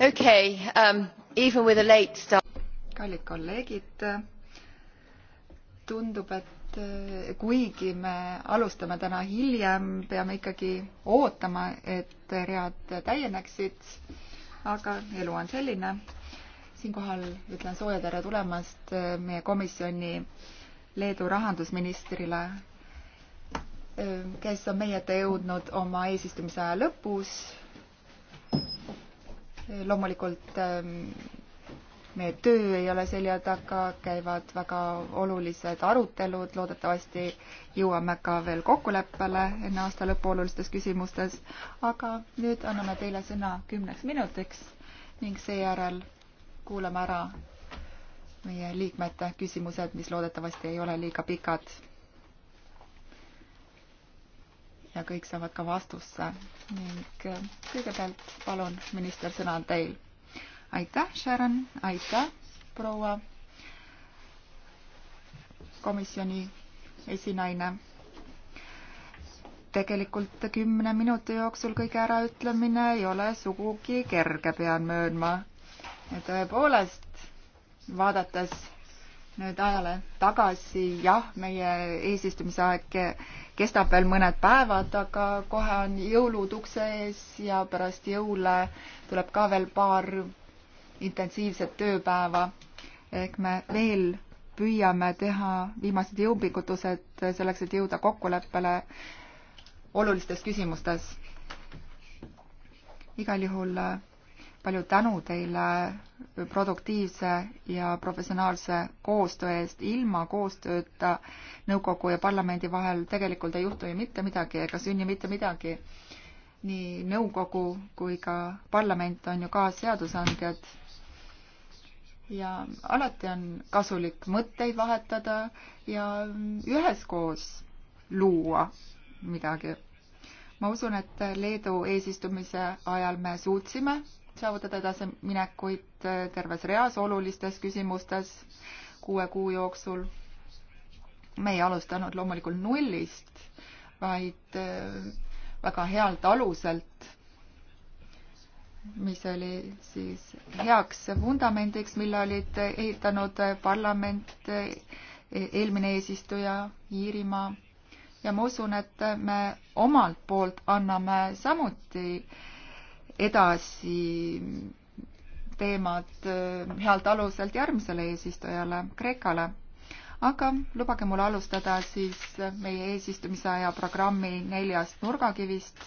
Okay, um, even with a late start. kallid kolleegid, tundub, et eh, kuigi me alustame täna hiljem, peame ikkagi ootama, et read täieneksid. aga elu on selline. siinkohal ütlen sooja tere tulemast eh, meie komisjoni Leedu rahandusministrile, eh, kes on meie ette jõudnud oma eesistumise aja lõpus loomulikult ehm, meie töö ei ole selja taga, käivad väga olulised arutelud, loodetavasti jõuame ka veel kokkuleppele enne aasta lõppu olulistes küsimustes, aga nüüd anname teile sõna kümneks minutiks ning seejärel kuulame ära meie liikmete küsimused, mis loodetavasti ei ole liiga pikad ja kõik saavad ka vastusse ning äh, kõigepealt palun, minister, sõna on teil. aitäh, Sharon, aitäh, proua komisjoni esinaine. tegelikult kümne minuti jooksul kõige äraütlemine ei ole sugugi kerge, pean möönma. tõepoolest, vaadates nüüd ajale tagasi, jah, meie eesistumise aeg kestab veel mõned päevad, aga kohe on jõulud ukse ees ja pärast jõule tuleb ka veel paar intensiivset tööpäeva. ehk me veel püüame teha viimased jõupingutused selleks, et jõuda kokkuleppele olulistes küsimustes. igal juhul palju tänu teile produktiivse ja professionaalse koostöö eest. ilma koostööta nõukogu ja parlamendi vahel tegelikult ei juhtu ju mitte midagi ega sünni mitte midagi. nii nõukogu kui ka parlament on ju ka seadusandjad. ja alati on kasulik mõtteid vahetada ja üheskoos luua midagi ma usun, et Leedu eesistumise ajal me suutsime saavutada edasiminekuid äh, terves reas olulistes küsimustes kuue kuu jooksul. me ei alustanud loomulikult nullist, vaid äh, väga healt aluselt, mis oli siis heaks vundamendiks, mille olid ehitanud parlament, e-, eelmine eesistuja Iirimaa ja ma usun, et me omalt poolt anname samuti äh, edasi teemad eh, healt aluselt järgmisele eesistujale, Kreekale. aga lubage mul alustada siis meie eesistumise aja programmi neljast nurgakivist,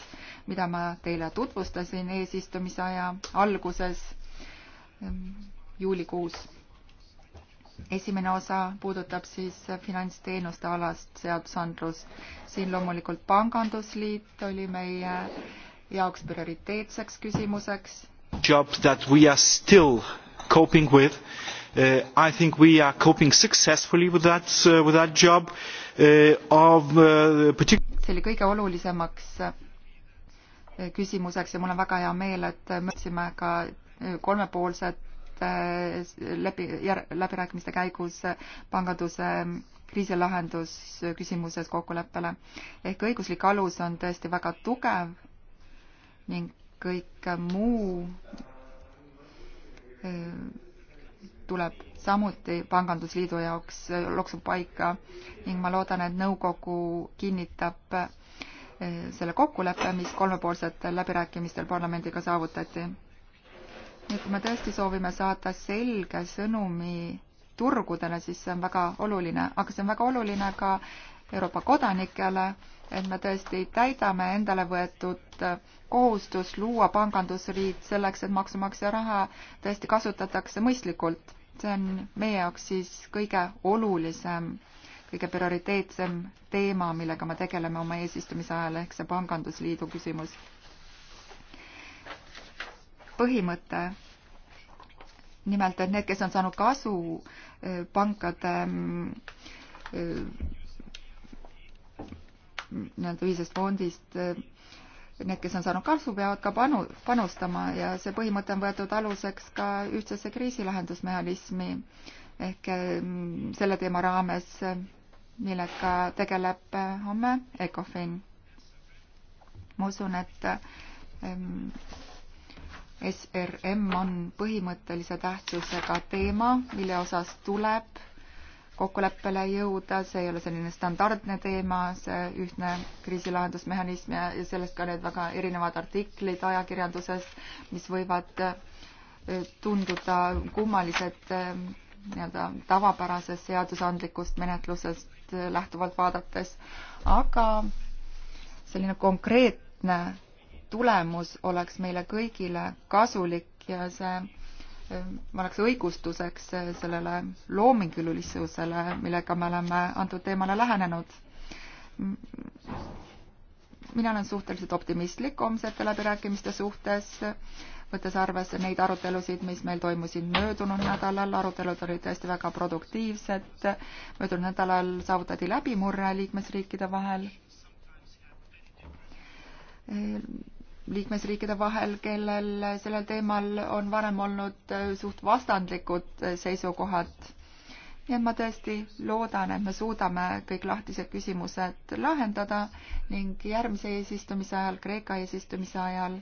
mida ma teile tutvustasin eesistumise aja alguses ehm, juulikuus. esimene osa puudutab siis finantsteenuste alast seadusandlust. siin loomulikult Pangandusliit oli meie jaoks prioriteetseks küsimuseks. Job that we are still coping with. Uh, I think we are coping successfully with that uh,, with that job uh, of uh, particular. see oli kõige olulisemaks uh, küsimuseks ja mul on väga hea meel, et me võtsime ka uh, kolmepoolset uh, läbi, läbirääkimiste käigus panganduse um, kriisilahendus küsimuses kokkuleppele. ehk õiguslik alus on tõesti väga tugev ning kõik muu tuleb samuti Pangandusliidu jaoks loksub paika ning ma loodan, et nõukogu kinnitab selle kokkuleppe, mis kolmepoolsetel läbirääkimistel parlamendiga saavutati. nii et kui me tõesti soovime saada selge sõnumi turgudele, siis see on väga oluline, aga see on väga oluline ka Euroopa kodanikele, et me tõesti täidame endale võetud äh, kohustus luua pangandusliit selleks, et maksumaksja raha tõesti kasutatakse mõistlikult. see on meie jaoks siis kõige olulisem, kõige prioriteetsem teema, millega me tegeleme oma eesistumise ajal, ehk see pangandusliidu küsimus. põhimõte nimelt, et need, kes on saanud kasu äh, pankade mm, äh, nii-öelda ühisest fondist eh, need, kes on saanud kasu, peavad ka panu, panustama ja see põhimõte on võetud aluseks ka ühtsesse kriisilahendusmehhanismi ehk eh, selle teema raames, millega tegeleb eh, homme Ecofin. ma usun, et SRM on põhimõttelise tähtsusega teema, mille osas tuleb kokkuleppele jõuda, see ei ole selline standardne teema, see ühtne kriisilahendusmehhanism ja, ja sellest ka need väga erinevad artiklid ajakirjanduses, mis võivad eh, tunduda kummalised eh, nii-öelda tavapärasest seadusandlikust menetlusest eh, lähtuvalt vaadates, aga selline konkreetne tulemus oleks meile kõigile kasulik ja see annaks õigustuseks äh, sellele loomingulisusele, millega me oleme antud teemale lähenenud. mina olen suhteliselt optimistlik homsete läbirääkimiste suhtes, võttes arvesse neid arutelusid, mis meil toimusid möödunud nädalal, arutelud olid tõesti väga produktiivsed, möödunud nädalal saavutati läbimurre liikmesriikide vahel liikmesriikide vahel, kellel sellel teemal on varem olnud äh, suht vastandlikud äh, seisukohad. nii et ma tõesti loodan, et me suudame kõik lahtised küsimused lahendada ning järgmise eesistumise ajal, Kreeka eesistumise ajal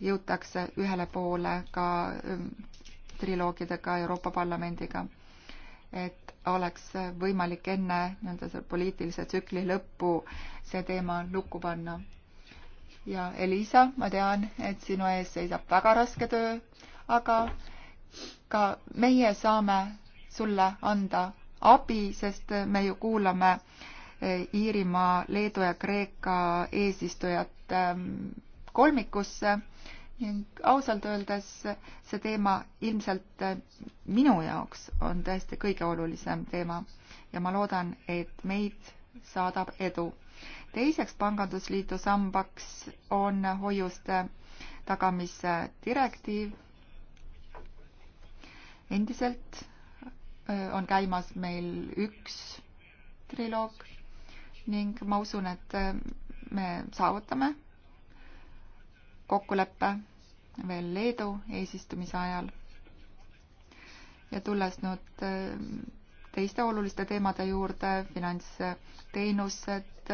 jõutakse ühele poole ka ähm, triloogidega Euroopa Parlamendiga. et oleks võimalik enne nii-öelda selle poliitilise tsükli lõppu see teema lukku panna ja Elisa, ma tean, et sinu ees seisab väga raske töö, aga ka meie saame sulle anda abi, sest me ju kuulame eh, Iirimaa, Leedu ja Kreeka eesistujat ehm, kolmikusse ning ausalt öeldes see teema ilmselt eh, minu jaoks on tõesti kõige olulisem teema ja ma loodan, et meid saadab edu teiseks pangandusliidu sambaks on hoiuste tagamise direktiiv. endiselt on käimas meil üks triloog ning ma usun, et me saavutame kokkuleppe veel Leedu eesistumise ajal. ja tulles nüüd teiste oluliste teemade juurde, finantsteenused,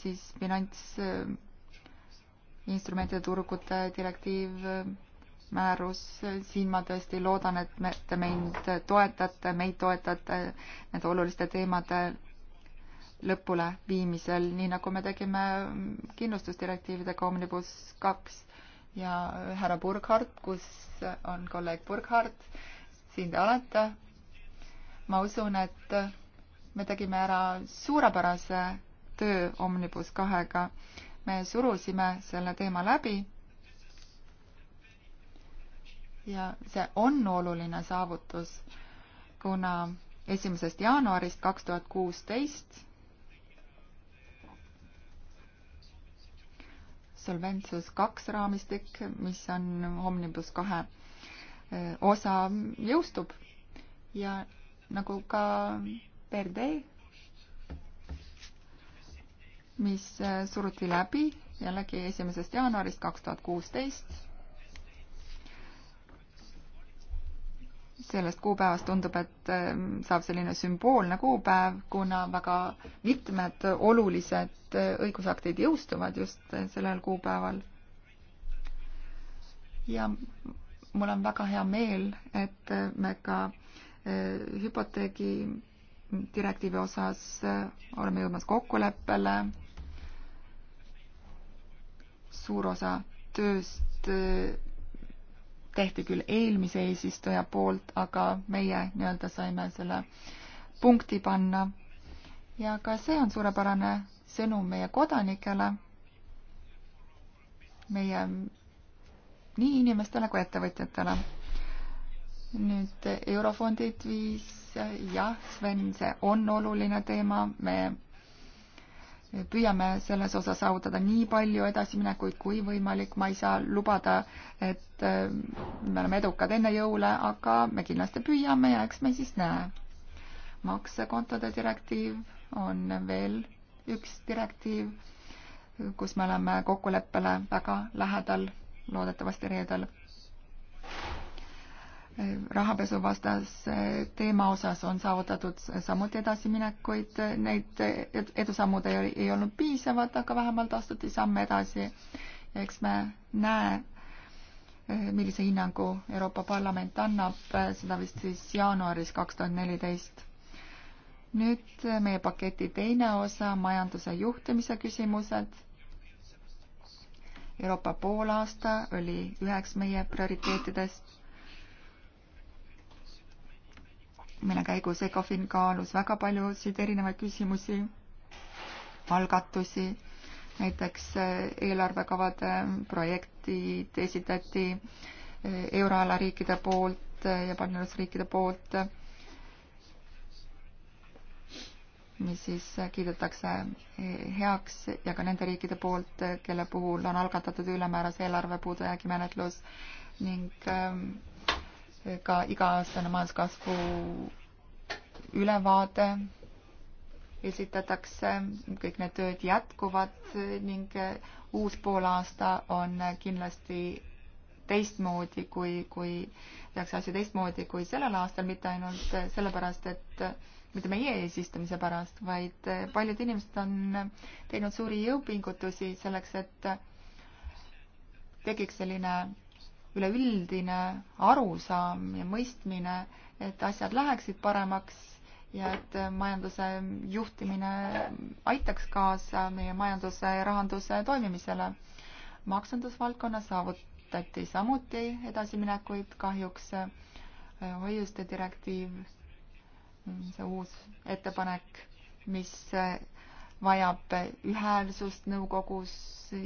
siis finantsinstrumentide turgude direktiiv, määrus, siin ma tõesti loodan, et me, te mind toetate, meid toetate nende oluliste teemade lõpule viimisel, nii nagu me tegime kindlustusdirektiividega Omnibus kaks ja härra Burkhardt, kus on kolleeg Burkhardt, siin te olete. ma usun, et me tegime ära suurepärase töö Omnibus kahega. me surusime selle teema läbi. ja see on oluline saavutus, kuna esimesest jaanuarist kaks tuhat kuusteist Solventsus kaks raamistik, mis on Omnibus kahe osa jõustub ja nagu ka PRD, mis suruti läbi jällegi esimesest jaanuarist kaks tuhat kuusteist. sellest kuupäevast tundub, et ähm, saab selline sümboolne kuupäev, kuna väga mitmed olulised äh, õigusaktid jõustuvad just äh, sellel kuupäeval. ja mul on väga hea meel, et me ka e, hüpoteegi direktiivi osas e, oleme jõudmas kokkuleppele. suur osa tööst e, tehti küll eelmise eesistuja poolt, aga meie nii-öelda saime selle punkti panna. ja ka see on suurepärane sõnum meie kodanikele, meie nii inimestele kui ettevõtjatele. nüüd eurofondid viis, jah, Sven, see on oluline teema, me püüame selles osas saavutada nii palju edasiminekuid kui võimalik, ma ei saa lubada, et äh, me oleme edukad enne jõule, aga me kindlasti püüame ja eks me siis näe. maksekontode direktiiv on veel üks direktiiv, kus me oleme kokkuleppele väga lähedal loodetavasti reedel. rahapesuvastase teema osas on saavutatud samuti edasiminekuid, neid edusammud ei, ei olnud piisavad, aga vähemalt astuti samm edasi. eks me näe, millise hinnangu Euroopa Parlament annab, seda vist siis jaanuaris kaks tuhat neliteist nüüd meie paketi teine osa, majanduse juhtimise küsimused Euroopa poolaasta oli üheks meie prioriteetidest, mille käigus ECOFIN kaalus väga paljusid erinevaid küsimusi, algatusi, näiteks eh, eelarvekavade projektid esitati eh, euroala riikide poolt eh, ja paljudest riikide poolt mis siis kiidetakse heaks ja ka nende riikide poolt, kelle puhul on algatatud ülemäärase eelarve puudujäägi menetlus ning ähm, ka iga-aastane majanduskasvu ülevaade esitatakse, kõik need tööd jätkuvad ning uus poolaasta on kindlasti teistmoodi kui, kui tehakse asju teistmoodi kui sellel aastal, mitte ainult sellepärast, et mitte meie eesistumise pärast, vaid eh, paljud inimesed on eh, teinud suuri jõupingutusi selleks, et eh, tekiks selline üleüldine arusaam ja mõistmine, et asjad läheksid paremaks ja et majanduse juhtimine aitaks kaasa meie majanduse ja rahanduse toimimisele. maksundusvaldkonnas saavutati samuti edasiminekuid, kahjuks hoiuste direktiiv see uus ettepanek, mis vajab ühäälsust nõukogus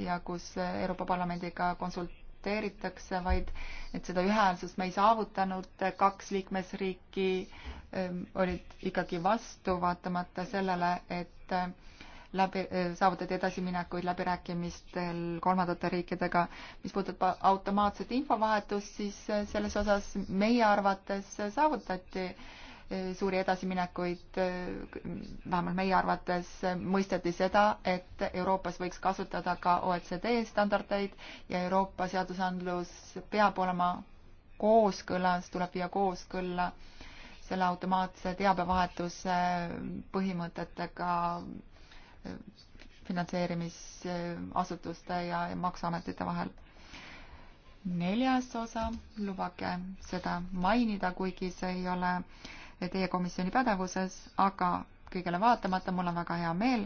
ja kus Euroopa Parlamendiga konsulteeritakse, vaid et seda ühäälsust me ei saavutanud, kaks liikmesriiki ähm, olid ikkagi vastu, vaatamata sellele, et äh, läbi, äh, saavutati edasiminekuid läbirääkimistel kolmandate riikidega. mis puudutab automaatset infovahetust, siis äh, selles osas meie arvates saavutati äh, Eh, suuri edasiminekuid, eh, vähemalt meie arvates eh, mõisteti seda, et Euroopas võiks kasutada ka OECD standardeid ja Euroopa seadusandlus peab olema kooskõlas, tuleb viia kooskõlla selle automaatse teabevahetuse põhimõtetega finantseerimisasutuste ja, ja maksuametite vahel. neljas osa, lubage seda mainida, kuigi see ei ole äh, teie komisjoni pädevuses, aga kõigele vaatamata mul on väga hea meel,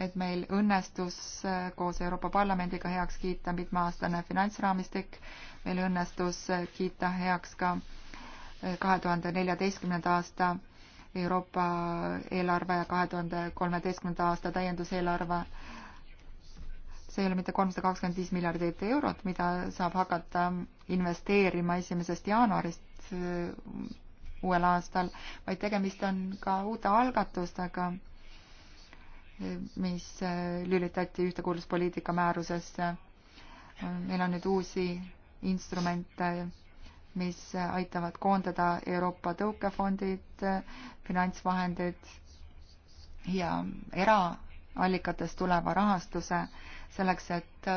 et meil õnnestus äh, koos Euroopa Parlamendiga heaks kiita mitmeaastane finantsraamistik, meil õnnestus äh, kiita heaks ka äh, kahe tuhande neljateistkümnenda aasta Euroopa eelarve ja kahe tuhande kolmeteistkümnenda aasta täienduseelarve see ei ole mitte kolmsada kakskümmend viis miljardit eurot, mida saab hakata investeerima esimesest jaanuarist uuel aastal, vaid tegemist on ka uute algatustega, mis äh, lülitati ühtekuuluvuspoliitika määrusesse. meil on nüüd uusi instrumente, mis aitavad koondada Euroopa tõukefondid, finantsvahendid ja eraallikatest tuleva rahastuse selleks, et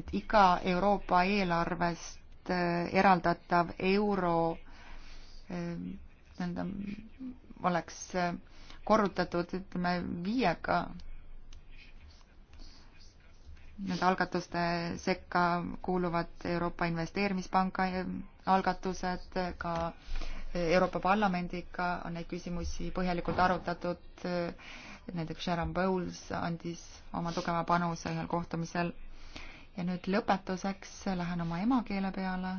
et iga Euroopa eelarvest et eh, eraldatav euro eh, nii-öelda oleks eh, korrutatud, ütleme, viiega nende algatuste sekka kuuluvad Euroopa Investeerimispanga algatused, ka Euroopa Parlamendiga on neid küsimusi põhjalikult arutatud, näiteks Sharon Bowles andis oma tugeva panuse ühel kohtumisel ja nüüd lõpetuseks lähen oma emakeele peale.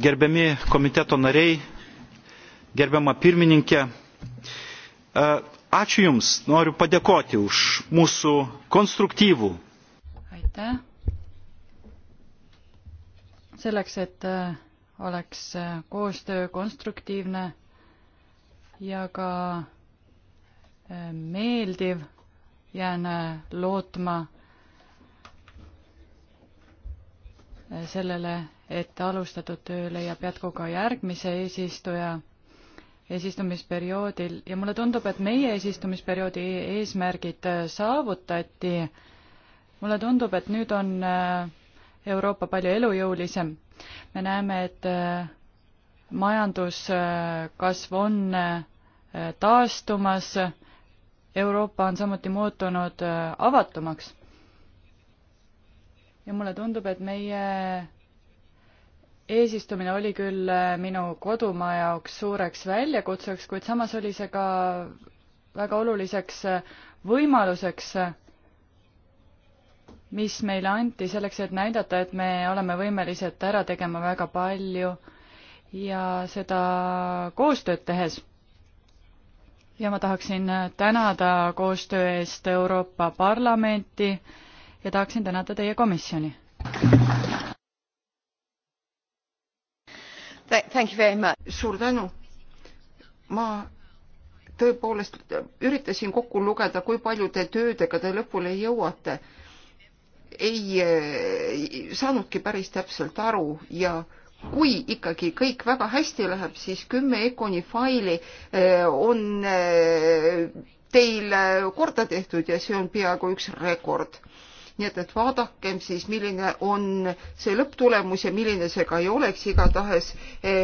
gerbiami komiteto nariai, gerbiama pirmininkė, e, ačiū Jums, noriu padėkoti už mūsų konstruktyvų. aitäh. selleks, et e, oleks e, koostöö konstruktiivne ja ka äh, meeldiv, jään äh, lootma äh, sellele, et alustatud töö leiab jätku ka järgmise eesistuja eesistumisperioodil ja mulle tundub, et meie eesistumisperioodi e-, eesmärgid saavutati. mulle tundub, et nüüd on Euroopa palju elujõulisem. me näeme, et majanduskasv on eh, taastumas, Euroopa on samuti muutunud eh, avatumaks. ja mulle tundub, et meie eesistumine oli küll eh, minu kodumaa jaoks suureks väljakutseks, kuid samas oli see ka väga oluliseks võimaluseks, mis meile anti selleks, et näidata, et me oleme võimelised ära tegema väga palju äh, ja seda koostööd tehes. ja ma tahaksin tänada koostöö eest Euroopa Parlamenti ja tahaksin tänada teie komisjoni. suur tänu. ma tõepoolest üritasin kokku lugeda, kui paljude töödega te lõpule jõuate. ei eh, saanudki päris täpselt aru ja äh, kui ikkagi kõik väga hästi läheb, siis kümme Econi faili eh, on eh, teil eh, korda tehtud ja see on peaaegu üks rekord. nii et, et vaadakem siis, milline on see lõpptulemus ja milline see ka ei oleks, igatahes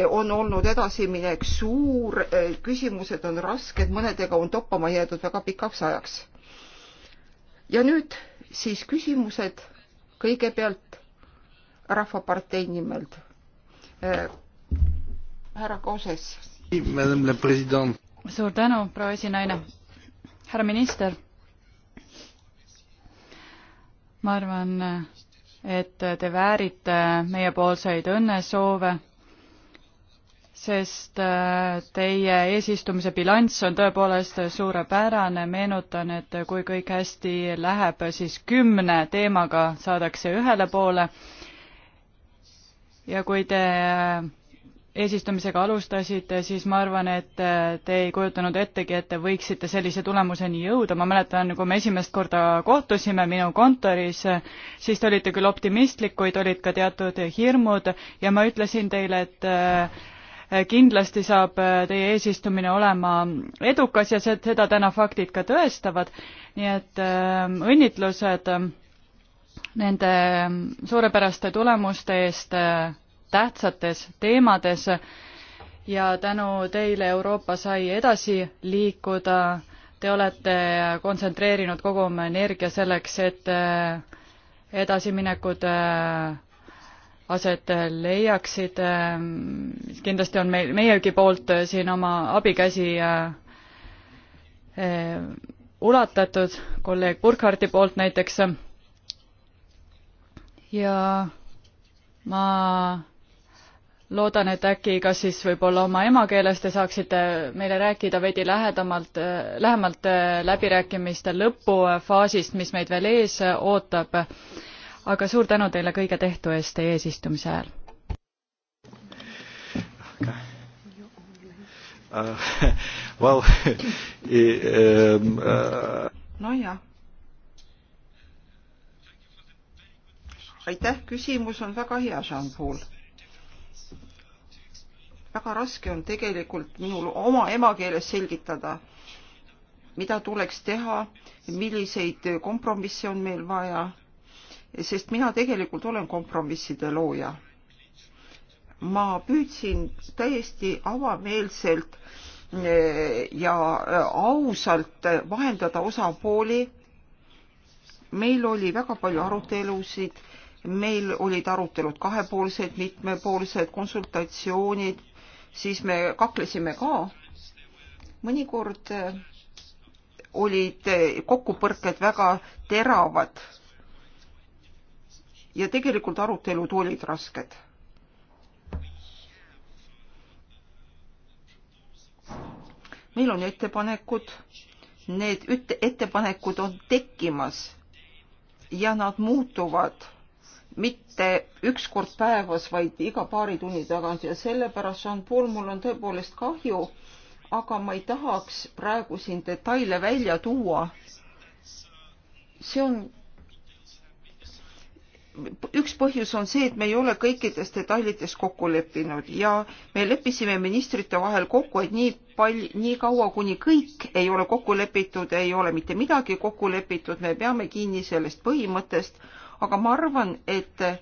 on olnud edasiminek suur, küsimused on rasked, mõnedega on toppama jäädud väga pikaks ajaks. ja nüüd siis küsimused kõigepealt Rahvapartei nimelt Äh, härra Kooses. suur tänu, proua esinaine. härra minister. ma arvan, et te väärite meiepoolseid õnnesoove, sest äh, teie eesistumise bilanss on tõepoolest suurepärane. meenutan, et kui kõik hästi läheb, siis kümne teemaga saadakse ühele poole ja kui te äh, eesistumisega alustasite, siis ma arvan, et äh, te ei kujutanud ettegi, et te võiksite sellise tulemuseni jõuda, ma mäletan, kui me esimest korda kohtusime minu kontoris, siis te olite küll optimistlik, kuid olid ka teatud hirmud ja ma ütlesin teile, et äh, kindlasti saab teie eesistumine olema edukas ja seda täna faktid ka tõestavad, nii et õnnitlused äh, nende suurepäraste tulemuste eest äh, tähtsates teemades ja tänu teile Euroopa sai edasi liikuda. Te olete kontsentreerinud kogu oma energia selleks, et äh, edasiminekud äh, aset leiaksid. kindlasti on meil, meiegi poolt siin oma abikäsi ulatatud kolleeg Burkhardi poolt näiteks ja ma loodan, et äkki kas siis võib-olla oma emakeeles te saaksite meile rääkida veidi lähedamalt, lähemalt äh, läbirääkimiste lõpufaasist, mis meid veel ees äh, ootab. aga suur tänu teile kõige tehtu eest teie eesistumise ajal. Uh, um, uh, nojah, aitäh, küsimus on väga hea, Jean-Paul. väga raske on tegelikult minul oma emakeeles selgitada, mida tuleks teha, milliseid kompromisse on meil vaja, sest mina tegelikult olen kompromisside looja. ma püüdsin täiesti avameelselt eh, ja eh, ausalt vahendada osapooli meil oli väga palju arutelusid meil olid arutelud kahepoolsed, mitmepoolsed konsultatsioonid, siis me kaklesime ka. mõnikord eh, olid eh, kokkupõrked väga teravad. ja tegelikult arutelud olid rasked. meil on ettepanekud, need ettepanekud on tekkimas ja nad muutuvad mitte üks kord päevas, vaid iga paari tunni tagant ja sellepärast, Jean-Paul, mul on tõepoolest kahju, aga ma ei tahaks praegu siin detaile välja tuua. see on, üks põhjus on see, et me ei ole kõikides detailides kokku leppinud ja me leppisime ministrite vahel kokku, et nii palju, nii kaua, kuni kõik ei ole kokku lepitud, ei ole mitte midagi kokku lepitud, me peame kinni sellest põhimõttest aga ma arvan, et eh,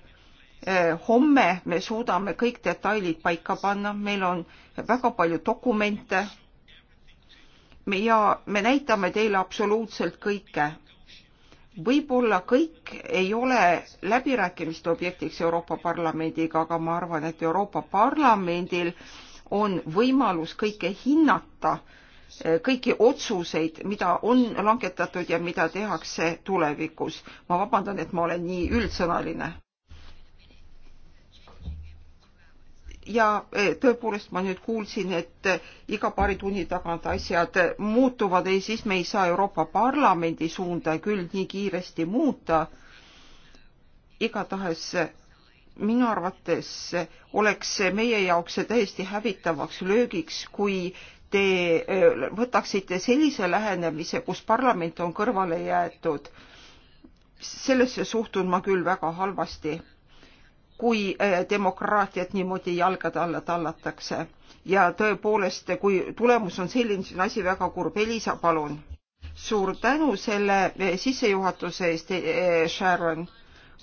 homme me suudame kõik detailid paika panna, meil on väga palju dokumente me ja me näitame teile absoluutselt kõike. võib-olla kõik ei ole läbirääkimiste objektiks Euroopa Parlamendiga, aga ma arvan, et Euroopa Parlamendil on võimalus kõike hinnata kõiki otsuseid, mida on langetatud ja mida tehakse tulevikus. ma vabandan, et ma olen nii üldsõnaline. ja e, tõepoolest ma nüüd kuulsin, et e, iga paari tunni tagant asjad muutuvad ja siis me ei saa Euroopa Parlamendi suunda küll nii kiiresti muuta. igatahes minu arvates oleks meie jaoks see täiesti hävitavaks löögiks, kui te võtaksite sellise lähenemise, kus parlament on kõrvale jäetud. sellesse suhtun ma küll väga halvasti, kui demokraatiat niimoodi jalgade alla tallatakse ja tõepoolest, kui tulemus on selline, siis on asi väga kurb. Elisa, palun. suur tänu selle sissejuhatuse eest, Sharon.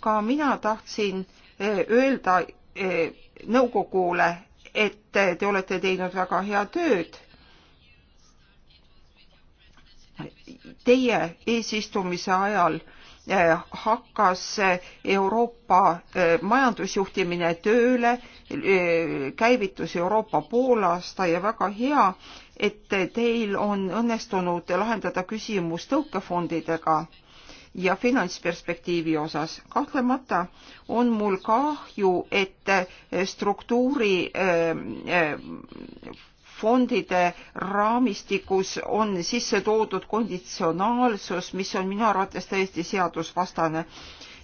ka mina tahtsin äh, Eh, öelda eh, nõukogule, et eh, te olete teinud väga head tööd. Teie eesistumise ajal hakkas Euroopa majandusjuhtimine tööle, käivitus Euroopa poolaasta ja väga hea, et teil on õnnestunud lahendada küsimus tõukefondidega ja finantsperspektiivi osas. kahtlemata on mul kahju, et eh, struktuuri eh, eh, fondide raamistikus on sisse toodud konditsionaalsus, mis on minu arvates täiesti seadusvastane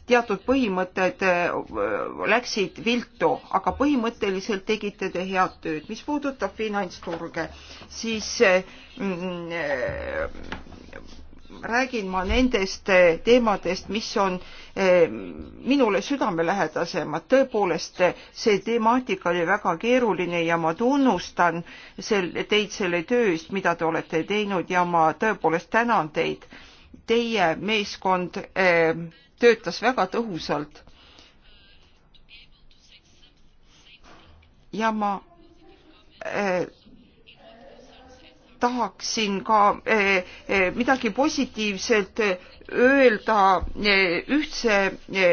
teatud põhimõtted läksid viltu, aga põhimõtteliselt tegite te head tööd. mis puudutab finantsturge, siis mm, räägin ma nendest eh, teemadest, mis on eh, minule südamelähedasemad. tõepoolest, eh, see temaatika oli väga keeruline ja ma tunnustan sel, teid selle töö eest, mida te olete teinud ja ma tõepoolest tänan teid. Teie meeskond töötas väga tõhusalt. ja ma tahaksin ka eh, eh, midagi positiivset eh, öelda ühtse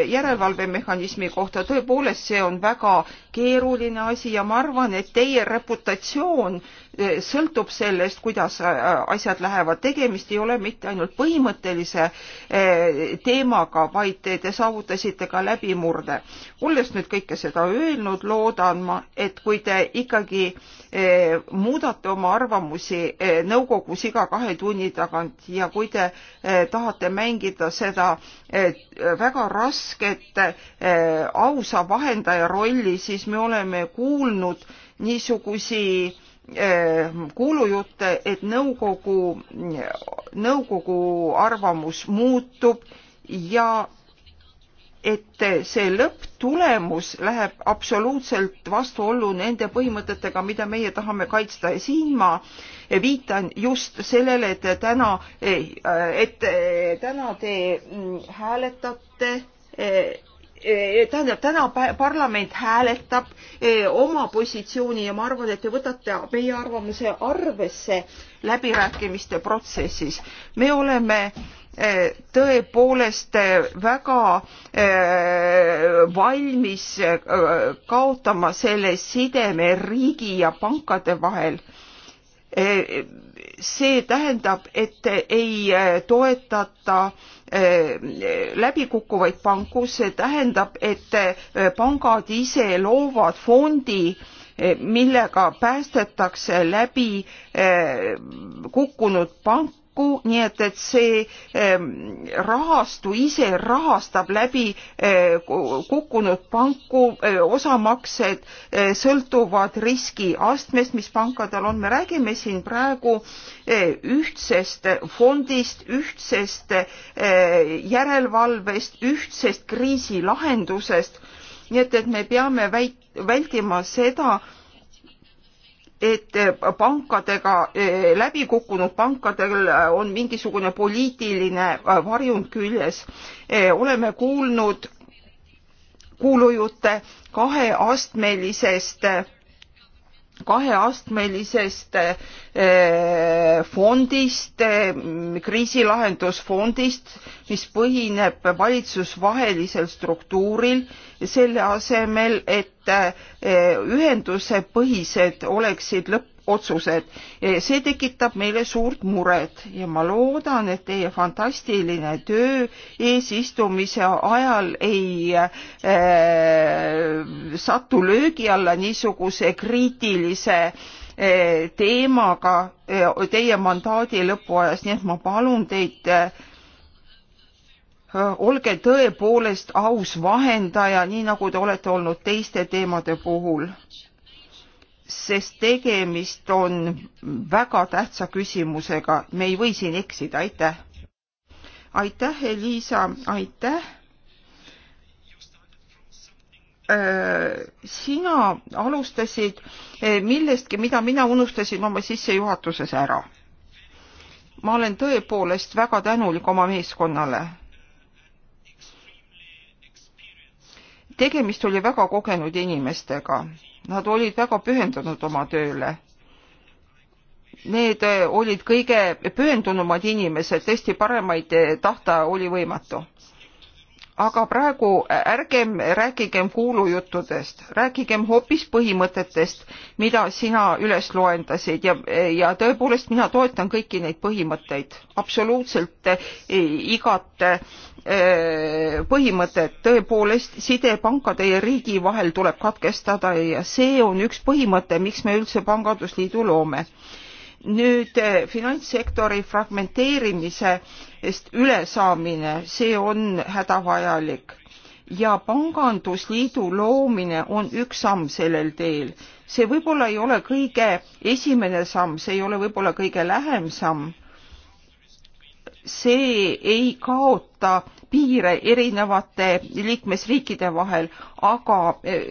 järelevalvemehhanismi kohta. tõepoolest, see on väga keeruline asi ja ma arvan, et teie reputatsioon Eh, sõltub sellest, kuidas äh, äh, asjad lähevad. tegemist ei ole mitte ainult põhimõttelise äh, teemaga, vaid te, te saavutasite ka läbimurde. olles nüüd kõike seda öelnud, loodan ma, et kui te ikkagi muudate oma arvamusi nõukogus iga kahe tunni tagant ja kui te tahate mängida seda väga rasket ausa vahendaja rolli, siis me oleme kuulnud niisugusi Äh, kuulujutte, et nõukogu, nõukogu arvamus muutub ja et see lõpptulemus läheb absoluutselt vastuollu nende põhimõtetega, mida meie tahame kaitsta ja siin ma viitan just sellele, et täna, et täna te mm, hääletate tähendab, täna parlament hääletab oma positsiooni ja ma arvan, et te võtate meie arvamuse arvesse läbirääkimiste protsessis. me oleme tõepoolest väga valmis kaotama selle sideme riigi ja pankade vahel see tähendab, et ei toetata äh, Äh, läbikukkuvaid panku, see tähendab, et äh, pangad ise loovad fondi, äh, millega päästetakse läbi kukkunud pank, kokku, nii et, et see ehm, rahastu ise rahastab läbi eh, kukkunud panku, eh, osamaksed eh, sõltuvad riskiastmest, mis pankadel on, me räägime siin praegu ühtsest fondist, ühtsest järelevalvest, ühtsest kriisilahendusest, nii et, et me peame väit-, vältima seda, et pankadega, eh, läbi kukkunud pankadel eh, on mingisugune poliitiline eh, varjund küljes. oleme kuulnud kuulujutte kaheastmelisest kaheastmelisest eh, fondist, eh, kriisilahendusfondist, mis põhineb valitsusvahelisel struktuuril, selle asemel, et eh, ühendusepõhised oleksid lõpp otsused. Eh, see tekitab meile suurt muret ja ma loodan, et teie fantastiline töö eesistumise ajal ei äh, satu löögi alla niisuguse kriitilise äh, teemaga äh, teie mandaadi lõpuajas, nii et ma palun teid äh, olge tõepoolest aus vahendaja, nii nagu te olete olnud teiste teemade puhul sest tegemist on väga tähtsa küsimusega, me ei või siin eksida, aitäh. aitäh, Liisa, aitäh. Äh, sina alustasid äh, millestki, mida mina unustasin oma sissejuhatuses ära. ma olen tõepoolest väga tänulik oma meeskonnale. tegemist oli väga kogenud inimestega Nad olid väga pühendunud oma tööle. Need eh, olid kõige pühendunumad inimesed, tõesti paremaid eh, tahta oli võimatu aga praegu ärgem rääkigem kuulujuttudest, rääkigem hoopis põhimõtetest, mida sina üles loendasid ja, ja tõepoolest mina toetan kõiki neid põhimõtteid, absoluutselt igat põhimõtet, tõepoolest side pankade ja riigi vahel tuleb katkestada ja see on üks põhimõte, miks me üldse pangandusliidu loome nüüd eh, finantssektori fragmenteerimisest ülesaamine, see on hädavajalik ja pangandusliidu loomine on üks samm sellel teel. see võib-olla ei ole kõige esimene samm, see ei ole võib-olla kõige lähem samm see ei kaota piire erinevate liikmesriikide vahel, aga eh,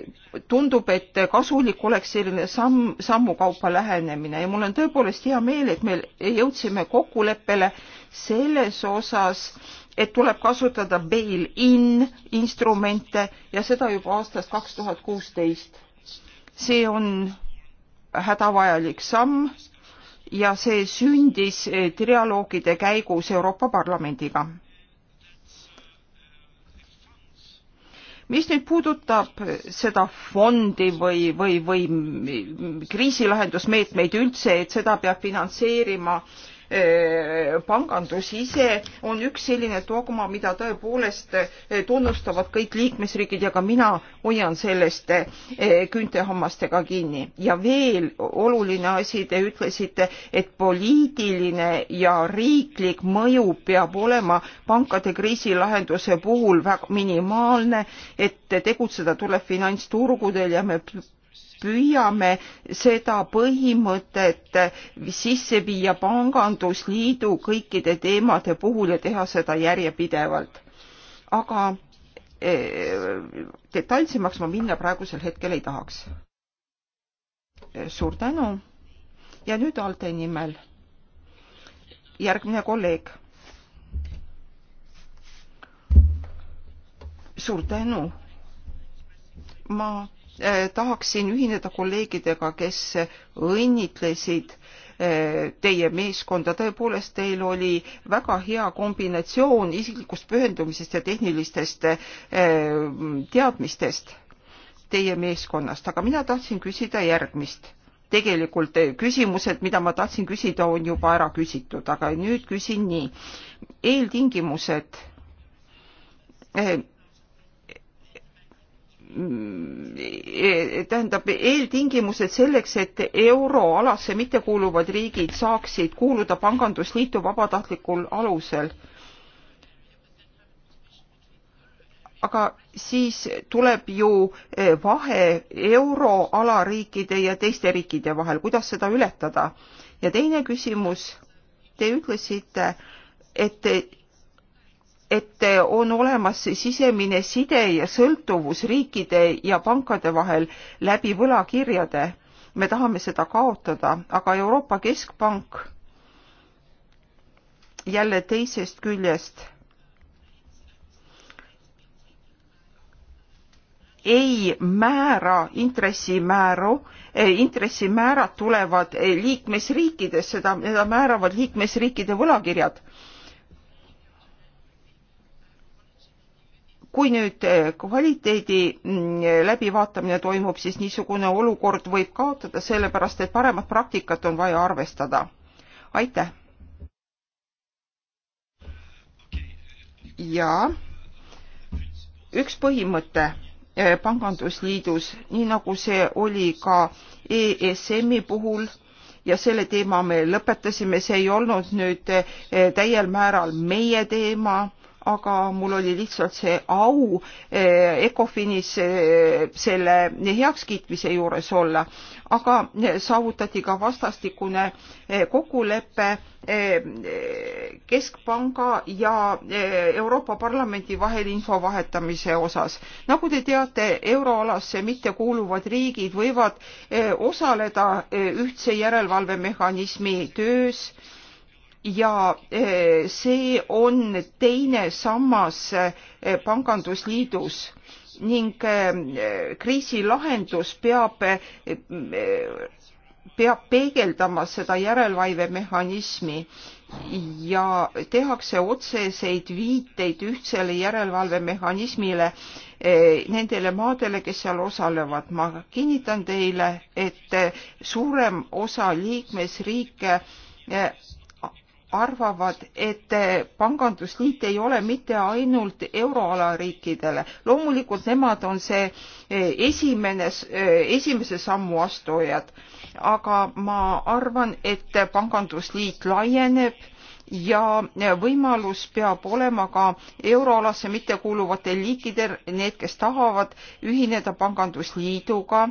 tundub, et kasulik oleks selline samm, sammu kaupa lähenemine ja mul on tõepoolest hea meel, et me jõudsime kokkuleppele selles osas, et tuleb kasutada bail-in instrumente ja seda juba aastast kaks tuhat kuusteist. see on hädavajalik samm ja see sündis eh, trialoogide käigus Euroopa Parlamendiga. mis nüüd puudutab eh, seda fondi või, või, või kriisilahendusmeetmeid üldse, et seda peab finantseerima äh, pangandus ise on üks selline dogma, mida tõepoolest eh, tunnustavad kõik liikmesriigid ja ka mina hoian sellest eh, küüntehammastega kinni. ja veel oluline asi, te ütlesite, et poliitiline ja riiklik mõju peab olema pankade kriisilahenduse puhul väga minimaalne, et tegutseda tuleb finantsturgudel ja me püüame seda põhimõtet sisse viia pangandusliidu kõikide teemade puhul ja teha seda järjepidevalt. aga eh, detailsemaks ma minna praegusel hetkel ei tahaks. Eh, suur tänu ja nüüd Alde nimel järgmine kolleeg. suur tänu. ma Eh, tahaksin ühineda kolleegidega, kes õnnitlesid eh, teie meeskonda, tõepoolest teil oli väga hea kombinatsioon isiklikust pühendumisest ja tehnilistest eh, teadmistest teie meeskonnast, aga mina tahtsin küsida järgmist. tegelikult küsimused, mida ma tahtsin küsida, on juba ära küsitud, aga nüüd küsin nii. eeltingimused Mm, tähendab eeltingimused selleks, et euroalasse mittekuuluvad riigid saaksid kuuluda pangandusliitu vabatahtlikul alusel. aga siis tuleb ju eh, vahe euroala riikide ja teiste riikide vahel, kuidas seda ületada? ja teine küsimus, te ütlesite, et et on olemas sisemine side ja sõltuvus riikide ja pankade vahel läbi võlakirjade. me tahame seda kaotada, aga Euroopa Keskpank jälle teisest küljest ei määra intressimääru, eh, intressimäärad tulevad liikmesriikides, seda, seda määravad liikmesriikide võlakirjad kui nüüd eh, kvaliteedi mm, läbivaatamine toimub, siis niisugune olukord võib kaotada, sellepärast et paremat praktikat on vaja arvestada. aitäh. ja üks põhimõte eh, pangandusliidus, nii nagu see oli ka ESM-i puhul ja selle teema me lõpetasime, see ei olnud nüüd eh, täiel määral meie teema aga mul oli lihtsalt see au eh, ECOFINis eh, selle heakskiitmise juures olla, aga eh, saavutati ka vastastikune kokkulepe Keskpanga ja Euroopa Parlamendi vahel info vahetamise osas. nagu te teate, euroalasse mittekuuluvad riigid võivad osaleda ühtse järelevalvemehhanismi töös ja eh, see on teine sammas eh, pangandusliidus ning eh, kriisi lahendus peab peab peegeldama seda järelevalvemehhanismi ja tehakse otseseid viiteid ühtsele järelevalvemehhanismile nendele maadele, kes seal osalevad. ma kinnitan teile, et suurem osa liikmesriike arvavad, et pangandusliit ei ole mitte ainult euroala riikidele. loomulikult nemad on see eh, esimene, eh, esimese sammu astujad, aga ma arvan, et pangandusliit laieneb ja võimalus peab olema ka euroalasse mittekuuluvatel liikidel, need, kes tahavad ühineda pangandusliiduga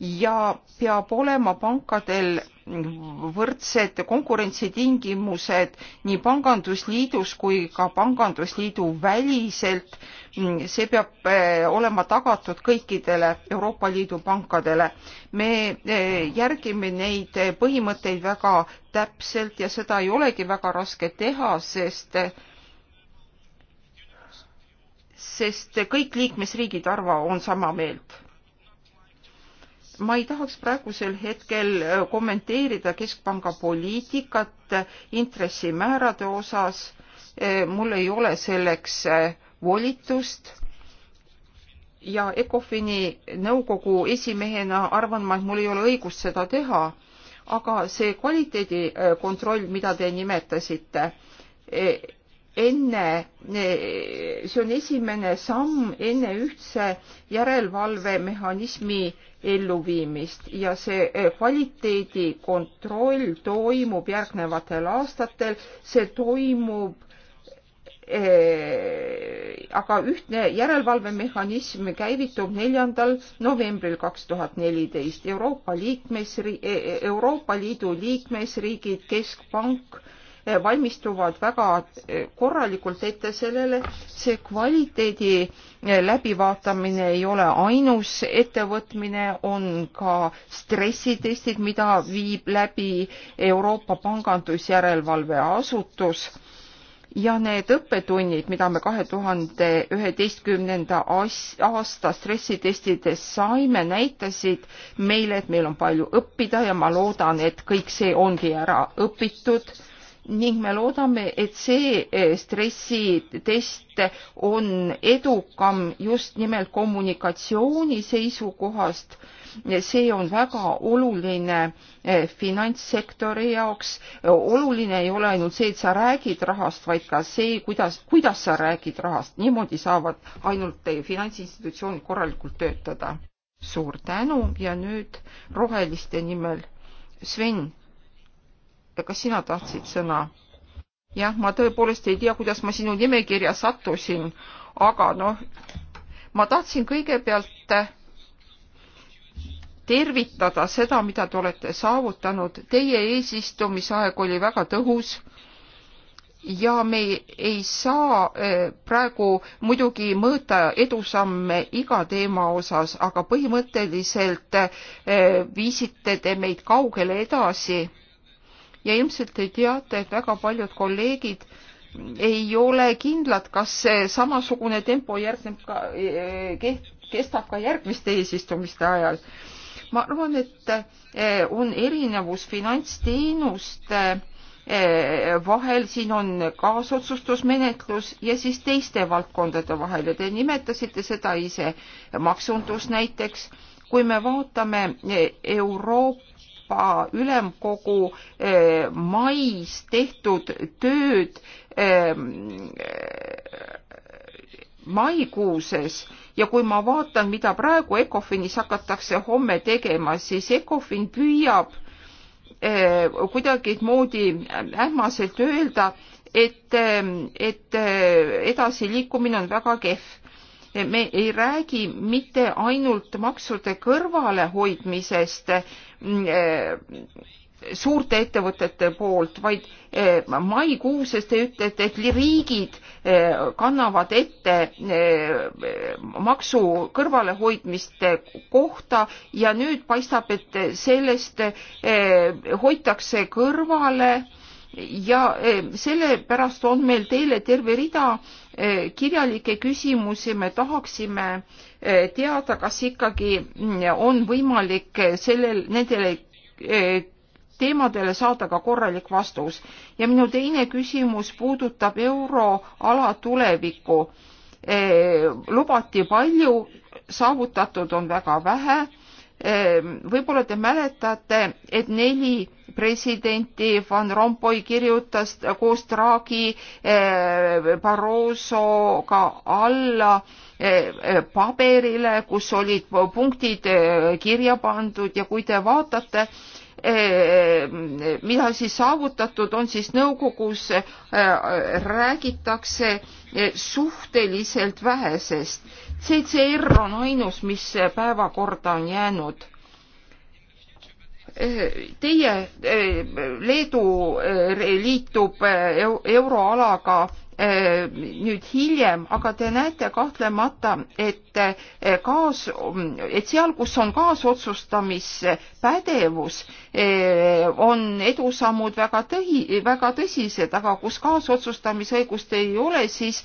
ja peab olema pankadel võrdsed konkurentsitingimused nii pangandusliidus kui ka pangandusliidu väliselt. see peab eh, olema tagatud kõikidele Euroopa Liidu pankadele. me eh, järgime neid põhimõtteid väga täpselt ja seda ei olegi väga raske teha, sest sest kõik liikmesriigid, Arvo, on sama meelt ma ei tahaks praegusel hetkel äh, kommenteerida Keskpanga poliitikat äh, intressimäärade osas. Äh, mul ei ole selleks volitust. ja Ecofini nõukogu esimehena arvan ma, et mul ei ole õigust seda teha. aga see kvaliteedikontroll, mida te nimetasite, e, enne, e, see on esimene samm enne ühtse järelevalvemehhanismi elluviimist ja see eh, kvaliteedikontroll toimub järgnevatel aastatel, see toimub eh, aga ühtne järelevalvemehhanism käivitub neljandal novembril kaks tuhat neliteist Euroopa liikmesri-, e-, e-, Euroopa Liidu liikmesriigid, keskpank valmistuvad väga korralikult ette sellele. see kvaliteedi läbivaatamine ei ole ainus ettevõtmine, on ka stressitestid, mida viib läbi Euroopa Pangandusjärelevalve Asutus ja need õppetunnid, mida me kahe tuhande üheteistkümnenda aasta stressitestides saime, näitasid meile, et meil on palju õppida ja ma loodan, et kõik see ongi ära õpitud ning me loodame, et see eh, stressitest on edukam just nimelt kommunikatsiooni seisukohast. see on väga oluline eh, finantssektori jaoks. oluline ei ole ainult see, et sa räägid rahast, vaid ka see, kuidas, kuidas sa räägid rahast. niimoodi saavad ainult finantsinstitutsioonid korralikult töötada. suur tänu ja nüüd roheliste nimel Sven kas sina tahtsid sõna? jah, ma tõepoolest ei tea, kuidas ma sinu nimekirja sattusin, aga noh, ma tahtsin kõigepealt tervitada seda, mida te olete saavutanud. Teie eesistumisaeg oli väga tõhus ja me ei saa eh, praegu muidugi mõõta edusamme iga teema osas, aga põhimõtteliselt eh, viisite te meid kaugele edasi ja ilmselt te teate, et väga paljud kolleegid ei ole kindlad, kas samasugune tempo järgneb ka, eh, kestab ka järgmiste eesistumiste ajal. ma arvan, et eh, on erinevus finantsteenuste eh, vahel, siin on kaasotsustusmenetlus ja siis teiste valdkondade vahel ja te nimetasite seda ise, maksundus näiteks kui me vaatame Euroopa Euroopa Ülemkogu eh, mais tehtud tööd eh, eh, maikuuses ja kui ma vaatan, mida praegu ECOFINis hakatakse homme tegema, siis ECOFIN püüab kuidagimoodi ähmaselt öelda, et, et edasiliikumine on väga kehv me ei räägi mitte ainult maksude kõrvalehoidmisest Mm, eh, suurte ettevõtete poolt, vaid eh, maikuuses te ütlete, et riigid eh, kannavad ette maksu kõrvalehoidmiste kohta ja nüüd paistab, et sellest hoitakse kõrvale ja sellepärast on meil teile terve rida Eh, kirjalikke küsimusi me tahaksime eh, teada, kas ikkagi mm, on võimalik eh, sellel, nendele teemadele saada ka korralik vastus. ja minu teine küsimus puudutab euroala tulevikku. lubati palju, saavutatud on väga vähe. võib-olla te mäletate, et neli presidenti, Van Rompuy kirjutas koos Draghi eh, Barrosoga alla eh, eh, paberile, kus olid punktid kirja pandud ja kui te vaatate, mida siis saavutatud on, siis nõukogus räägitakse suhteliselt vähesest. CCR on ainus, mis päevakorda on jäänud Teie, eh, Leedu eh, liitub eh, euroalaga nüüd hiljem, aga te näete kahtlemata, et kaas, et seal, kus on kaasotsustamispädevus, on edusammud väga tõhi, väga tõsised, aga kus kaasotsustamisõigust ei ole, siis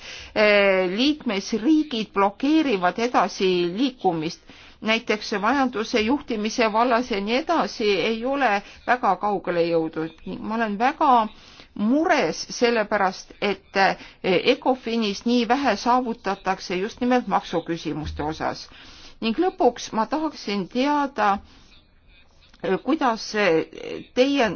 liikmesriigid blokeerivad edasiliikumist näiteks majanduse juhtimise vallas ja nii edasi, ei ole väga kaugele jõudnud. ma olen väga mures sellepärast, et eh, ECOFINis nii vähe saavutatakse just nimelt maksuküsimuste osas. ning lõpuks ma tahaksin teada, eh, kuidas eh, teie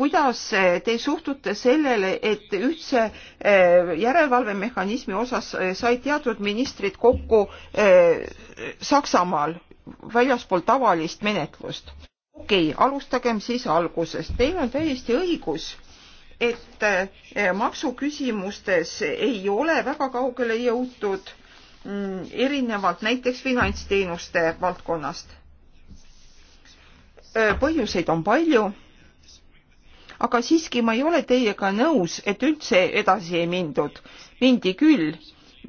kuidas eh, te suhtute sellele, et ühtse eh, järelevalvemehhanismi osas eh, said teatud ministrid kokku Saksamaal väljaspool tavalist menetlust? okei okay,, alustagem siis algusest. Teil on täiesti õigus, et maksuküsimustes ei ole väga kaugele jõutud mm, erinevalt näiteks finantsteenuste valdkonnast. põhjuseid on palju aga siiski ma ei ole teiega nõus, et üldse edasi ei mindud. mindi küll,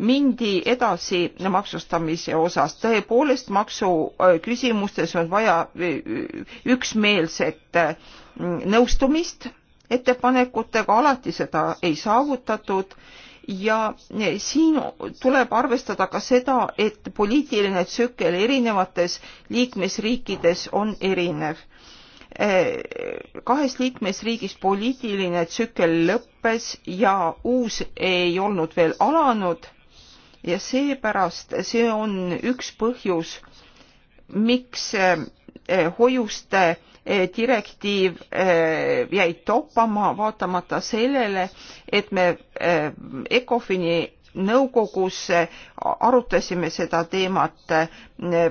mindi edasi maksustamise osas, tõepoolest maksuküsimustes äh, on vaja äh, üksmeelset äh, nõustumist ettepanekutega, alati seda ei saavutatud ja siin tuleb arvestada ka seda, et poliitiline tsükkel erinevates liikmesriikides on erinev Eh, kahes liikmesriigis poliitiline tsükkel lõppes ja uus ei olnud veel alanud ja seepärast see on üks põhjus, miks eh, hoiuste eh, direktiiv jäi toppama, vaatamata sellele, et me ECOFIN-i nõukogus arutasime seda teemat eh,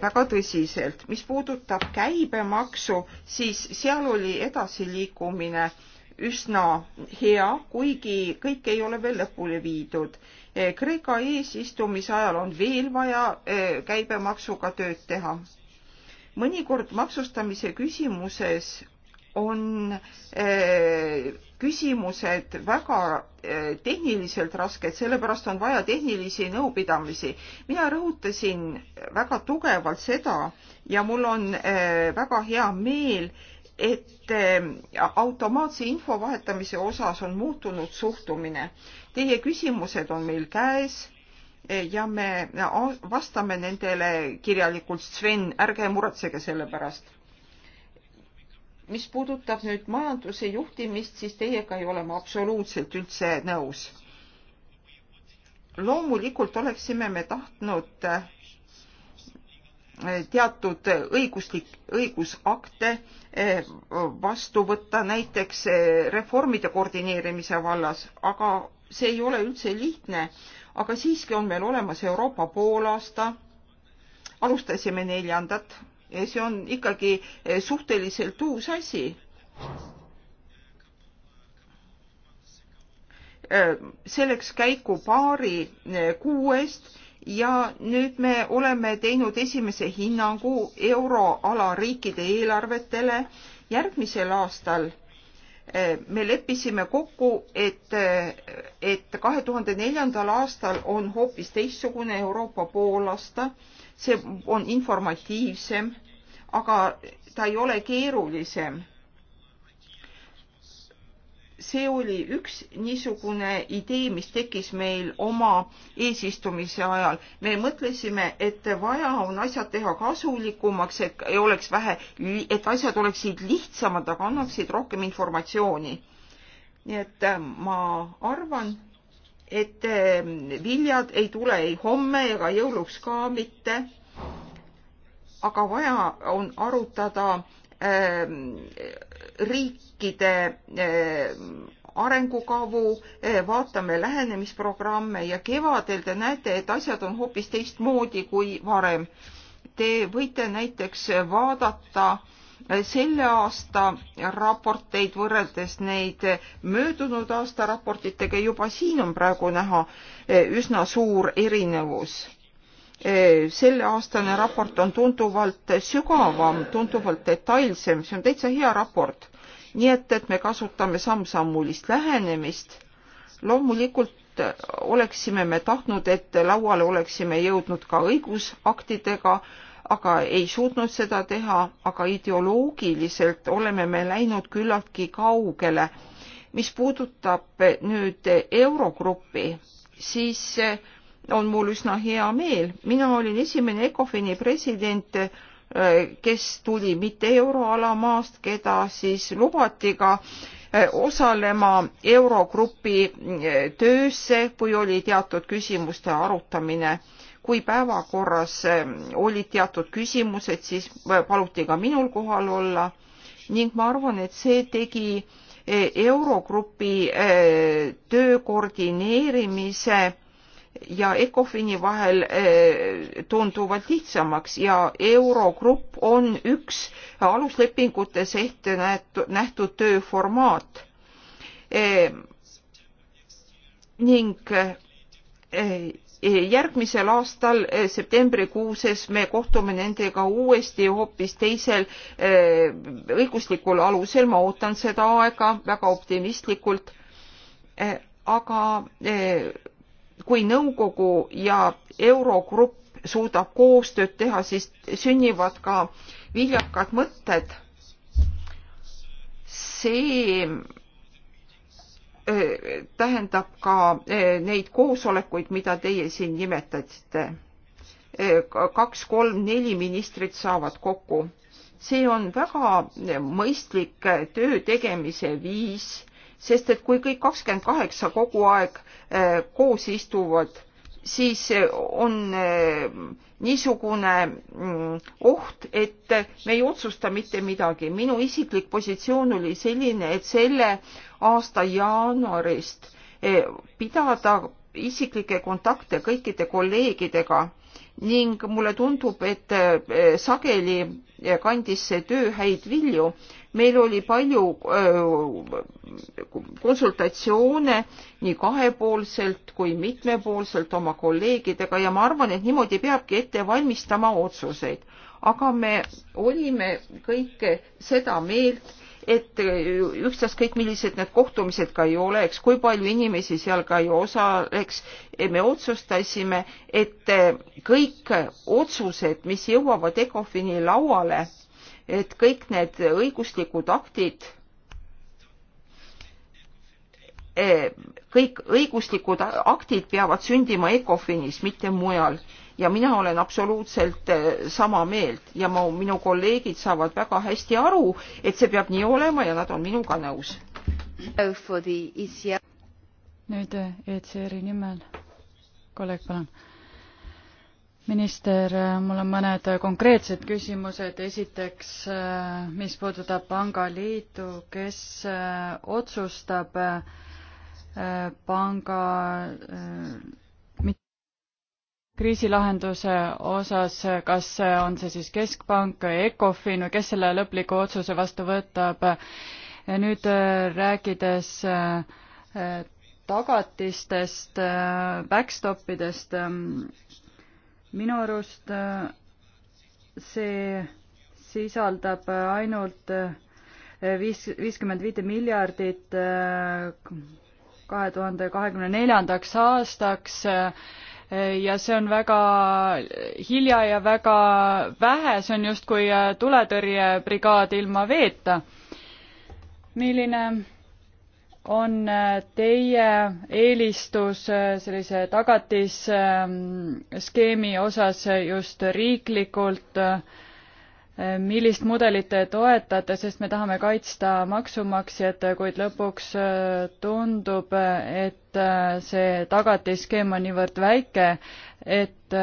väga tõsiselt. mis puudutab käibemaksu, siis seal oli edasiliikumine üsna hea, kuigi kõik ei ole veel lõpule viidud. Eh, Kreeka eesistumise ajal on veel vaja eh, käibemaksuga tööd teha. mõnikord maksustamise küsimuses on äh, küsimused väga äh, tehniliselt rasked, sellepärast on vaja tehnilisi nõupidamisi. mina rõhutasin väga tugevalt seda ja mul on äh, väga hea meel, et automaatse info vahetamise osas on muutunud suhtumine. Teie küsimused on meil käes ja me vastame nendele kirjalikult. Sven, ärge muretsege selle pärast mis puudutab nüüd majanduse juhtimist, siis teiega ei ole ma absoluutselt üldse nõus. loomulikult oleksime me tahtnud eh, teatud õiguslik, õigusakte eh, vastu võtta näiteks eh, reformide koordineerimise vallas, aga see ei ole üldse lihtne. aga siiski on meil olemas Euroopa poolaasta, alustasime neljandat see on ikkagi eh, suhteliselt uus asi. Eh, see läks käiku paari eh, kuu eest ja nüüd me oleme teinud esimese hinnangu euroala riikide eelarvetele järgmisel aastal me leppisime kokku, et, et kahe tuhande neljandal aastal on hoopis teistsugune Euroopa poolaasta see on informatiivsem, aga ta ei ole keerulisem. see oli üks niisugune idee, mis tekkis meil oma eesistumise ajal. me mõtlesime, et vaja on asjad teha kasulikumaks, et ei oleks vähe, et asjad oleksid lihtsamad, aga annaksid rohkem informatsiooni. nii et äh, ma arvan, et ehm, viljad ei tule ei homme ega jõuluks ka mitte. aga vaja on arutada ehm, riikide ehm, arengukavu, eh, vaatame lähenemisprogramme ja kevadel te näete, et asjad on hoopis teistmoodi kui varem. Te võite näiteks vaadata äh, selle aasta raporteid võrreldes neid möödunud aasta raportitega juba siin on praegu näha e, üsna suur erinevus e, selleaastane raport on tunduvalt sügavam, tunduvalt detailsem, see on täitsa hea raport. nii et, et me kasutame samm-sammulist lähenemist. loomulikult oleksime me tahtnud, et lauale oleksime jõudnud ka õigusaktidega, aga ei suutnud seda teha, aga ideoloogiliselt oleme me läinud küllaltki kaugele. mis puudutab nüüd Eurogrupi, siis on mul üsna hea meel, mina olin esimene ECOFIN-i president, kes tuli mitte euroala maast, keda siis lubati ka eh, osalema Eurogrupi eh, töösse, kui oli teatud küsimuste arutamine kui päevakorras ähm, olid teatud küsimused, siis äh, paluti ka minul kohal olla ning ma arvan, et see tegi äh, Eurogrupi äh, töö koordineerimise ja ECOFIN-i vahel tunduvalt lihtsamaks ja Eurogrupp on üks aluslepingutes ette nähtud tööformaat ning järgmisel aastal eh, septembrikuuses me kohtume nendega uuesti hoopis teisel eh, õiguslikul alusel, ma ootan seda aega väga optimistlikult. Eh, aga kui nõukogu ja Eurogrupp suudab koostööd teha, siis sünnivad ka viljakad mõtted. see Äh, tähendab ka äh, neid koosolekuid, mida teie siin nimetasite. Äh, kaks, kolm, neli ministrit saavad kokku. see on väga mõistlik töö tegemise viis, sest et kui kõik kakskümmend kaheksa kogu aeg koos istuvad, siis on niisugune mm, oht, et me ei otsusta mitte midagi. minu isiklik positsioon oli selline, et selle aasta jaanuarist eh, pidada isiklikke kontakte kõikide kolleegidega ning mulle tundub, et eh, sageli kandis see töö häid vilju meil oli palju konsultatsioone nii kahepoolselt kui mitmepoolselt oma kolleegidega ja ma arvan, et niimoodi peabki ette valmistama otsuseid. aga me olime kõik seda meelt, et ükstaskõik, millised need kohtumised ka ei oleks, kui palju inimesi seal ka ei osaleks, me otsustasime, et kõik otsused, mis jõuavad ECOFIN-i lauale et kõik need õiguslikud aktid e, kõik õiguslikud aktid peavad sündima ECOFINis, mitte mujal ja mina olen absoluutselt e, sama meelt ja ma, minu kolleegid saavad väga hästi aru, et see peab nii olema ja nad on minuga nõus. nüüd ECR-i e nimel kolleeg, palun minister, mul on mõned konkreetsed küsimused, esiteks äh, mis puudutab pangaliitu, kes äh, otsustab äh, panga kriisilahenduse osas, kas on see siis Keskpank, Ecofin või kes selle lõpliku otsuse vastu võtab. nüüd rääkides tagatistest, backstopidest, ähm, minu arust äh, see sisaldab ainult äh, viis, viiskümmend viite miljardit äh, kahe tuhande kahekümne neljandaks aastaks ja see on väga hilja ja väga vähe, see on justkui tuletõrjebrigaad ilma veeta. milline on äh, teie eelistus äh, sellise tagatisskeemi osas just riiklikult, äh, millist mudelit te toetate, sest me tahame kaitsta maksumaksjat, kuid lõpuks tundub, et see tagatisskeem on niivõrd väike, et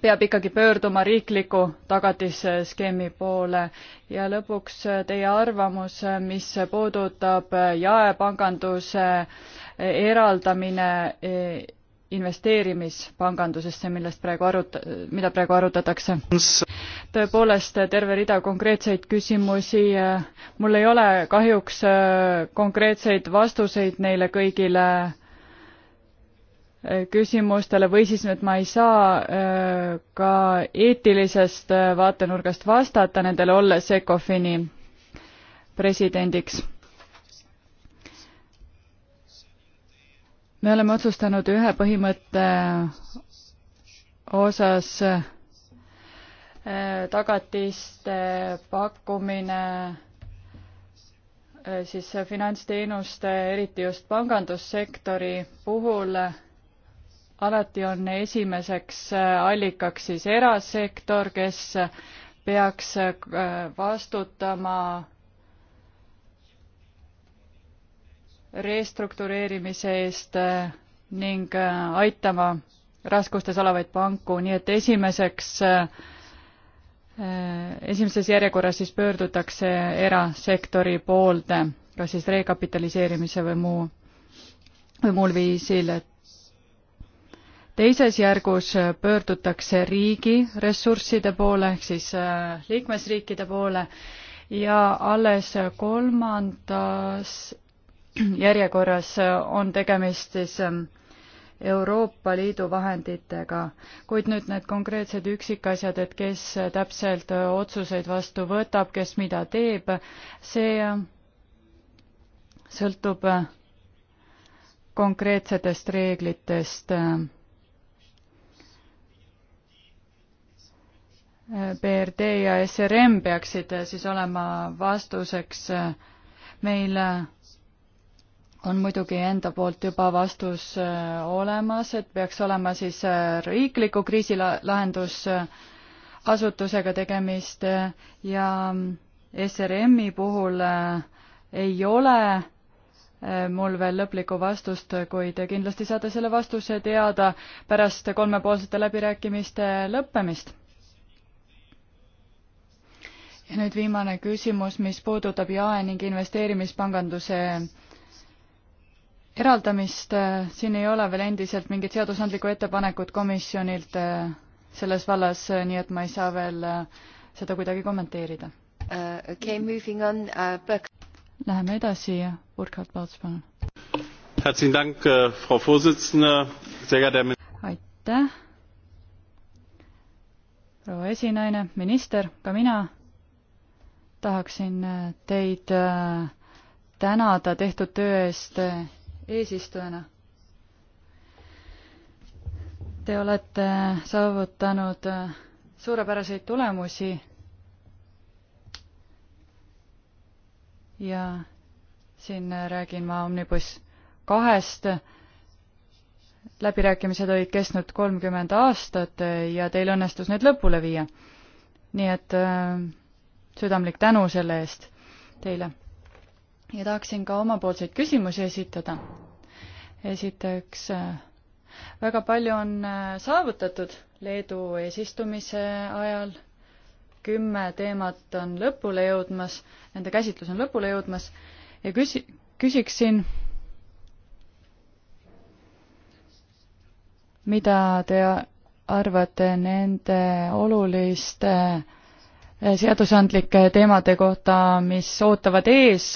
peab ikkagi pöörduma riikliku tagatisskeemi poole ja lõpuks äh, teie arvamus, äh, mis puudutab äh, jaepanganduse eraldamine investeerimispangandusesse, millest praegu arut-, mida praegu arutatakse. tõepoolest, terve rida konkreetseid küsimusi, mul ei ole kahjuks konkreetseid vastuseid neile kõigile küsimustele või siis nüüd ma ei saa äh, ka eetilisest äh, vaatenurgast vastata nendele, olles ECOFIN-i presidendiks. me oleme otsustanud ühe põhimõtte osas äh, tagatiste pakkumine siis finantsteenuste, eriti just pangandussektori puhul alati on esimeseks äh, allikaks siis erasektor, kes äh, peaks äh, vastutama restruktureerimise eest ning aitama raskustes olevaid panku, nii et esimeseks, esimeses järjekorras siis pöördutakse erasektori poolde, kas siis rekapitaliseerimise või muu, või muul viisil, et teises järgus äh, pöördutakse riigi ressursside poole ehk siis äh, liikmesriikide poole ja alles kolmandas järjekorras äh, on tegemist siis ähm, Euroopa Liidu vahenditega, kuid nüüd need konkreetsed üksikasjad, et kes täpselt otsuseid vastu võtab, kes mida teeb, see sõltub konkreetsetest reeglitest BRD ja SRM peaksid eh, siis olema vastuseks. meil eh, on muidugi enda poolt juba vastus eh, olemas, et peaks olema siis riikliku kriisilahendusasutusega tegemist ja mm, SRM-i puhul ei ole mul veel lõplikku vastust, kuid kindlasti saate selle vastuse teada pärast kolmepoolsete läbirääkimiste lõppemist ja nüüd viimane küsimus, mis puudutab jae ning investeerimispanganduse eraldamist, siin ei ole veel endiselt mingit seadusandlikku ettepanekut komisjonilt eh, selles vallas, eh, nii et ma ei saa veel eh, seda kuidagi kommenteerida uh,. Okay, moving on uh,. Läheme edasi, Burkhard Palts, palun. aitäh, proua esinaine, minister, ka mina tahaksin äh, teid äh, tänada tehtud töö eest äh, eesistujana. Te olete saavutanud suurepäraseid tulemusi ja siin räägin ma Omnibus kahest. läbirääkimised olid kestnud kolmkümmend aastat ja teil õnnestus need lõpule viia. nii et äh, südamlik tänu selle eest teile. ja tahaksin ka omapoolseid küsimusi esitada. esiteks, väga palju on äh, saavutatud Leedu eesistumise ajal, kümme teemat on lõpule jõudmas, nende käsitlus on lõpule jõudmas ja küsi-, küsiksin, mida te arvate nende oluliste äh, seadusandlike teemade kohta, mis ootavad ees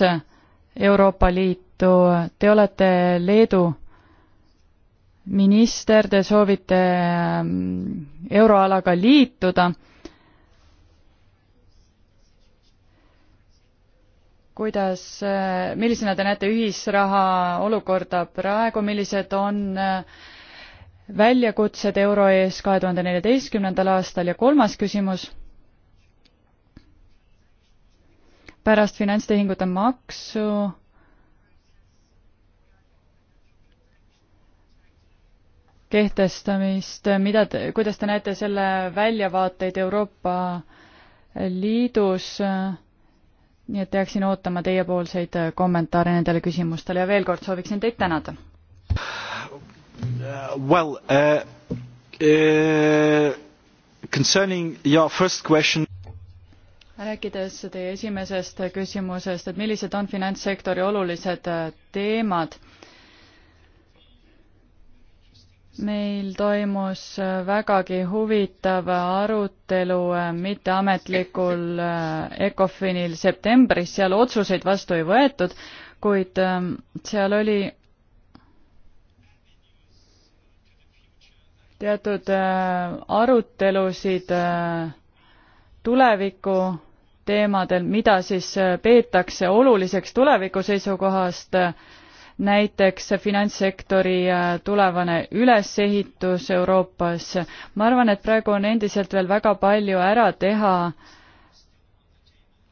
Euroopa Liitu. Te olete Leedu minister, te soovite ähm, euroalaga liituda. kuidas, äh, millisena te näete ühisraha olukorda praegu, millised on äh, väljakutsed euro ees kahe tuhande neljateistkümnendal aastal ja kolmas küsimus pärast finantstehingute maksu kehtestamist, mida te, kuidas te näete selle väljavaateid Euroopa Liidus, nii et jääksin ootama teiepoolseid kommentaare nendele küsimustele ja veel kord sooviksin teid tänada. Well uh, uh, concerning your first question rääkides teie esimesest küsimusest, et millised on finantssektori olulised äh, teemad, meil toimus äh, vägagi huvitav arutelu äh, mitteametlikul ECOFINil septembris, seal otsuseid vastu ei võetud, kuid ähm, seal oli teatud arutelusid tuleviku teemadel, mida siis äh, peetakse oluliseks tuleviku seisukohast, äh, näiteks finantssektori äh, tulevane ülesehitus Euroopas. ma arvan, et praegu on endiselt veel väga palju ära teha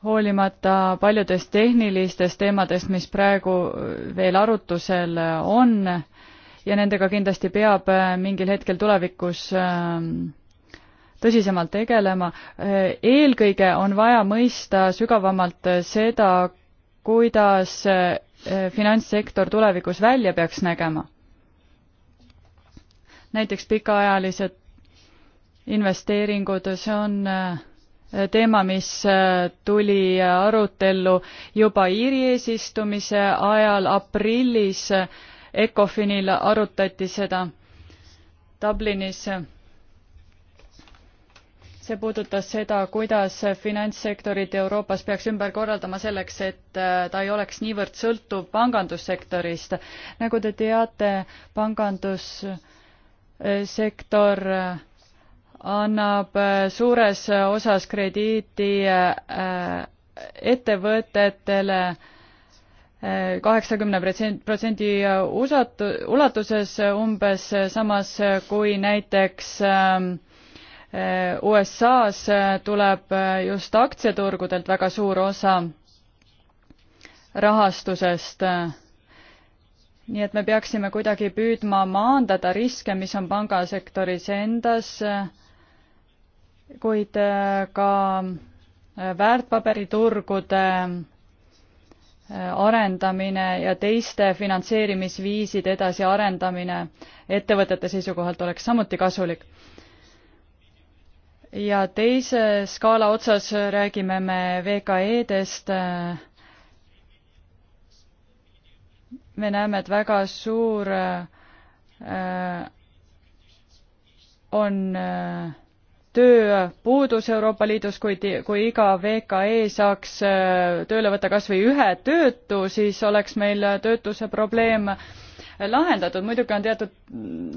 hoolimata paljudest tehnilistest teemadest, mis praegu veel arutusel on ja nendega kindlasti peab mingil hetkel tulevikus tõsisemalt tegelema. eelkõige on vaja mõista sügavamalt seda, kuidas finantssektor tulevikus välja peaks nägema. näiteks pikaajalised investeeringud, see on äh, teema, mis äh, tuli arutellu juba Iiri eesistumise ajal aprillis. Äh, ECOFINil arutati seda Dublinis see puudutas seda, kuidas finantssektorit Euroopas peaks ümber korraldama selleks, et äh, ta ei oleks niivõrd sõltuv pangandussektorist. nagu te teate, pangandussektor äh, annab äh, suures osas krediiti ettevõtetele kaheksakümne protsendi usatu-, ulatuses umbes, samas kui näiteks äh, Äh, USA-s äh, tuleb äh, just aktsiaturgudelt väga suur osa rahastusest. nii et me peaksime kuidagi püüdma maandada riske, mis on pangasektoris endas, kuid ka väärtpaberiturgude arendamine ja teiste finantseerimisviiside edasiarendamine ettevõtete seisukohalt oleks samuti kasulik ja teise skaala otsas räägime me VKE-dest. me näeme, et väga suur äh, on äh, tööpuudus Euroopa Liidus, kui, kui iga VKE saaks äh, tööle võtta kas või ühe töötu, siis oleks meil töötuse probleem äh, lahendatud, muidugi on teatud,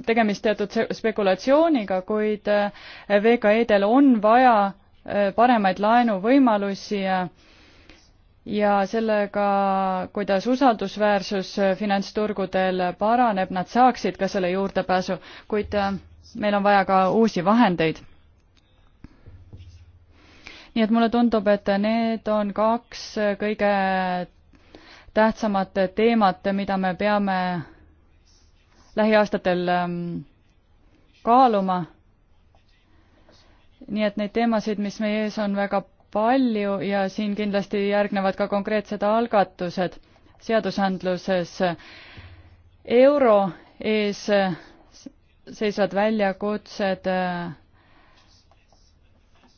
tegemist teatud spekulatsiooniga, kuid eh, VKE-del on vaja eh, paremaid laenuvõimalusi ja sellega, kuidas usaldusväärsus eh, finantsturgudel paraneb, nad saaksid ka selle juurdepääsu, kuid meil on vaja ka uusi vahendeid. nii et mulle tundub, et need on kaks kõige tähtsamat teemat, mida me peame lähiaastatel ähm, kaaluma. nii et neid teemasid, mis meie ees on väga palju ja siin kindlasti järgnevad ka konkreetsed algatused seadusandluses. euro ees seisvad väljakutsed.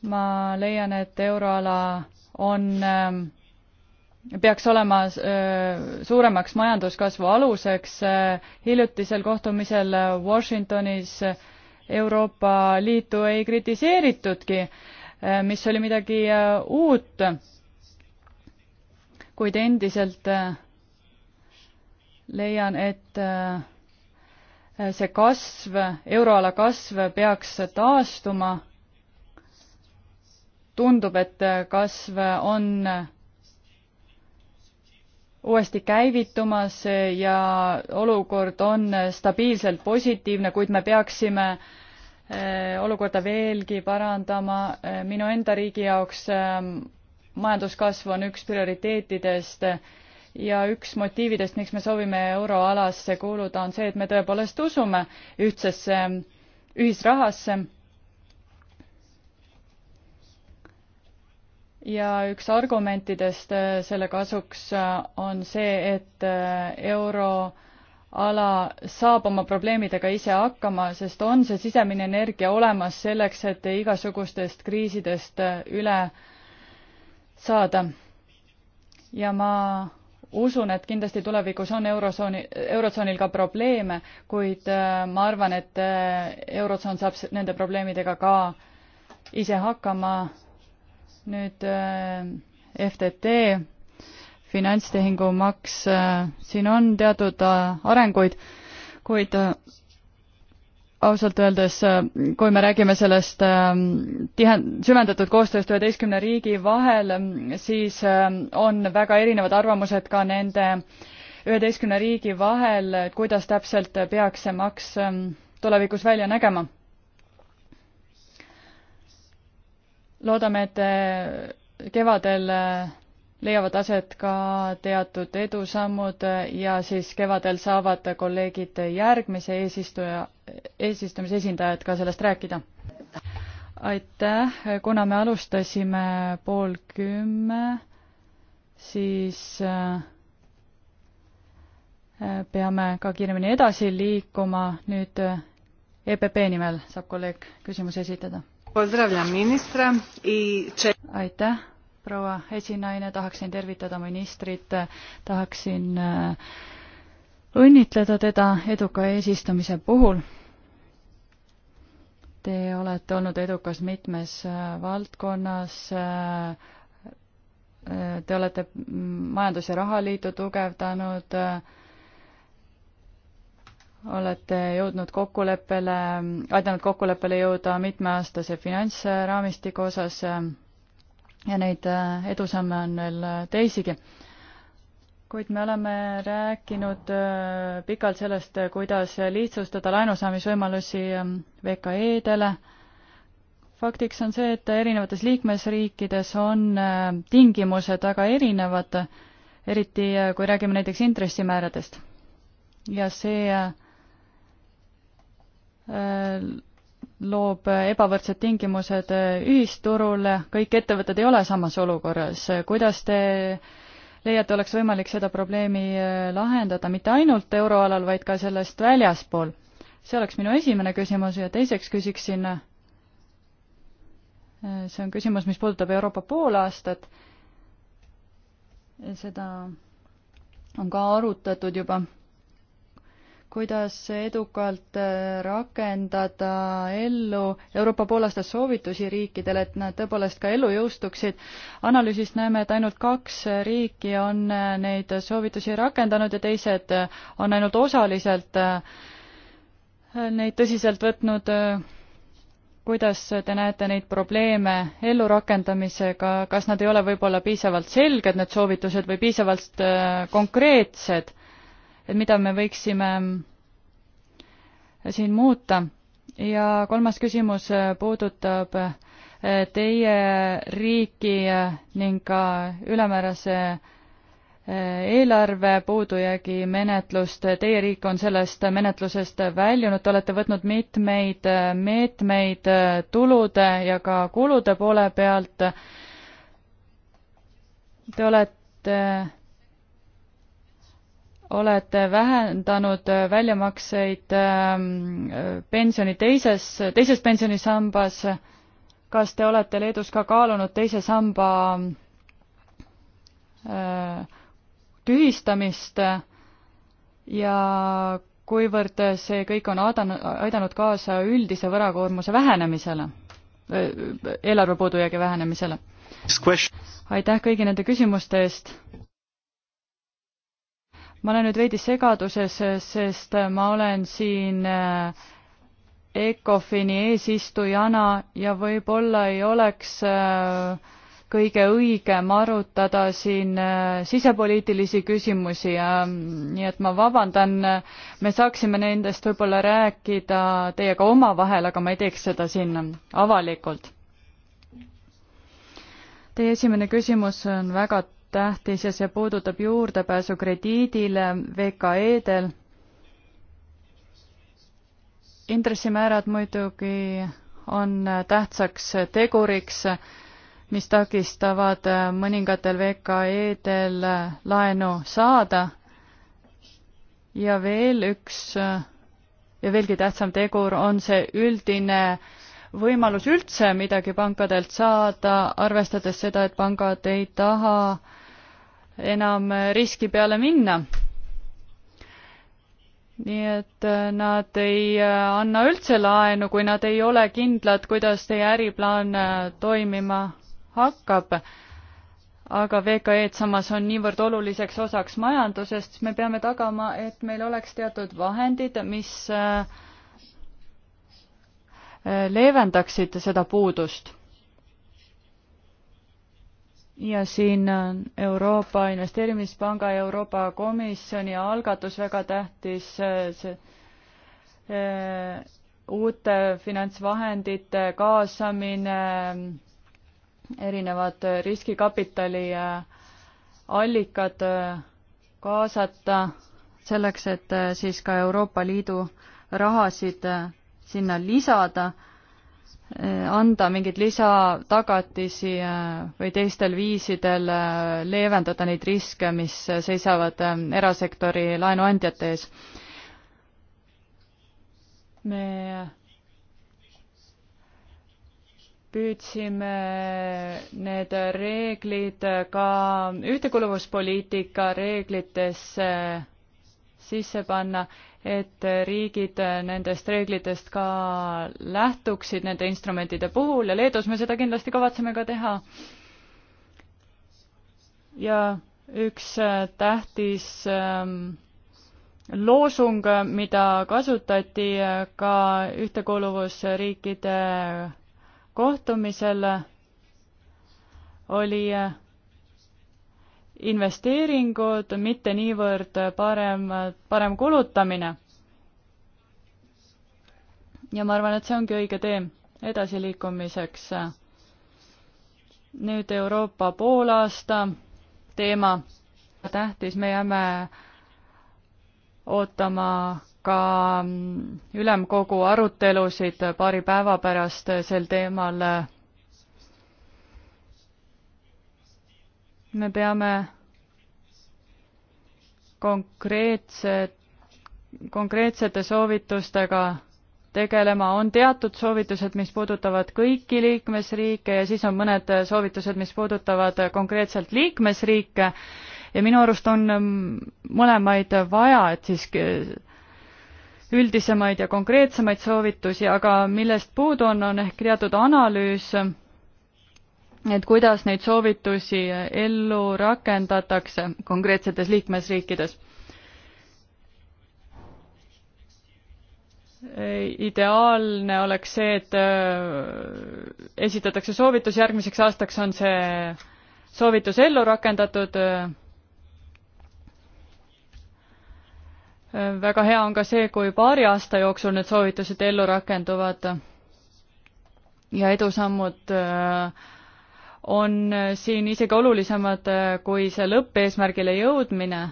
ma leian, et euroala on ähm, peaks olema suuremaks majanduskasvu aluseks. hiljutisel kohtumisel Washingtonis Euroopa Liitu ei kritiseeritudki, mis oli midagi uut, kuid endiselt leian, et see kasv, euroala kasv peaks taastuma. tundub, et kasv on uuesti käivitumas ja olukord on stabiilselt positiivne, kuid me peaksime eh, olukorda veelgi parandama. Eh, minu enda riigi jaoks eh, majanduskasv on üks prioriteetidest ja üks motiividest, miks me soovime euroalasse kuuluda, on see, et me tõepoolest usume ühtsesse ühisrahasse ja üks argumentidest äh, selle kasuks äh, on see, et äh, euroala saab oma probleemidega ise hakkama, sest on see sisemine energia olemas selleks, et igasugustest kriisidest üle saada. ja ma usun, et kindlasti tulevikus on eurotsooni, eurotsoonil ka probleeme, kuid ma arvan, et eurotsoon saab nende probleemidega ka ise hakkama nüüd äh, FTT, finantstehingumaks, äh, siin on teatud äh, arenguid, kuid ausalt öeldes, kui me räägime sellest ähm, tihe-, süvendatud koostööst üheteistkümne riigi vahel, siis on väga erinevad arvamused ka nende üheteistkümne riigi vahel, kuidas täpselt peaks see maks ähm, tulevikus välja nägema. loodame, et äh, kevadel äh, leiavad aset ka teatud edusammud äh, ja siis kevadel saavad kolleegid järgmise eesistuja, eesistumise esindajad ka sellest rääkida. aitäh, kuna me alustasime pool kümme, siis peame ka kiiremini edasi liikuma, nüüd EPP nimel saab kolleeg küsimuse esitada aitäh, proua esinaine, tahaksin tervitada ministrit, tahaksin äh, õnnitleda teda eduka eesistumise puhul. Te olete olnud edukas mitmes äh, valdkonnas äh, Te olete mm, Majandus- ja Rahaliitu tugevdanud, olete jõudnud kokkuleppele, aidanud kokkuleppele jõuda mitmeaastase finantsraamistiku osas ja neid äh, edusamme on veel äh, teisigi. kuid me oleme rääkinud äh, pikalt sellest, kuidas lihtsustada laenusaamisvõimalusi ähm, VKE-dele. faktiks on see, et erinevates liikmesriikides on tingimused väga erinevad, eriti kui räägime näiteks intressimääradest. ja see Äh, loob ebavõrdsed tingimused äh, ühisturule, kõik ettevõtted ei ole samas olukorras. kuidas te leiate, oleks võimalik seda probleemi äh, lahendada mitte ainult euroalal, vaid ka sellest väljaspool? see oleks minu esimene küsimus ja teiseks küsiksin, see on küsimus, mis puudutab Euroopa poolaastat, seda on ka arutatud juba kuidas edukalt äh, rakendada ellu Euroopa poolaasta soovitusi riikidele, et nad tõepoolest ka ellu jõustuksid. analüüsist näeme, et ainult kaks riiki on äh, neid soovitusi rakendanud ja teised äh, on ainult osaliselt neid tõsiselt võtnud kuidas te näete neid probleeme ellurakendamisega, kas nad ei ole võib-olla piisavalt selged, need soovitused, või piisavalt konkreetsed? et mida me võiksime siin muuta. ja kolmas küsimus puudutab eh, teie riiki eh, ning ka ülemäärase eh, eelarve puudujäägi menetlust, teie riik on sellest menetlusest väljunud, te olete võtnud mitmeid meetmeid tulude ja ka kulude poole pealt. Te olete olete vähendanud äh, väljamakseid ähm, äh, pensioni teises, teises pensionisambas. kas te olete Leedus ka kaalunud teise samba äh, tühistamist ja kuivõrd see kõik on aadanud, aidanud kaasa üldise võlakoormuse vähenemisele, eelarve puudujäägi vähenemisele? aitäh kõigi nende küsimuste eest! ma olen nüüd veidi segaduses, sest ma olen siin äh, ECOFIN-i eesistujana ja võib-olla ei oleks äh, kõige õigem arutada siin äh, sisepoliitilisi küsimusi ja nii et ma vabandan, me saaksime nendest võib-olla rääkida teiega omavahel, aga ma ei teeks seda siin avalikult. Teie esimene küsimus on väga tähtis ja see puudutab juurdepääsu krediidile VKE-del. intressimäärad muidugi on tähtsaks teguriks, mis takistavad mõningatel VKE-del laenu saada. ja veel üks ja veelgi tähtsam tegur on see üldine võimalus üldse midagi pankadelt saada, arvestades seda, et pangad ei taha enam riski peale minna. nii et äh, nad ei äh, anna üldse laenu, kui nad ei ole kindlad, kuidas teie äriplaan äh, toimima hakkab. aga VKE-d samas on niivõrd oluliseks osaks majandusest, me peame tagama, et meil oleks teatud vahendid, mis leevendaksid seda puudust ja siin on äh, Euroopa Investeerimispanga ja Euroopa Komisjoni algatus väga tähtis, äh, see äh, uute finantsvahendite kaasamine, erinevad riskikapitali allikad kaasata selleks, et siis ka Euroopa Liidu rahasid sinna lisada Äh, anda mingeid lisatagatisi äh, või teistel viisidel äh, leevendada neid riske, mis seisavad erasektori laenuandjate ees. me püüdsime need reeglid ka ühtekuluvuspoliitika reeglitesse sisse panna, et riigid nendest reeglitest ka lähtuksid nende instrumentide puhul ja Leedus me seda kindlasti kavatseme ka teha. ja üks tähtis ähm, loosung, mida kasutati ka ühtekuuluvusriikide kohtumisel, oli äh, investeeringud, mitte niivõrd parem, parem kulutamine. ja ma arvan, et see ongi õige tee edasiliikumiseks. nüüd Euroopa poolaasta teema, tähtis, me jääme ootama ka ülemkogu arutelusid paari päeva pärast sel teemal me peame konkreetse, konkreetsete soovitustega tegelema, on teatud soovitused, mis puudutavad kõiki liikmesriike ja siis on mõned soovitused, mis puudutavad konkreetselt liikmesriike ja minu arust on mm, mõlemaid vaja, et siis äh, üldisemaid ja konkreetsemaid soovitusi, aga millest puudu on, on ehk teatud analüüs et kuidas neid soovitusi ellu rakendatakse konkreetsetes liikmesriikides. ideaalne oleks see, et äh, esitatakse soovitus, järgmiseks aastaks on see soovitus ellu rakendatud. Äh, väga hea on ka see, kui paari aasta jooksul need soovitused ellu rakenduvad ja edusammud äh, on äh, siin isegi olulisemad äh, kui see lõppeesmärgile jõudmine,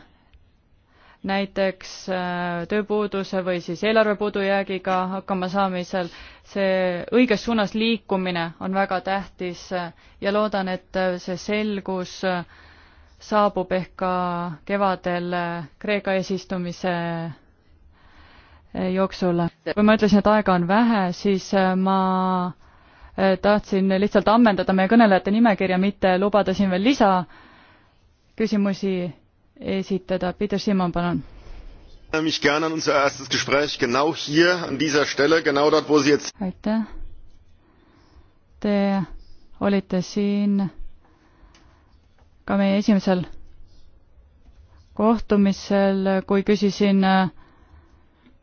näiteks äh, tööpuuduse või siis eelarve puudujäägiga hakkama saamisel, see õiges suunas liikumine on väga tähtis ja loodan, et see selgus saabub ehk ka kevadel Kreeka eesistumise jooksul. kui ma ütlesin, et aega on vähe, siis ma Äh, tahtsin lihtsalt ammendada meie kõnelejate nimekirja, mitte lubada siin veel lisa küsimusi esitada. Peter Simon, palun. mich gerne an unser erstes Gespräch genau hier an dieser Stelle, genau dort, wo Sie jetzt. aitäh. Te olite siin ka meie esimesel kohtumisel, kui küsisin äh,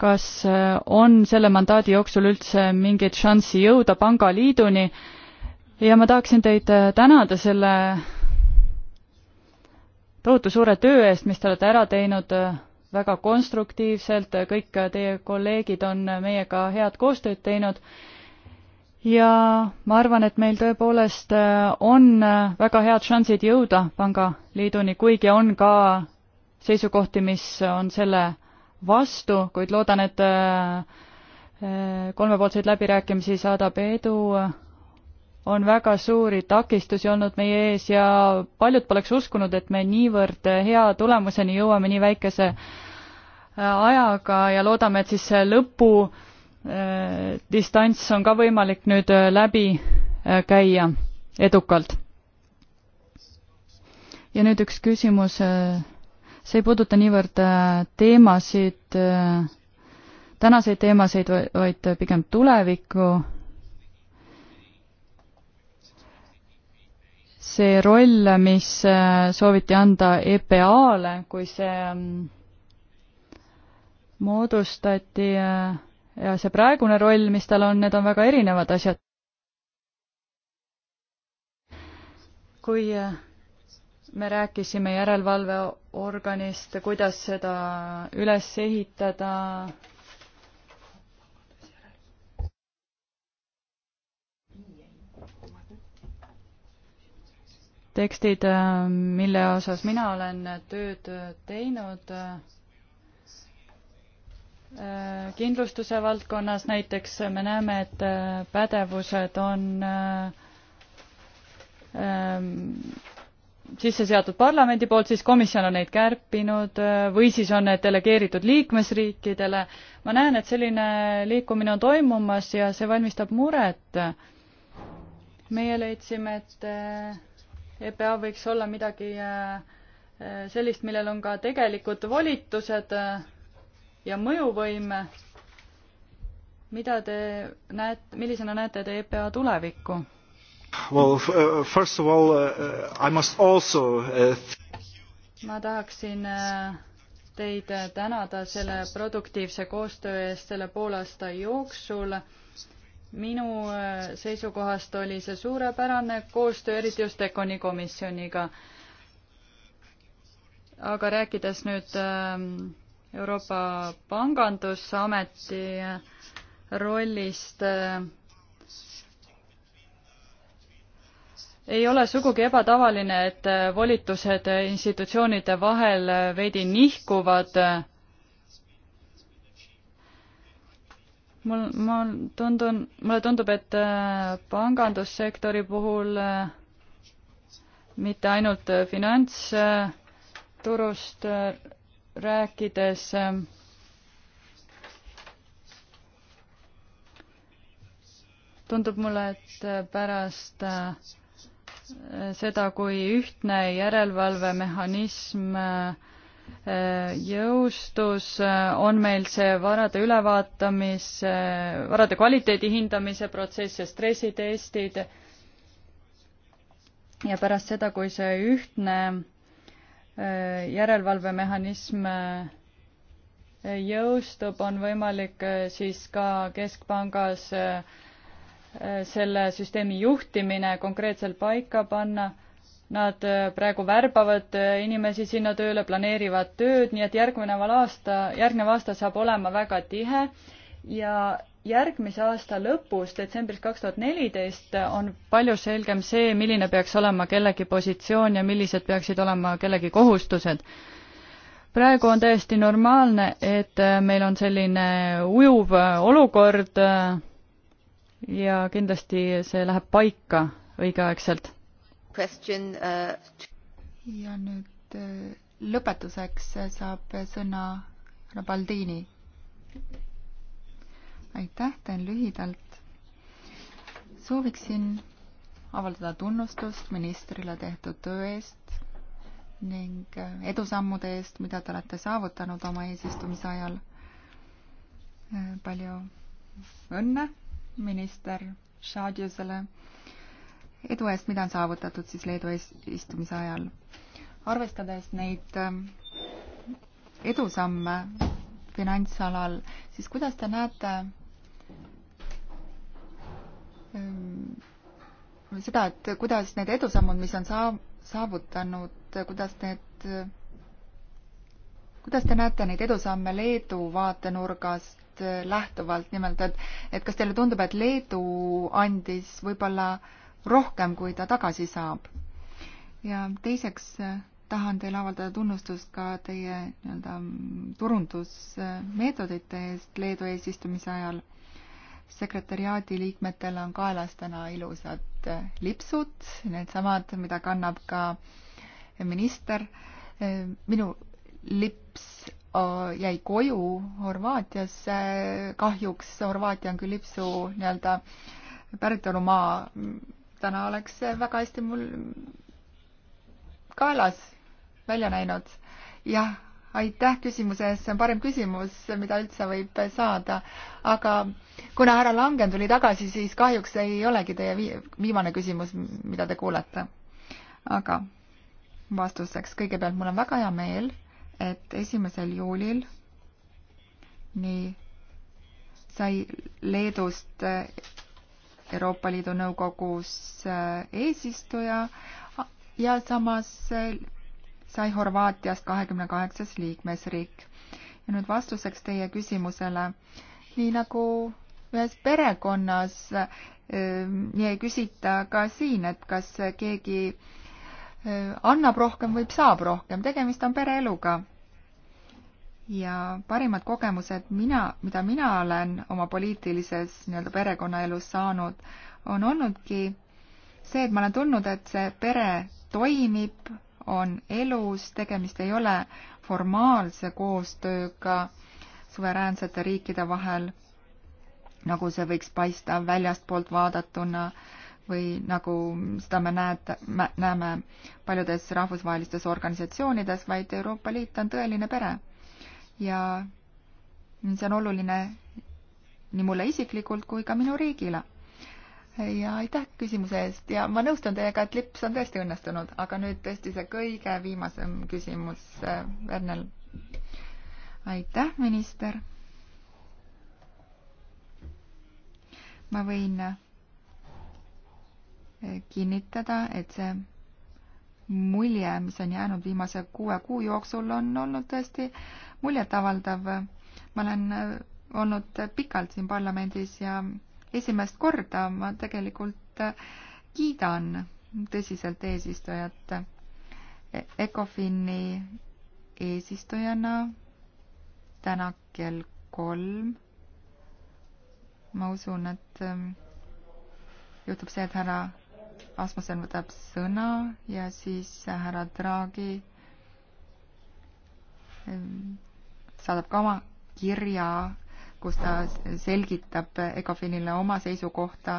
kas äh, on selle mandaadi jooksul üldse mingeid šanssi jõuda pangaliiduni ja ma tahaksin teid äh, tänada selle tohutu suure töö eest, mis te olete ära teinud äh, väga konstruktiivselt, kõik teie kolleegid on meiega head koostööd teinud ja ma arvan, et meil tõepoolest on väga head šansid jõuda pangaliiduni, kuigi on ka seisukohti, mis on selle vastu, kuid loodan, et äh, kolmepoolseid läbirääkimisi saadab edu. on väga suuri takistusi olnud meie ees ja paljud poleks uskunud, et me niivõrd hea tulemuseni jõuame nii väikese äh, ajaga ja loodame, et siis see lõpu äh, distants on ka võimalik nüüd läbi käia edukalt. ja nüüd üks küsimus see ei puuduta niivõrd äh, teemasid, äh, tänaseid teemasid, vaid pigem tulevikku. see roll, mis äh, sooviti anda EPA-le, kui see mm, moodustati ja see praegune roll, mis tal on, need on väga erinevad asjad. kui me rääkisime järelevalveorganist, kuidas seda üles ehitada. tekstid, mille osas mina olen tööd teinud kindlustuse valdkonnas näiteks me näeme, et pädevused on sisse seatud parlamendi poolt, siis komisjon on neid kärpinud äh, või siis on need delegeeritud liikmesriikidele. ma näen, et selline liikumine on toimumas ja see valmistab muret. meie leidsime, et äh, EPA võiks olla midagi äh, sellist, millel on ka tegelikud volitused ja mõjuvõime. mida te näete, millisena näete te EPA tulevikku? Well, uh, first of all uh, uh, I must also uh, ma tahaksin uh, teid tänada selle produktiivse koostöö eest selle poolaasta jooksul. minu seisukohast oli see suurepärane koostöö, eriti just Econi komisjoniga. aga rääkides nüüd ähm, Euroopa Pangandusameti äh, rollist äh, ei ole sugugi ebatavaline, et äh, volitused äh, institutsioonide vahel äh, veidi nihkuvad. mul, ma tundun, mulle tundub, et pangandussektori puhul mitte ainult finantsturust rääkides tundub mulle, et pärast seda, kui ühtne järelevalvemehhanism äh, jõustus, äh, on meil see varade ülevaatamise, varade kvaliteedi hindamise protsess ja stressitestid. ja pärast seda, kui see ühtne äh, järelevalvemehhanism jõustub, on võimalik siis ka keskpangas äh, selle süsteemi juhtimine konkreetselt paika panna. Nad äh, praegu värbavad äh, inimesi sinna tööle, planeerivad tööd, nii et järgneval aasta, järgnev aasta saab olema väga tihe ja järgmise aasta lõpus, detsembris kaks tuhat neliteist, on palju selgem see, milline peaks olema kellegi positsioon ja millised peaksid olema kellegi kohustused praegu on täiesti normaalne, et äh, meil on selline ujuv olukord ja kindlasti see läheb paika õigeaegselt. Uh, ja nüüd uh, lõpetuseks saab sõna Rabaldini. aitäh, teen lühidalt. sooviksin avaldada tunnustust ministrile tehtud töö eest ning uh, edusammude eest, mida te olete saavutanud oma eesistumise ajal. palju õnne minister Šadjusele edu eest, mida on saavutatud siis Leedu eesistumise ajal. arvestades neid ähm, edusamme finantsalal, siis kuidas te näete ähm, seda, et kuidas need edusammud, mis on saa-, saavutanud, kuidas need, kuidas te näete neid edusamme Leedu vaatenurgast sellest äh, lähtuvalt nimelt, et, et kas teile tundub, et Leedu andis võib-olla rohkem, kui ta tagasi saab? ja teiseks äh, tahan teile avaldada tunnustust ka teie nii-öelda mm, turundusmeetodite eest Leedu eesistumise ajal. sekretäriaadi liikmetel on kaelas täna ilusad äh, lipsud, needsamad, mida kannab ka minister. minu lips jäi koju Horvaatiasse, kahjuks Horvaatia on küll Lipsu nii-öelda päritolumaa, täna oleks see väga hästi mul kaelas välja näinud. jah, aitäh küsimuse eest, see on parim küsimus, mida üldse võib saada, aga kuna härra Langen tuli tagasi, siis kahjuks ei olegi teie viimane küsimus, mida te kuulete. aga vastuseks, kõigepealt mul on väga hea meel et esimesel juulil nii sai Leedust eh, Euroopa Liidu Nõukogus eh, eesistuja ja samas eh, sai Horvaatiast kahekümne kaheksas liikmesriik. ja nüüd vastuseks teie küsimusele, nii nagu ühes perekonnas, nii ei küsita ka siin, et kas keegi äh, annab rohkem, võib, saab rohkem, tegemist on pereeluga. ja parimad kogemused mina, mida mina olen oma poliitilises nii-öelda perekonnaelus saanud, on olnudki see, et ma olen tundnud, et see pere toimib, on elus, tegemist ei ole formaalse koostööga suveräänsete riikide vahel, nagu see võiks paista väljastpoolt vaadatuna äh, või nagu seda me näed, näeme paljudes rahvusvahelistes organisatsioonides, vaid Euroopa Liit on tõeline pere. ja see on oluline nii mulle isiklikult kui ka minu riigile. ja aitäh küsimuse eest ja ma nõustun teiega, et lips on tõesti õnnestunud, aga nüüd tõesti see kõige viimasem küsimus, Vernel. aitäh, minister. ma võin kinnitada, et see mulje, mis on jäänud viimase kuue kuu jooksul, on olnud tõesti muljetavaldav. ma olen äh, olnud pikalt siin parlamendis ja esimest korda ma tegelikult äh, kiidan tõsiselt eesistujat. E-, Ecofini eesistujana täna kell kolm. ma usun, et äh, juhtub see, et härra Asmussen võtab sõna ja siis härra Draghi ehm, saadab ka oma kirja, kus ta selgitab Ecofinile oma seisukohta,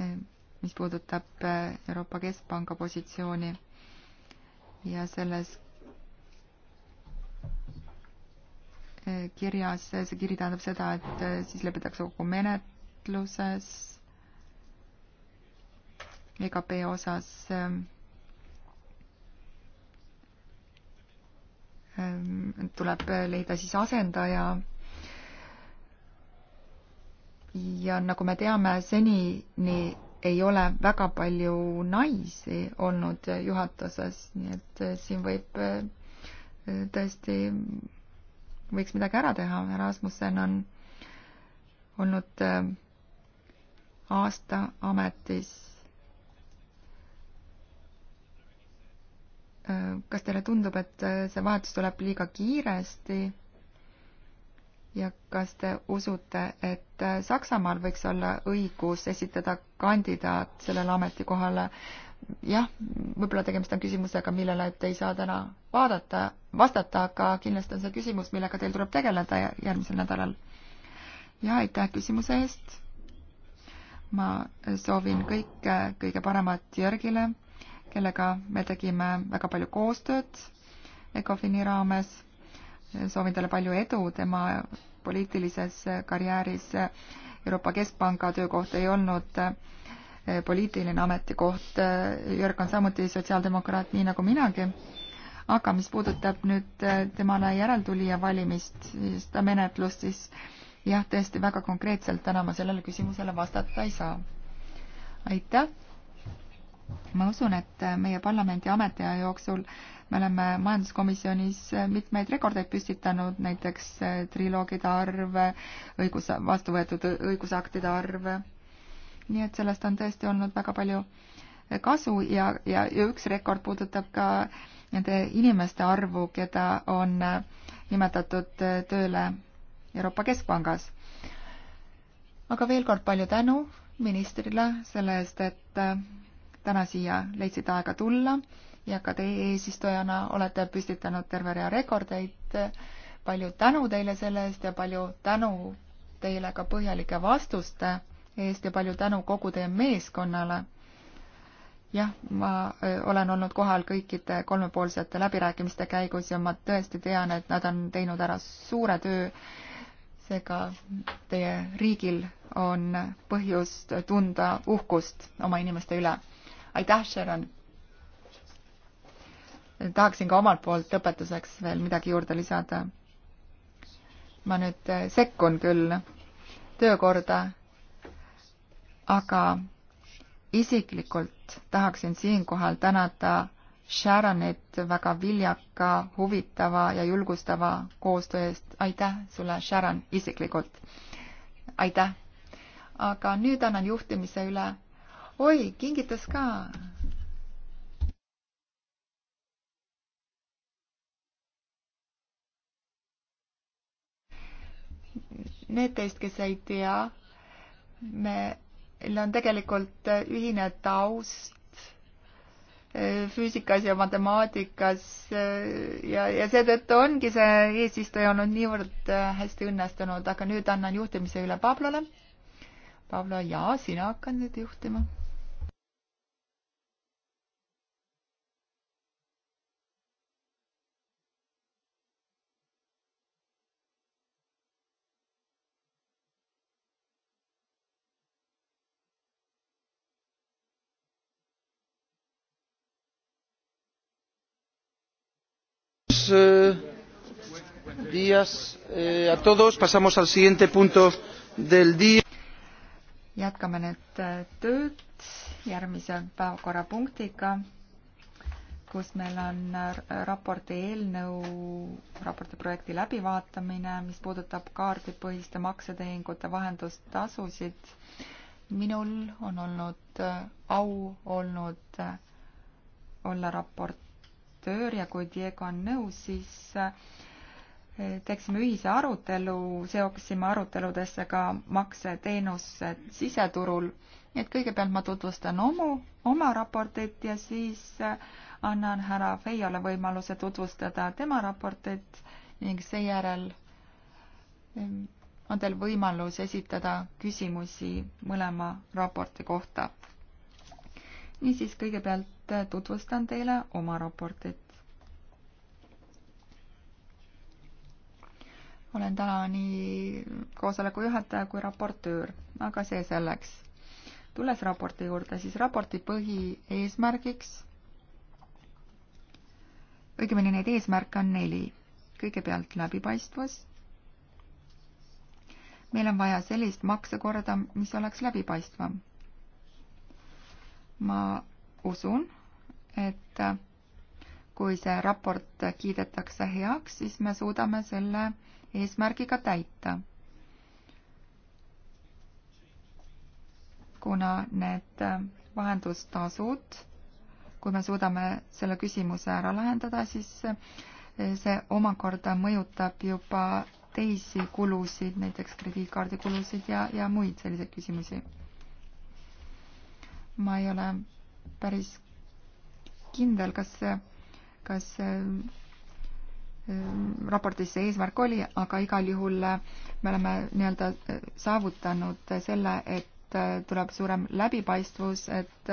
ehm, mis puudutab eh, Euroopa Keskpanga positsiooni ja selles eh, kirjas, see kiri tähendab seda, et eh, siis lepitakse kokku menetluses EKP osas ähm, ähm, tuleb leida siis asendaja. ja nagu me teame, senini ei ole väga palju naisi olnud juhatuses, nii et äh, siin võib äh, tõesti, võiks midagi ära teha. Rasmussen on olnud äh, aasta ametis Äh, kas teile tundub, et äh, see vahetus tuleb liiga kiiresti? ja kas te usute, et äh, Saksamaal võiks olla õigus esitada kandidaat sellele ametikohale? jah, võib-olla tegemist on küsimusega, millele te ei saa täna vaadata, vastata, aga kindlasti on see küsimus, millega teil tuleb tegeleda järgmisel nädalal. ja aitäh küsimuse eest. ma soovin kõike kõige paremat Jörgile kellega me tegime väga palju koostööd ECOFIN-i raames. soovin talle palju edu tema poliitilises karjääris. Euroopa Keskpanga töökoht ei olnud poliitiline ametikoht. Jörg on samuti sotsiaaldemokraat, nii nagu minagi. aga mis puudutab nüüd temale järeltulija valimist, seda menetlust, siis jah, tõesti väga konkreetselt täna ma sellele küsimusele vastata ei saa. aitäh ma usun, et meie parlamendi ametiaja jooksul me oleme majanduskomisjonis mitmeid rekordeid püstitanud, näiteks eh, triloogide arv, õigus, vastu võetud õigusaktide arv. nii et sellest on tõesti olnud väga palju eh, kasu ja, ja, ja üks rekord puudutab ka nende inimeste arvu, keda on eh, nimetatud tööle Euroopa Keskpangas. aga veel kord palju tänu ministrile selle eest, et täna siia leidsid aega tulla ja ka teie eesistujana olete püstitanud terve rea rekordeid. palju tänu teile selle eest ja palju tänu teile ka põhjalike vastuste eest ja palju tänu kogu teie meeskonnale. jah, ma olen olnud kohal kõikide kolmepoolsete läbirääkimiste käigus ja ma tõesti tean, et nad on teinud ära suure töö. seega teie riigil on põhjust tunda uhkust oma inimeste üle aitäh, Sharon! tahaksin ka omalt poolt lõpetuseks veel midagi juurde lisada. ma nüüd eh, sekkun küll töökorda, aga isiklikult tahaksin siinkohal tänada Sharonit väga viljaka, huvitava ja julgustava koostöö eest. aitäh sulle, Sharon, isiklikult! aitäh! aga nüüd annan juhtimise üle oi, kingitas ka. Need teist, kes ei tea, meil on tegelikult ühine taust eh, füüsikas ja matemaatikas eh, ja, ja seetõttu ongi see eesistuja olnud niivõrd eh, hästi õnnestunud, aga nüüd annan juhtimise üle Pablole. Pablo, jaa, sina hakkad nüüd juhtima eh, días eh, a todos. Pasamos al siguiente punto del día. jätkame nüüd eh, tööd järgmise päevakorrapunktiga, kus meil on eh, raporti eelnõu, raporti projekti läbivaatamine, mis puudutab kaardipõhiste maksetehingute vahendustasusid. minul on olnud eh, au olnud olla raport raportöör ja kui Diego on nõus, siis eh, teeksime ühise arutelu, seoksime aruteludesse ka makseteenused siseturul. nii et kõigepealt ma tutvustan omu, oma raportit ja siis eh, annan härra Feiole võimaluse tutvustada tema raportit ning seejärel eh, on teil võimalus esitada küsimusi mõlema raporti kohta. niisiis, kõigepealt et tutvustan teile oma raportit. olen täna nii koosoleku juhataja kui raportöör, aga see selleks. tulles raporti juurde, siis raporti põhieesmärgiks, õigemini neid eesmärke on neli. kõigepealt läbipaistvus. meil on vaja sellist maksekorda, mis oleks läbipaistvam. ma usun, et kui see raport kiidetakse heaks, siis me suudame selle eesmärgiga täita. kuna need vahendustasud, kui me suudame selle küsimuse ära lahendada, siis see omakorda mõjutab juba teisi kulusid, näiteks krediitkaardi kulusid ja, ja muid selliseid küsimusi. ma ei ole päris kindel, kas, kas ähm, raportis see eesmärk oli, aga igal juhul äh, me oleme nii-öelda äh, saavutanud selle, et äh, tuleb suurem läbipaistvus, et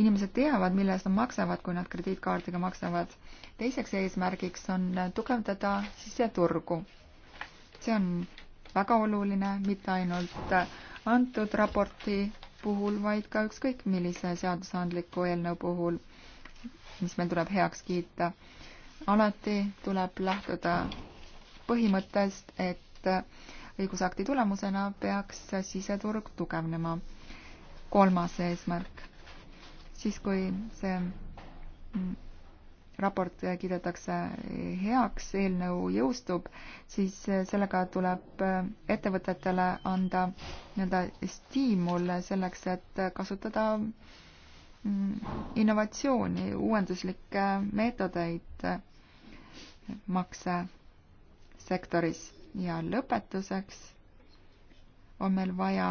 inimesed teavad, mille eest nad maksavad, kui nad krediitkaardiga maksavad. teiseks eesmärgiks on tugevdada siseturgu. see on väga oluline, mitte ainult antud raporti puhul, vaid ka ükskõik millise seadusandliku eelnõu puhul, mis meil tuleb heaks kiita. alati tuleb lähtuda põhimõttest, et õigusakti tulemusena peaks siseturg tugevnema. kolmas eesmärk, siis kui see raport kiidetakse heaks, eelnõu jõustub, siis sellega tuleb ettevõtetele anda nii-öelda stiimul selleks, et kasutada mm, innovatsiooni, uuenduslikke meetodeid maksesektoris ja lõpetuseks on meil vaja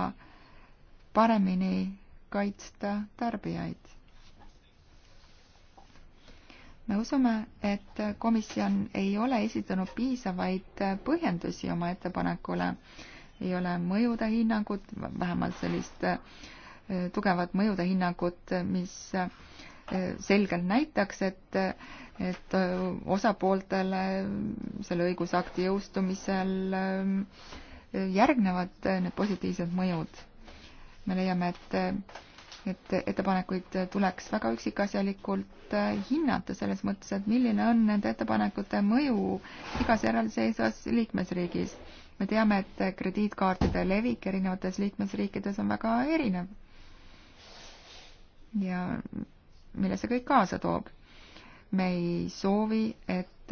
paremini kaitsta tarbijaid me usume, et komisjon ei ole esitanud piisavaid põhjendusi oma ettepanekule, ei ole mõjude hinnangut, vähemalt sellist äh, tugevat mõjude hinnangut, mis äh, selgelt näitaks, et, et äh, osapooltele selle õigusakti jõustumisel ähm, järgnevad need positiivsed mõjud. me leiame, et et ettepanekuid tuleks väga üksikasjalikult äh, hinnata selles mõttes, et milline on nende ettepanekute mõju igas eraldiseisvas liikmesriigis. me teame, et krediitkaartide levik erinevates liikmesriikides on väga erinev. ja mille see kõik kaasa toob? me ei soovi, et,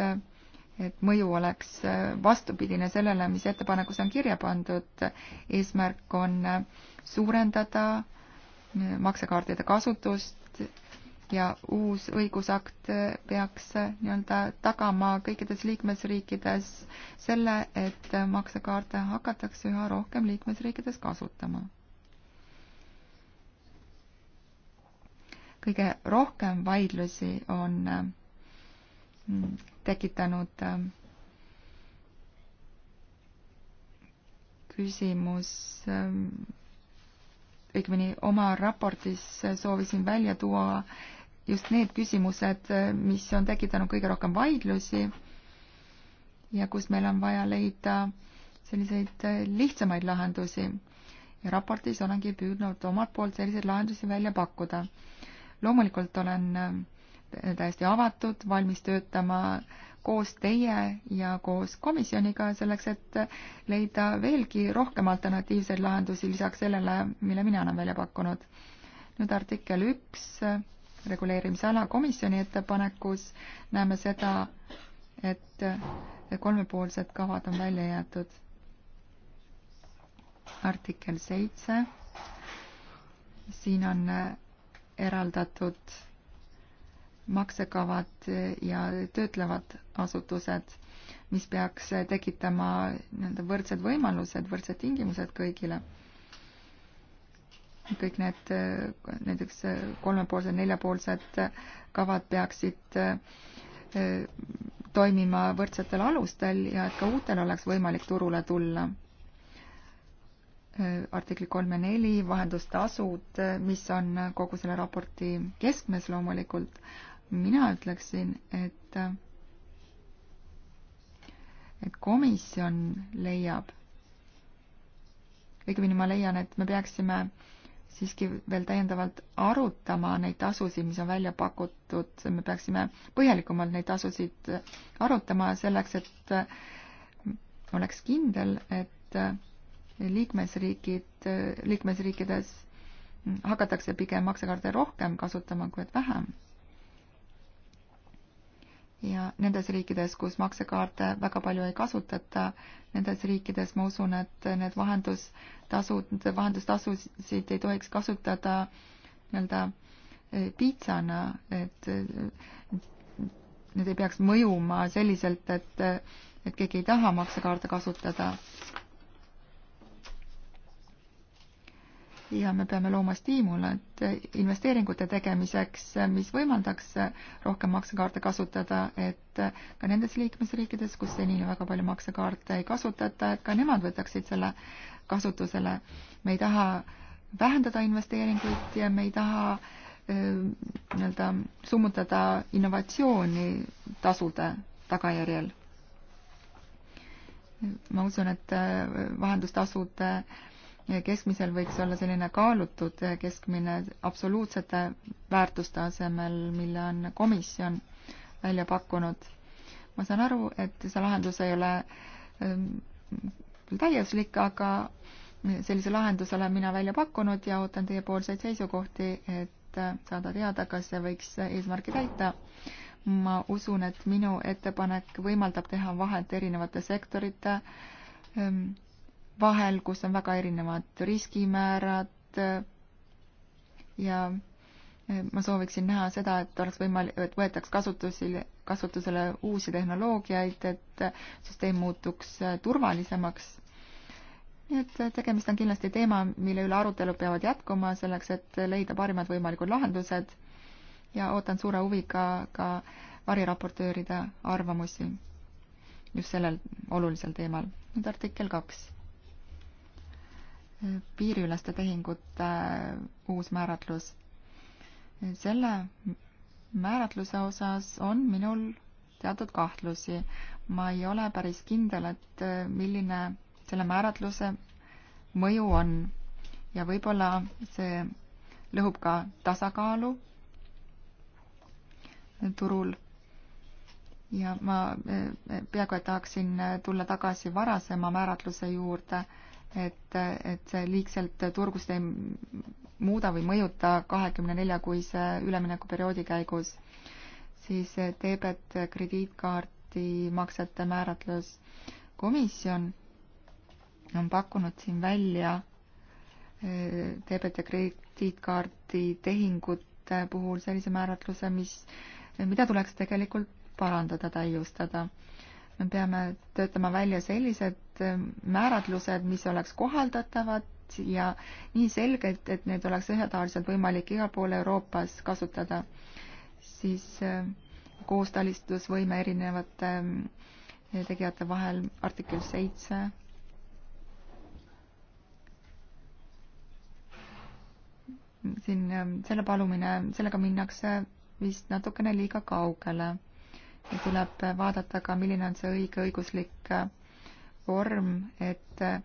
et mõju oleks äh, vastupidine sellele, mis ettepanekus on kirja pandud. eesmärk on äh, suurendada maksekaardide kasutust ja uus õigusakt peaks nii-öelda tagama kõikides liikmesriikides selle, et maksekaarte hakatakse üha rohkem liikmesriikides kasutama. kõige rohkem vaidlusi on mm, tekitanud mm, küsimus mm, õigemini oma raportis soovisin välja tuua just need küsimused, mis on tekitanud kõige rohkem vaidlusi ja kus meil on vaja leida selliseid lihtsamaid lahendusi. ja raportis olengi püüdnud omalt poolt selliseid lahendusi välja pakkuda. loomulikult olen täiesti avatud, valmis töötama äh, koos teie ja koos komisjoniga selleks, et leida veelgi rohkem alternatiivseid lahendusi lisaks sellele, mille mina olen välja pakkunud. nüüd artikkel üks, reguleerimisala komisjoni ettepanekus näeme seda, et kolmepoolsed kavad on välja jäetud. artikkel seitse, siin on eraldatud maksekavad ja töötlevad asutused, mis peaks tekitama nii-öelda võrdsed võimalused, võrdsed tingimused kõigile. kõik need näiteks kolmepoolsed, neljapoolsed kavad peaksid eh, toimima võrdsetel alustel ja et ka uutel oleks võimalik turule tulla. Eh, artikli kolm ja neli, vahendustasud, eh, mis on kogu selle raporti keskmes loomulikult, mina ütleksin, et, et komisjon leiab, õigemini ma leian, et me peaksime siiski veel täiendavalt arutama neid tasusid, mis on välja pakutud, me peaksime põhjalikumalt neid tasusid arutama selleks, et oleks kindel, et liikmesriigid, liikmesriikides hakatakse pigem maksekaarte rohkem kasutama, kui et vähem ja nendes riikides, kus maksekaarte väga palju ei kasutata, nendes riikides ma usun, et need vahendustasud, vahendustasusid ei tohiks kasutada nii-öelda piitsana, et need ei peaks mõjuma selliselt, et, et keegi ei taha maksekaarte kasutada. ja me peame looma stiimulad investeeringute tegemiseks, mis võimaldaks rohkem maksekaarte kasutada, et ka nendes liikmesriikides, kus senini väga palju maksekaarte ei kasutata, et ka nemad võtaksid selle kasutusele. me ei taha vähendada investeeringuid ja me ei taha nii-öelda summutada innovatsiooni tasude tagajärjel. ma usun, et vahendustasude äh, keskmisel võiks olla selline kaalutud keskmine absoluutsete väärtuste asemel, mille on komisjon välja pakkunud. ma saan aru, et see lahendus ei ole ähm, täiuslik, aga sellise lahenduse olen mina välja pakkunud ja ootan teiepoolseid seisukohti, et saada teada, kas see võiks eesmärgi täita. ma usun, et minu ettepanek võimaldab teha vahet erinevate sektorite ähm, vahel, kus on väga erinevad riskimäärad ja ma sooviksin näha seda, et oleks võimalik, et võetaks kasutusele, kasutusele uusi tehnoloogiaid, et süsteem muutuks turvalisemaks. nii et tegemist on kindlasti teema, mille üle arutelud peavad jätkuma, selleks et leida parimad võimalikud lahendused ja ootan suure huviga ka variraportööride arvamusi just sellel olulisel teemal. nüüd artikkel kaks piiriüleste tehingute äh, uus määratlus. selle määratluse osas on minul teatud kahtlusi. ma ei ole päris kindel, et äh, milline selle määratluse mõju on ja võib-olla see lõhub ka tasakaalu turul. ja ma äh, peaaegu et tahaksin tulla tagasi varasema määratluse juurde et, et see liigselt turgust ei muuda või mõjuta kahekümne nelja kuise üleminekuperioodi käigus, siis teebet krediitkaardi maksete määratlus. komisjon on pakkunud siin välja eh, teebet ja krediitkaardi tehingute puhul sellise määratluse, mis, mida tuleks tegelikult parandada, täiustada. me peame töötama välja sellised selged äh, määratlused, mis oleks kohaldatavad ja nii selgelt, et need oleks ühetaoliselt võimalik igal pool Euroopas kasutada, siis äh, koostalistusvõime erinevate äh, tegijate vahel, artikkel seitse. siin ähm, selle palumine, sellega minnakse vist natukene liiga kaugele ja tuleb vaadata ka, milline on see õige õiguslik vorm, et äh,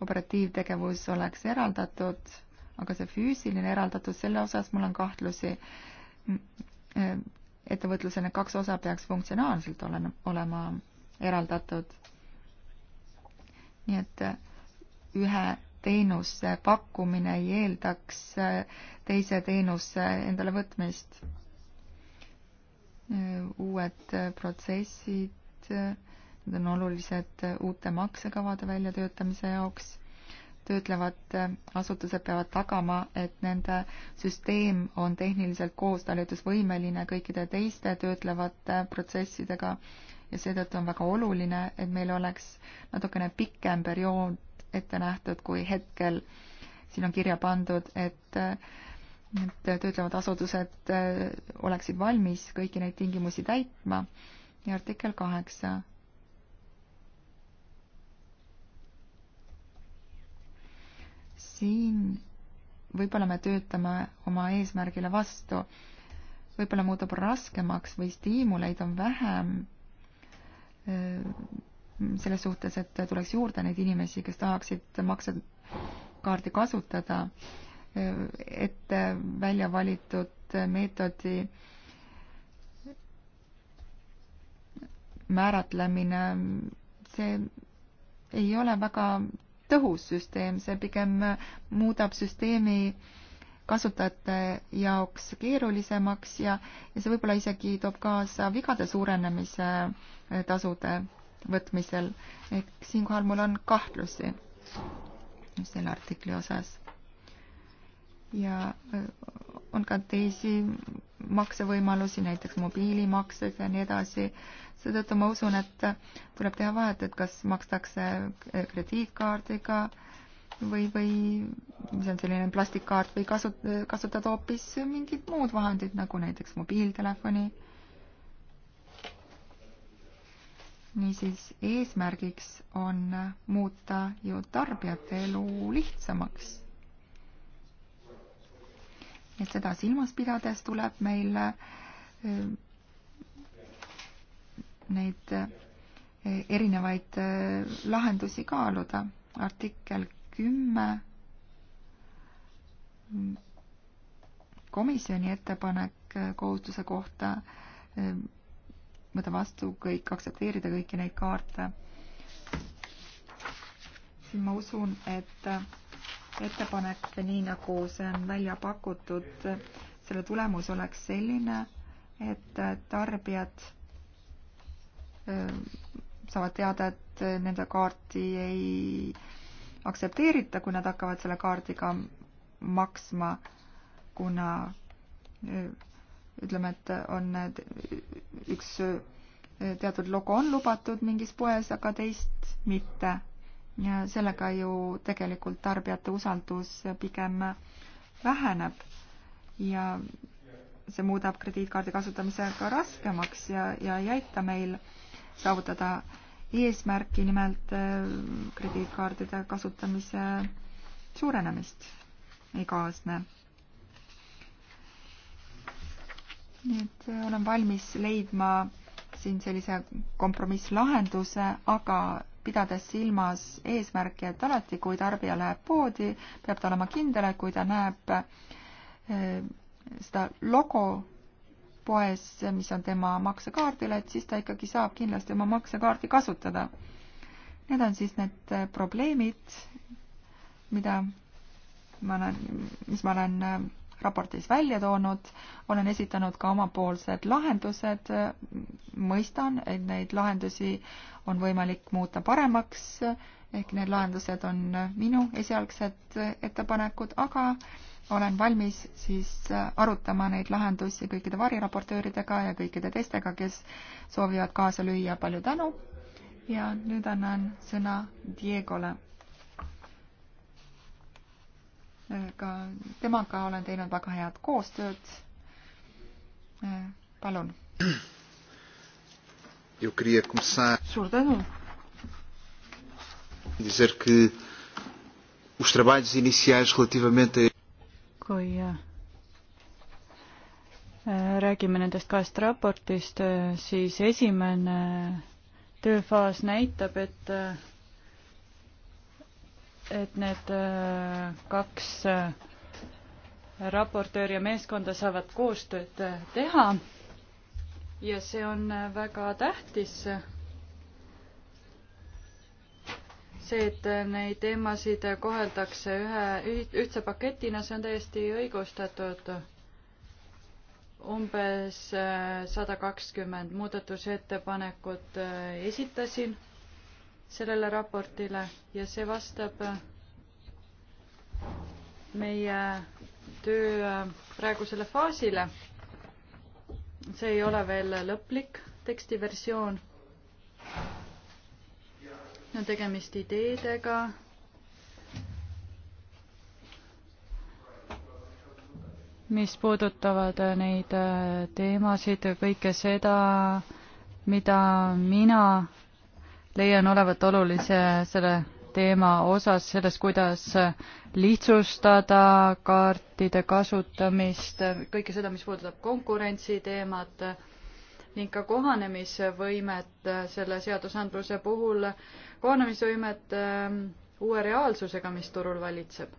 operatiivtegevus oleks eraldatud, aga see füüsiline eraldatus, selle osas mul on kahtlusi. Äh, ettevõtluse need kaks osa peaks funktsionaalselt olen, olema eraldatud. nii et äh, ühe teenuse pakkumine ei eeldaks teise teenuse endale võtmist. uued protsessid Need on olulised uute maksekavade väljatöötamise jaoks. töötlevad asutused peavad tagama, et nende süsteem on tehniliselt koostalitusvõimeline kõikide teiste töötlevate protsessidega ja seetõttu on väga oluline, et meil oleks natukene pikem periood ette nähtud, kui hetkel siin on kirja pandud, et et töötlevad asutused oleksid valmis kõiki neid tingimusi täitma ja artikkel kaheksa siin võib-olla me töötame oma eesmärgile vastu. võib-olla muutub raskemaks või stiimuleid on vähem selles suhtes, et tuleks juurde neid inimesi, kes tahaksid maksekaardi kasutada, et välja valitud meetodi määratlemine, see ei ole väga tõhus süsteem, see pigem muudab süsteemi kasutajate jaoks keerulisemaks ja, ja see võib-olla isegi toob kaasa vigade suurenemise eh, tasude võtmisel. ehk siinkohal mul on kahtlusi selle artikli osas. ja eh, on ka teisi maksevõimalusi, näiteks mobiilimaksed ja nii edasi seetõttu ma usun, et tuleb teha vahet, et kas makstakse krediitkaardiga või, või mis on selline plastikkaart või kasut-, kasutada hoopis mingid muud vahendid, nagu näiteks mobiiltelefoni. niisiis, eesmärgiks on muuta ju tarbijate elu lihtsamaks et seda silmas pidades tuleb meil neid eh, erinevaid eh, lahendusi kaaluda. artikkel kümme komisjoni ettepanek eh, kohustuse kohta võtta vastu kõik, aktsepteerida kõiki neid kaarte. siin ma usun, et ettepanek, nii nagu see on välja pakutud, selle tulemus oleks selline, et tarbijad Ehm, saavad teada, et nende kaarti ei aktsepteerita, kui nad hakkavad selle kaardiga maksma, kuna ehm, ütleme, et on üks ehm, teatud logo on lubatud mingis poes, aga teist mitte. ja sellega ju tegelikult tarbijate usaldus pigem väheneb ja see muudab krediitkaardi kasutamise ka raskemaks ja, ja ei aita meil äh, saavutada eesmärki, nimelt äh, krediitkaardide kasutamise suurenemist ei kaasne. nii et äh, olen valmis leidma siin sellise kompromisslahenduse, aga pidades silmas eesmärki, et alati, kui tarbija läheb poodi, peab ta olema kindel, et kui ta näeb äh, seda logo poes, mis on tema maksekaardil, et siis ta ikkagi saab kindlasti oma maksekaarti kasutada. Need on siis need probleemid, mida ma olen, mis ma olen äh, raportis välja toonud, olen esitanud ka omapoolsed lahendused, mõistan, et neid lahendusi on võimalik muuta paremaks, ehk need lahendused on minu esialgsed ettepanekud, aga olen valmis siis äh, arutama neid lahendusi kõikide variraportööridega ja kõikide teistega, kes soovivad kaasa lüüa. palju tänu ja nüüd annan sõna Diegole. Äh, ka temaga olen teinud väga head koostööd. Äh, palun. suur tänu. Dizer que os trabalhos iniciais relativamente a kui äh, räägime nendest kahest raportist, äh, siis esimene tööfaas näitab, et äh, et need kaks raportööri ja meeskonda saavad koostööd teha ja see on väga tähtis see, et neid teemasid koheldakse ühe, ühtse paketina, see on täiesti õigustatud. umbes äh, sada kakskümmend muudatusettepanekut äh, esitasin sellele raportile ja see vastab äh, meie töö praegusele faasile. see ei ole veel lõplik tekstiversioon on tegemist ideedega, mis puudutavad äh, neid äh, teemasid, kõike seda, mida mina leian olevat olulise selle teema osas, selles, kuidas äh, lihtsustada kaartide kasutamist, kõike seda, mis puudutab konkurentsi teemat ning ka kohanemisvõimet selle seadusandluse puhul kohanemisvõimet ähm, uue reaalsusega, mis turul valitseb.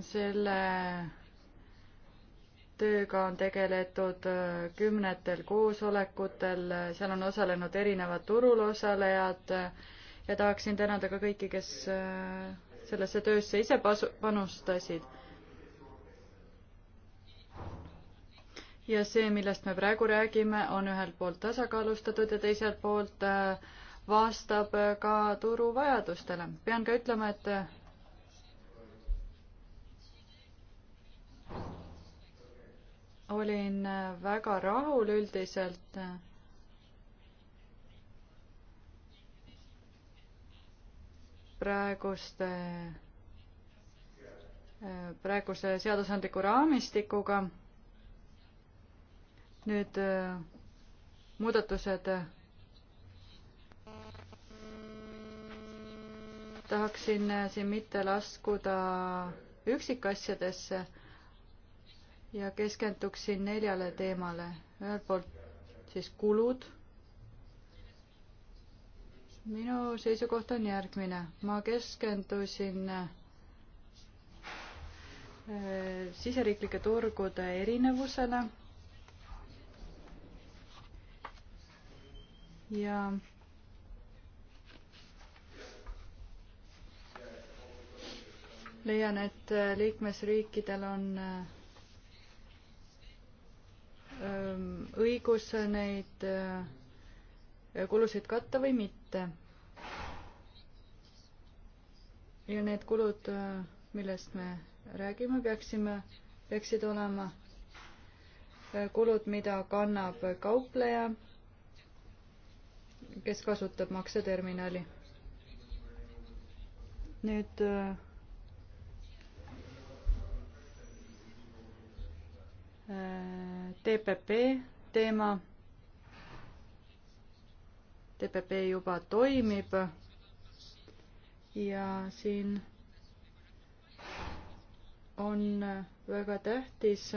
selle tööga on tegeletud äh, kümnetel koosolekutel, seal on osalenud erinevad turul osalejad äh, ja tahaksin tänada ka kõiki, kes äh, sellesse töösse ise pasu-, panustasid ja see, millest me praegu räägime, on ühelt poolt tasakaalustatud ja teiselt poolt äh, vastab äh, ka turu vajadustele. pean ka ütlema, et äh, olin väga rahul üldiselt. praeguste, praeguse seadusandliku raamistikuga nüüd äh, muudatused. tahaksin äh, siin mitte laskuda üksikasjadesse ja keskenduksin neljale teemale. ühelt poolt siis kulud. minu seisukoht on järgmine. ma keskendusin äh, siseriiklike turgude erinevusele ja leian, et äh, liikmesriikidel on äh, ähm, õigus neid äh, kulusid katta või mitte. ja need kulud, millest me räägime, peaksime, peaksid olema kulud, mida kannab kaupleja kes kasutab makseterminali. nüüd äh, TPP teema. TPP juba toimib ja siin on väga tähtis,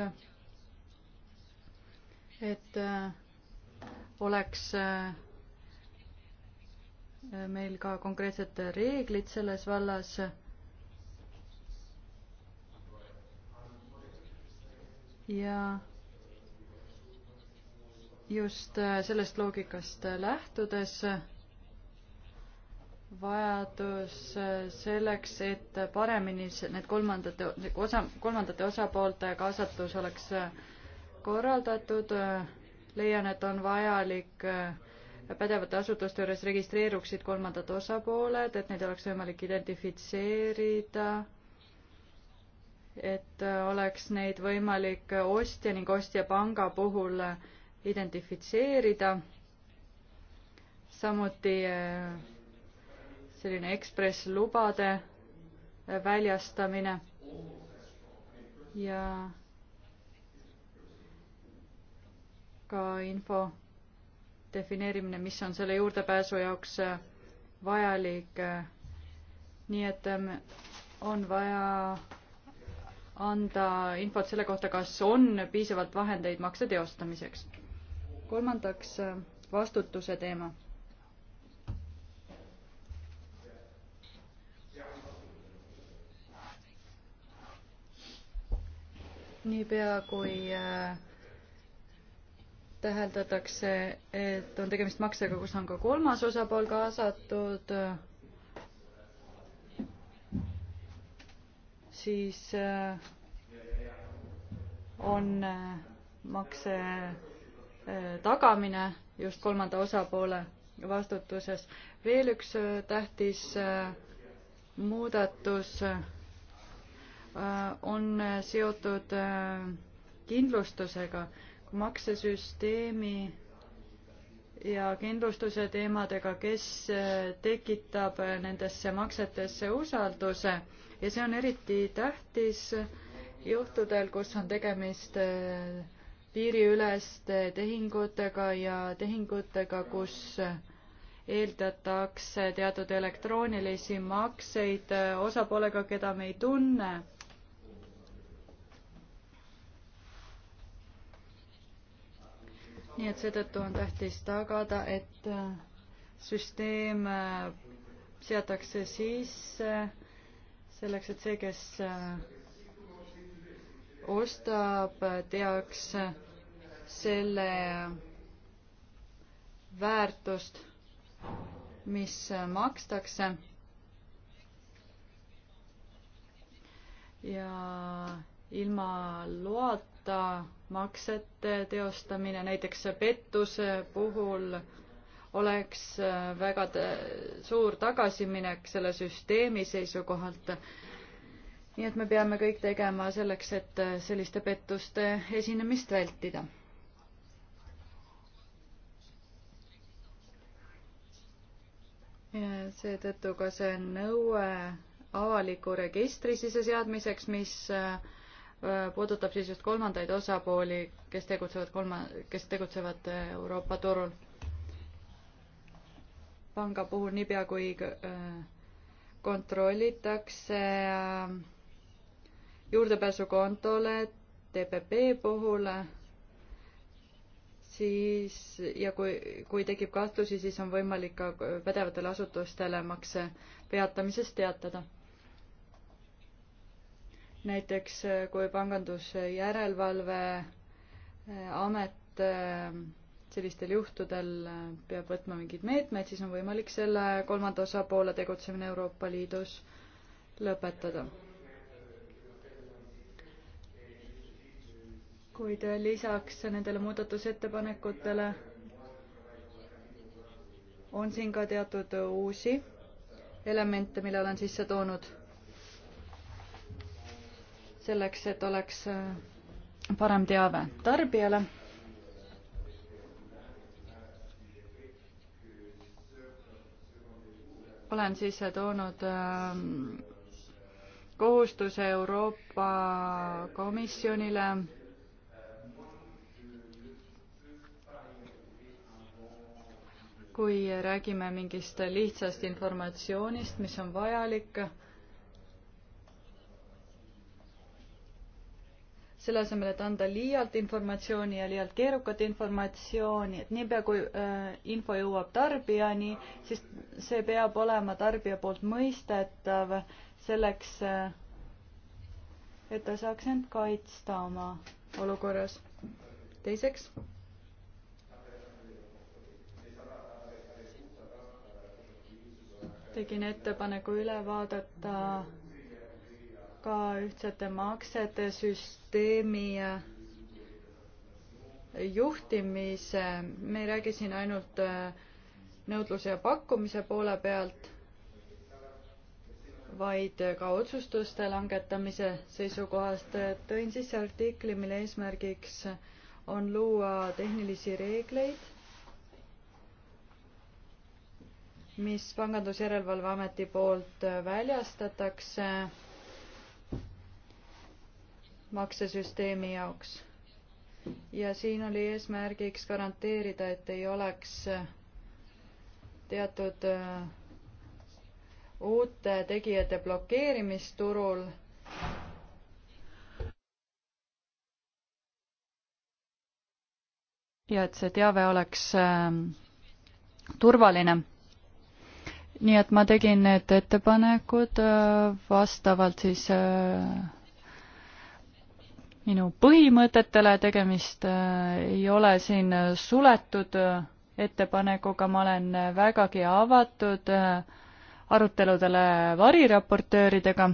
et äh, oleks äh, meil ka konkreetsed reeglid selles vallas. ja just äh, sellest loogikast äh, lähtudes vajadus äh, selleks, et paremini need kolmandate osa, kolmandate osapoolte kaasatus oleks korraldatud, leian, et on vajalik äh, pädevate asutuste juures registreeruksid kolmandad osapooled, et neid oleks võimalik identifitseerida, et äh, oleks neid võimalik ostja ning ostja panga puhul identifitseerida. samuti äh, selline Ekspress lubade äh, väljastamine ja ka info defineerimine, mis on selle juurdepääsu jaoks äh, vajalik. Äh, nii et ähm, on vaja anda infot selle kohta, kas on piisavalt vahendeid makse teostamiseks. kolmandaks äh, vastutuse teema. niipea kui äh, täheldatakse, et on tegemist maksega, kus on ka kolmas osapool kaasatud, siis äh, on äh, makse äh, tagamine just kolmanda osapoole vastutuses. veel üks tähtis muudatus on seotud kindlustusega maksesüsteemi ja kindlustuse teemadega, kes äh, tekitab nendesse maksetesse usalduse ja see on eriti tähtis juhtudel, kus on tegemist äh, piiriüleste tehingutega ja tehingutega, kus äh, eeldatakse teatud elektroonilisi makseid osapoolega, keda me ei tunne nii et seetõttu on tähtis tagada, et äh, süsteem äh, seatakse sisse selleks, et see, kes äh, ostab, teaks selle väärtust, mis makstakse. ja ilma loata maksete teostamine näiteks pettuse puhul oleks väga suur tagasiminek selle süsteemi seisukohalt. nii et me peame kõik tegema selleks, et selliste pettuste esinemist vältida. seetõttu ka see nõue avaliku registri sisseseadmiseks, mis äh, puudutab siis just kolmandaid osapooli, kes tegutsevad kolma, kes tegutsevad Euroopa turul. panga puhul niipea kui kontrollitakse ähm, juurdepääsu kontole TPP puhul, siis ja kui, kui tekib kahtlusi, siis on võimalik ka pädevatele asutustele makse peatamisest teatada näiteks äh, kui pangandusjärelevalve äh, amet äh, sellistel juhtudel peab võtma mingeid meetmeid, siis on võimalik selle kolmanda osapoole tegutsemine Euroopa Liidus lõpetada. kuid lisaks nendele muudatusettepanekutele on siin ka teatud uusi elemente, mille olen sisse toonud selleks, et oleks äh, parem teave tarbijale. olen sisse toonud ähm, kohustuse Euroopa Komisjonile kui räägime mingist lihtsast informatsioonist, mis on vajalik selle asemel, et anda liialt informatsiooni ja liialt keerukat informatsiooni, et niipea kui äh, info jõuab tarbijani, siis see peab olema tarbija poolt mõistetav selleks äh,, et ta saaks end kaitsta oma olukorras. teiseks. tegin ettepaneku üle vaadata äh, ka ühtsete maksete süsteemi juhtimise, me ei räägi siin ainult äh, nõudluse ja pakkumise poole pealt, vaid ka otsustuste langetamise seisukohast. tõin sisse artikli, mille eesmärgiks on luua tehnilisi reegleid, mis Pangandusjärelevalveameti poolt väljastatakse maksesüsteemi jaoks. ja siin oli eesmärgiks garanteerida, et ei oleks äh, teatud äh, uute tegijate blokeerimist turul ja et see teave oleks äh, turvaline. nii et ma tegin need ettepanekud äh, vastavalt siis äh, minu põhimõtetele, tegemist äh, ei ole siin äh, suletud äh, ettepanekuga, ma olen vägagi avatud aruteludele variraportööridega.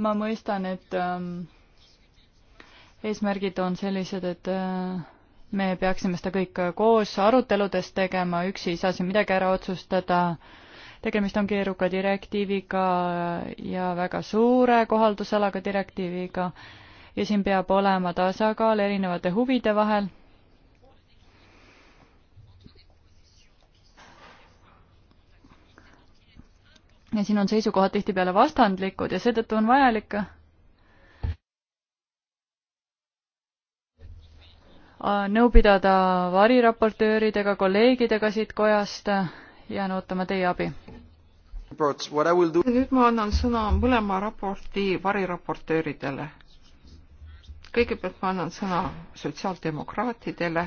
ma mõistan, et ähm, eesmärgid on sellised, et me peaksime seda kõik koos aruteludes tegema, üksi ei saa siin midagi ära otsustada tegemist on keeruka direktiiviga ja väga suure kohaldusalaga direktiiviga ja siin peab olema tasakaal erinevate huvide vahel. ja siin on seisukohad tihtipeale vastandlikud ja seetõttu on vajalik nõu pidada variraportööridega, kolleegidega siit kojast jään ootama teie abi. nüüd ma annan sõna mõlema raporti variraportööridele. kõigepealt ma annan sõna sotsiaaldemokraatidele.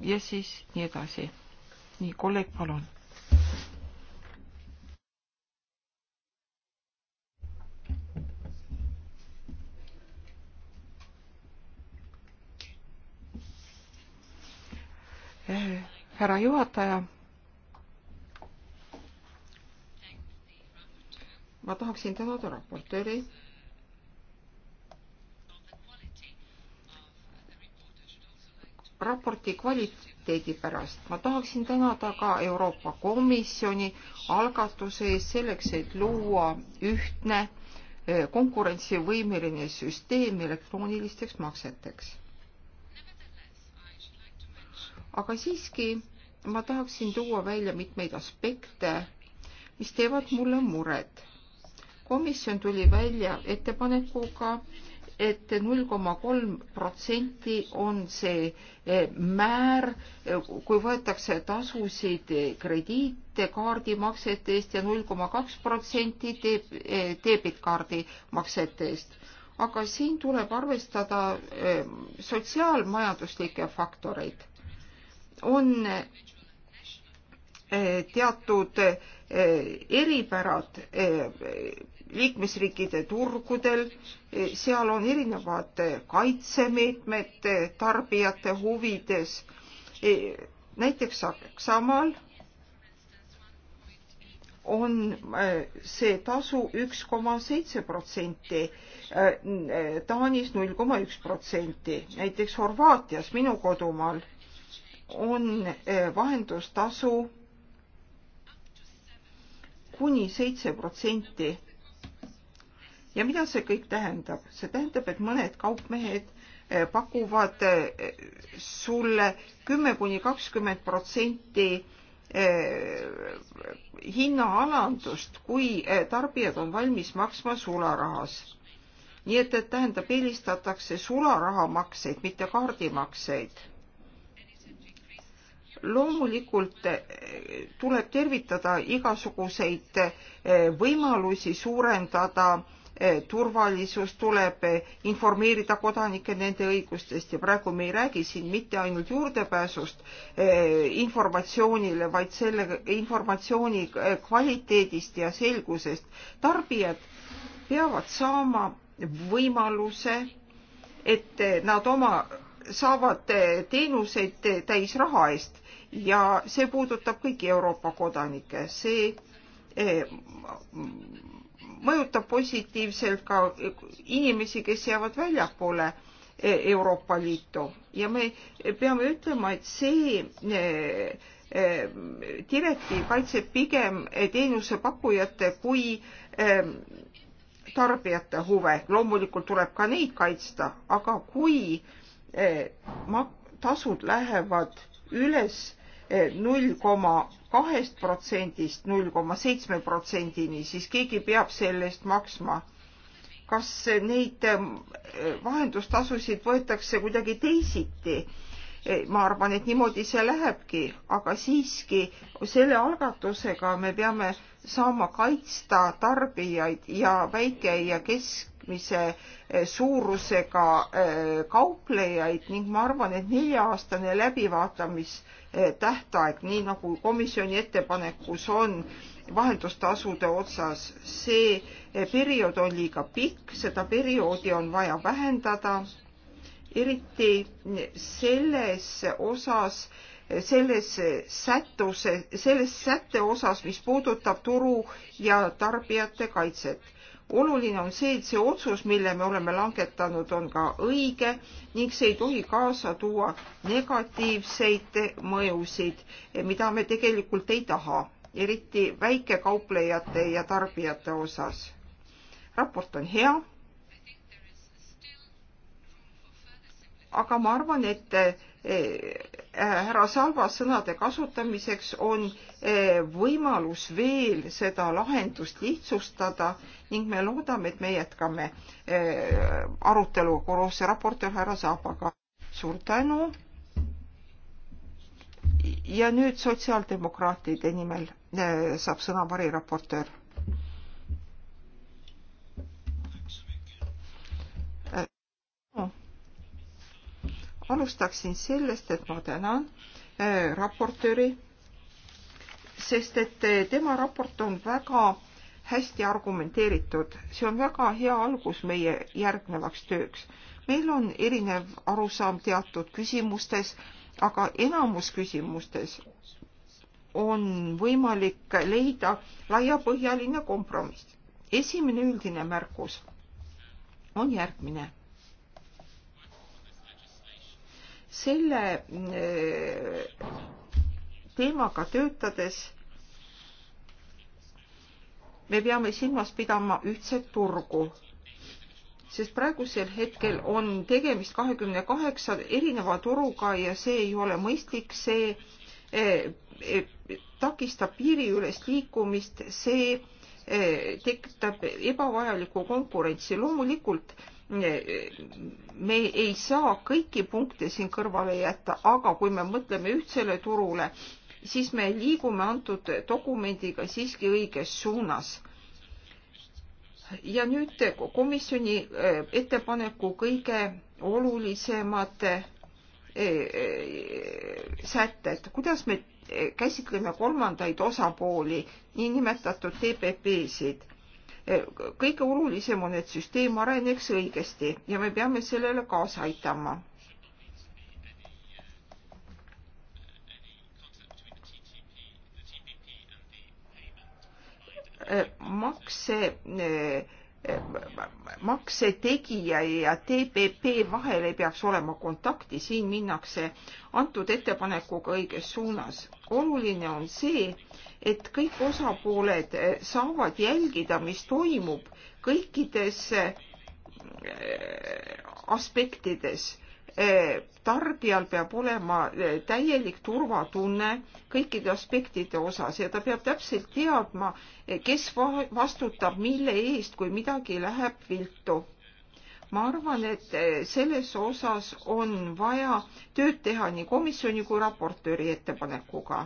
ja siis nii edasi. nii, kolleeg, palun härra juhataja. ma tahaksin tänada raportööri. raporti kvaliteedi pärast ma tahaksin tänada ka Euroopa Komisjoni algatuse eest selleks, et luua ühtne konkurentsivõimeline süsteem elektroonilisteks makseteks aga siiski ma tahaksin tuua välja mitmeid aspekte, mis teevad mulle muret. komisjon tuli välja ettepanekuga, et null koma kolm protsenti on see eh, määr, kui võetakse tasusid krediitkaardi maksete eest ja null koma kaks protsenti eh, debitkaardi maksete eest. aga siin tuleb arvestada eh, sotsiaalmajanduslikke faktoreid on eh, teatud eh, eripärad eh, liikmesriikide turgudel, seal on erinevad kaitsemeetmed tarbijate huvides. näiteks Saksamaal on see tasu üks koma seitse protsenti, Taanis null koma üks protsenti, näiteks Horvaatias, minu kodumaal on eh, vahendustasu kuni seitse protsenti. ja mida see kõik tähendab? see tähendab, et mõned kaupmehed eh, pakuvad eh, sulle kümme kuni kakskümmend protsenti hinnaalandust, kui tarbijad on valmis maksma sularahas. nii et, et tähendab, eelistatakse sularahamakseid, mitte kaardimakseid loomulikult eh, tuleb tervitada igasuguseid eh, võimalusi suurendada eh, turvalisus, tuleb informeerida kodanikke nende õigustest ja praegu me ei räägi siin mitte ainult juurdepääsust informatsioonile, vaid selle informatsiooni kvaliteedist ja selgusest. tarbijad peavad saama võimaluse, et nad oma saavad teenuseid täis raha eest ja see puudutab kõiki Euroopa kodanikke. see eh, mõjutab positiivselt ka inimesi, kes jäävad väljapoole eh, Euroopa Liitu ja me peame ütlema, et see eh, direktiiv kaitseb pigem teenusepakkujate kui tarbijate huve. loomulikult tuleb ka neid kaitsta, aga kui tasud lähevad üles null koma kahest protsendist null koma seitsme protsendini, siis keegi peab selle eest maksma. kas neid äh, vahendustasusid võetakse kuidagi teisiti? Äh, ma arvan, et niimoodi see lähebki, aga siiski selle algatusega me peame saama kaitsta tarbijaid ja väike ja keskmise äh, suurusega kauplejaid ning ma arvan, et nelja-aastane läbivaatamis Eh, tähtaeg, nii nagu komisjoni ettepanekus on vahendustasude otsas. see eh, periood on liiga pikk, seda perioodi on vaja vähendada, eriti selles osas, eh, selles sättuse, selles sätte osas, mis puudutab turu ja tarbijate kaitset oluline on see, et see otsus, mille me oleme langetanud, on ka õige ning see ei tohi kaasa tuua negatiivseid mõjusid, mida me tegelikult ei taha, eriti väikekauplejate ja tarbijate osas. raport on hea. aga ma arvan, et Eh, härra Salva sõnade kasutamiseks on eh, võimalus veel seda lahendust lihtsustada ning me loodame, et me jätkame eh, arutelu koos raportöör härra Saabaga. suur tänu. ja nüüd sotsiaaldemokraatide nimel saab sõna variraportöör alustaksin sellest, et ma tänan äh, raportööri, sest et äh, tema raport on väga hästi argumenteeritud, see on väga hea algus meie järgnevaks tööks. meil on erinev arusaam teatud küsimustes, aga enamus küsimustes on võimalik leida laiapõhjaline kompromiss. esimene üldine märkus on järgmine selle eh, teemaga töötades me peame silmas pidama ühtset turgu, sest praegusel hetkel on tegemist kahekümne kaheksa erineva turuga ja see ei ole mõistlik, see eh, eh, takistab piiriülest liikumist, see tekitab ebavajalikku konkurentsi. loomulikult me ei saa kõiki punkte siin kõrvale jätta, aga kui me mõtleme ühtsele turule, siis me liigume antud dokumendiga siiski õiges suunas. ja nüüd komisjoni äh, ettepaneku kõige olulisemad äh, äh, sätted, kuidas me käsitleme kolmandaid osapooli, niinimetatud TPP-sid kõige olulisem on, et süsteem areneks õigesti ja me peame sellele kaasa aitama. makse maksetegija ja TPP vahel ei peaks olema kontakti, siin minnakse antud ettepanekuga õiges suunas. oluline on see, et kõik osapooled saavad jälgida, mis toimub kõikides äh, aspektides Eh, tarbijal peab olema eh, täielik turvatunne kõikide aspektide osas ja ta peab täpselt teadma, eh, kes vastutab mille eest, kui midagi läheb viltu. ma arvan, et selles osas on vaja tööd teha nii komisjoni kui raportööri ettepanekuga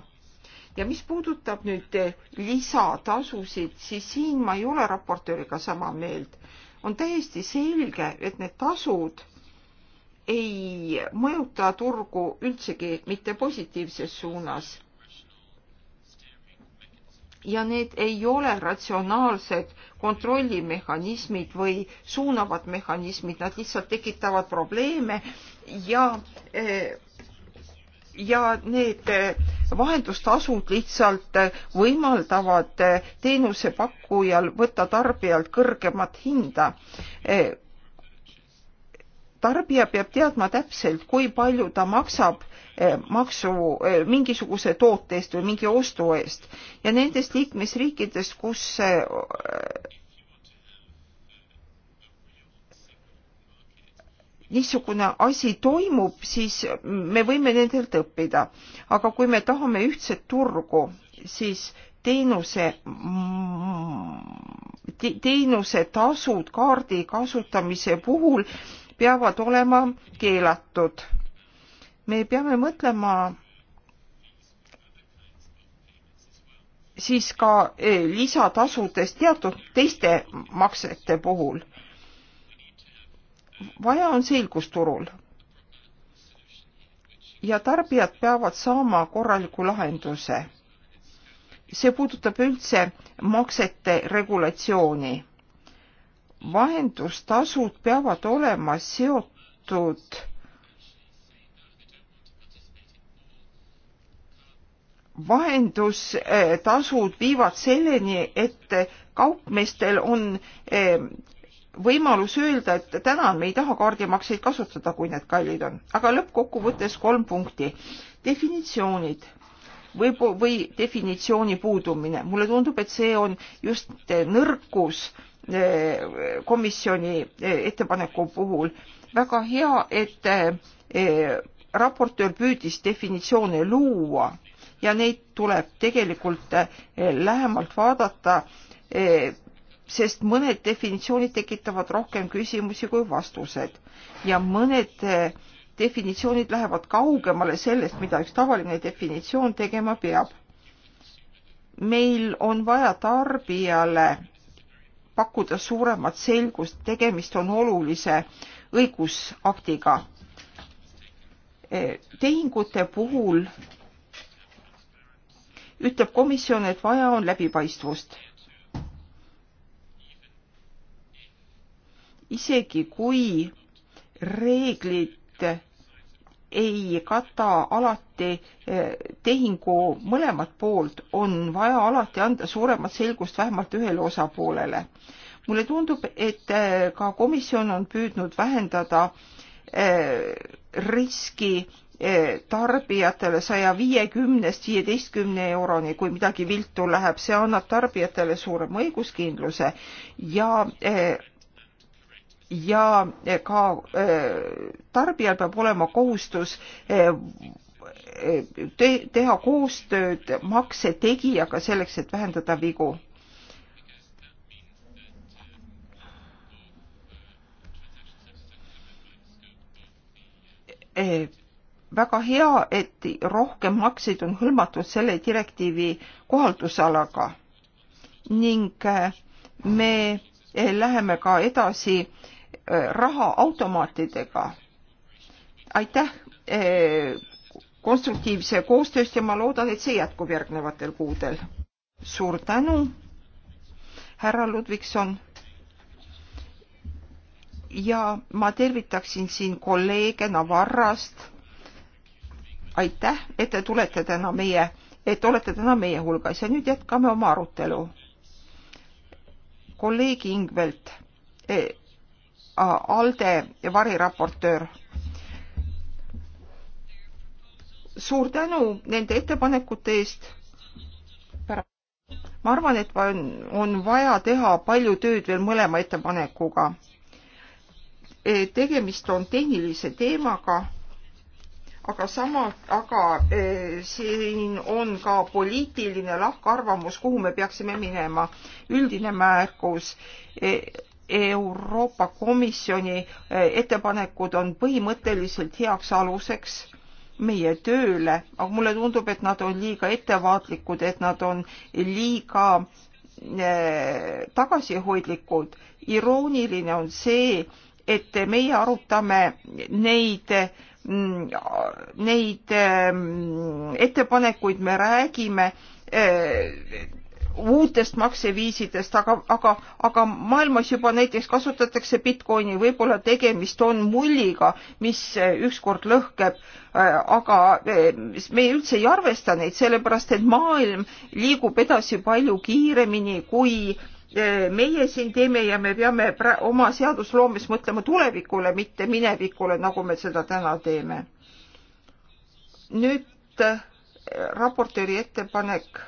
ja mis puudutab nüüd lisatasusid, siis siin ma ei ole raportööriga sama meelt. on täiesti selge, et need tasud ei mõjuta turgu üldsegi mitte positiivses suunas. ja need ei ole ratsionaalsed kontrollimehhanismid või suunavad mehhanismid, nad lihtsalt tekitavad probleeme ja eh, ja need eh, vahendustasud lihtsalt eh, võimaldavad teenusepakkujal võtta tarbijalt kõrgemat hinda tarbija peab teadma täpselt, kui palju ta maksab eh, maksu eh, mingisuguse toote eest või mingi ostu eest ja nendest liikmesriikidest, kus eh, niisugune asi toimub, siis me võime nendelt õppida. aga kui me tahame ühtset turgu, siis teenuse, teenuse tasud kaardi kasutamise puhul peavad olema keelatud. me peame mõtlema siis ka eh, lisatasudest teatud teiste maksete puhul. vaja on selgust turul. ja tarbijad peavad saama korraliku lahenduse. see puudutab üldse maksete regulatsiooni vahendustasud peavad olema seotud vahendustasud viivad selleni, et kaupmeestel on eh, võimalus öelda, et täna me ei taha kaardimakseid kasutada, kui need kallid on. aga lõppkokkuvõttes kolm punkti. definitsioonid või, või definitsiooni puudumine. mulle tundub, et see on just nõrkus komisjoni eh, ettepaneku puhul. väga hea, et eh, eh, raportöör püüdis definitsioone luua ja neid tuleb tegelikult lähemalt vaadata, sest mõned definitsioonid tekitavad rohkem küsimusi kui vastused ja mõned definitsioonid lähevad kaugemale sellest, mida üks tavaline definitsioon tegema peab. meil on vaja tarbijale pakkuda suuremat selgust, tegemist on olulise õigusaktiga. Eh, tehingute puhul ütleb komisjon, et vaja on läbipaistvust. isegi kui reeglid ei kata alati eh, tehingu mõlemat poolt, on vaja alati anda suuremat selgust vähemalt ühele osapoolele. mulle tundub, et eh, ka komisjon on püüdnud vähendada eh, riski tarbijatele saja viiekümnest viieteistkümne euroni, kui midagi viltu läheb, see annab tarbijatele suurema õiguskindluse ja ja eh, ka eh, tarbijal peab olema kohustus eh, te teha koostööd makse tegijaga selleks, et vähendada vigu. väga hea, et rohkem makseid on hõlmatud selle direktiivi kohaldusalaga ning me läheme ka edasi Äh, raha automaatidega. aitäh äh, konstruktiivse koostööst ja ma loodan, et see jätkub järgnevatel kuudel. suur tänu, härra Ludvikson. ja ma tervitaksin siin kolleege Navarrast. aitäh, et te tulete täna meie, et olete täna meie hulgas ja nüüd jätkame oma arutelu. kolleeg Ingvelt eh, ALDE variraportöör. suur tänu nende ettepanekute eest. ma arvan, et on vaja teha palju tööd veel mõlema ettepanekuga. E, tegemist on tehnilise teemaga aga samas, aga eh, siin on ka poliitiline lahkarvamus, kuhu me peaksime minema. üldine märkus eh,, Euroopa Komisjoni eh, ettepanekud on põhimõtteliselt heaks aluseks meie tööle, aga mulle tundub, et nad on liiga ettevaatlikud, et nad on liiga eh, tagasihoidlikud. irooniline on see, et meie arutame neid mm, neid eh, mm, ettepanekuid me räägime uutest makseviisidest, aga, aga, aga maailmas juba näiteks kasutatakse Bitcoini, võib-olla tegemist on mulliga, mis ükskord lõhkeb, äh, aga äh, me üldse ei arvesta neid, sellepärast et maailm liigub edasi palju kiiremini kui äh, meie siin teeme ja me peame oma seadusloomes mõtlema tulevikule, mitte minevikule, nagu me seda täna teeme. nüüd raportööri ettepanek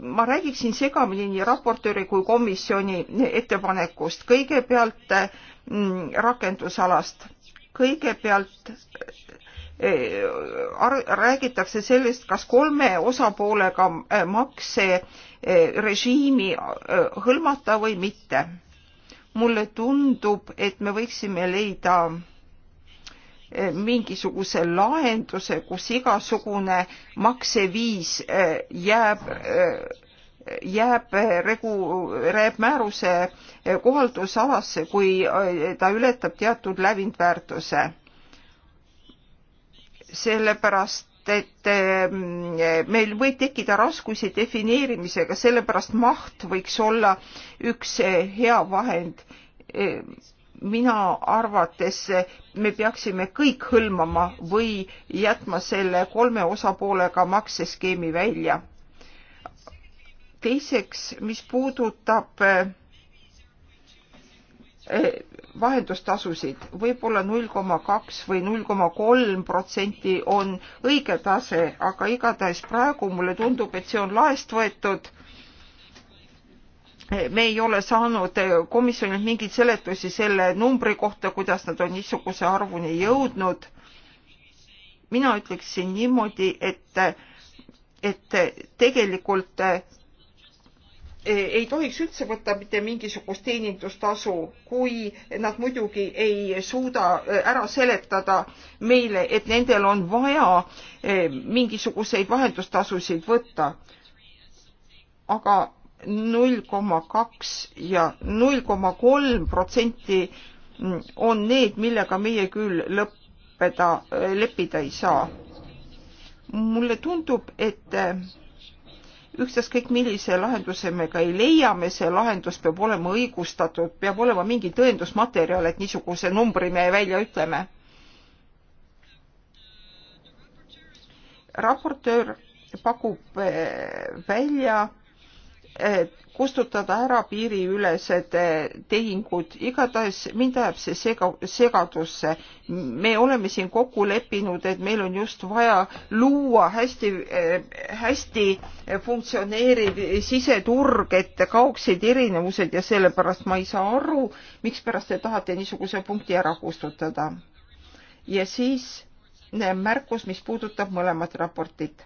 ma räägiksin segamini nii raportööri kui komisjoni ettepanekust. kõigepealt äh, mm, rakendusalast, kõigepealt äh, äh, räägitakse sellest, kas kolme osapoolega makserežiimi hõlmata või mitte. mulle tundub, et me võiksime leida mingisuguse lahenduse, kus igasugune makseviis äh, jääb äh, jääb regu-, jääb määruse äh, kohaldusalasse, kui ta ületab teatud lävindväärtuse. sellepärast, et ähm, meil võib tekkida raskusi defineerimisega, sellepärast maht võiks olla üks hea vahend mina arvates me peaksime kõik hõlmama või jätma selle kolme osapoolega makseskeemi välja. teiseks, mis puudutab eh, vahendustasusid võib-olla null koma kaks või null koma kolm protsenti on õige tase, aga igatahes praegu mulle tundub, et see on laest võetud äh, me ei ole saanud komisjonilt mingeid seletusi selle numbri kohta, kuidas nad on niisuguse arvuni jõudnud. mina ütleksin niimoodi, et, et tegelikult e, ei tohiks üldse võtta mitte mingisugust teenindustasu, kui nad muidugi ei suuda e, ära seletada meile, et nendel on vaja e, mingisuguseid vahendustasusid võtta. aga null koma kaks ja null koma kolm protsenti on need, millega meie küll lõppeda, leppida ei saa. mulle tundub, et eh, ükstaskõik millise lahenduse me ka ei leia, me see lahendus peab olema õigustatud, peab olema mingi tõendusmaterjal, et niisuguse numbri me välja ütleme. raportöör pakub eh, välja kustutada ära piiriülesed eh, tehingud, igatahes mind ajab see sega, segadusse. me oleme siin kokku leppinud, et meil on just vaja luua hästi, eh, hästi funktsioneeriv siseturg, et kaoksid erinevused ja sellepärast ma ei saa aru, mikspärast te tahate niisuguse punkti ära kustutada. ja siis eh, märkus, mis puudutab mõlemat raportit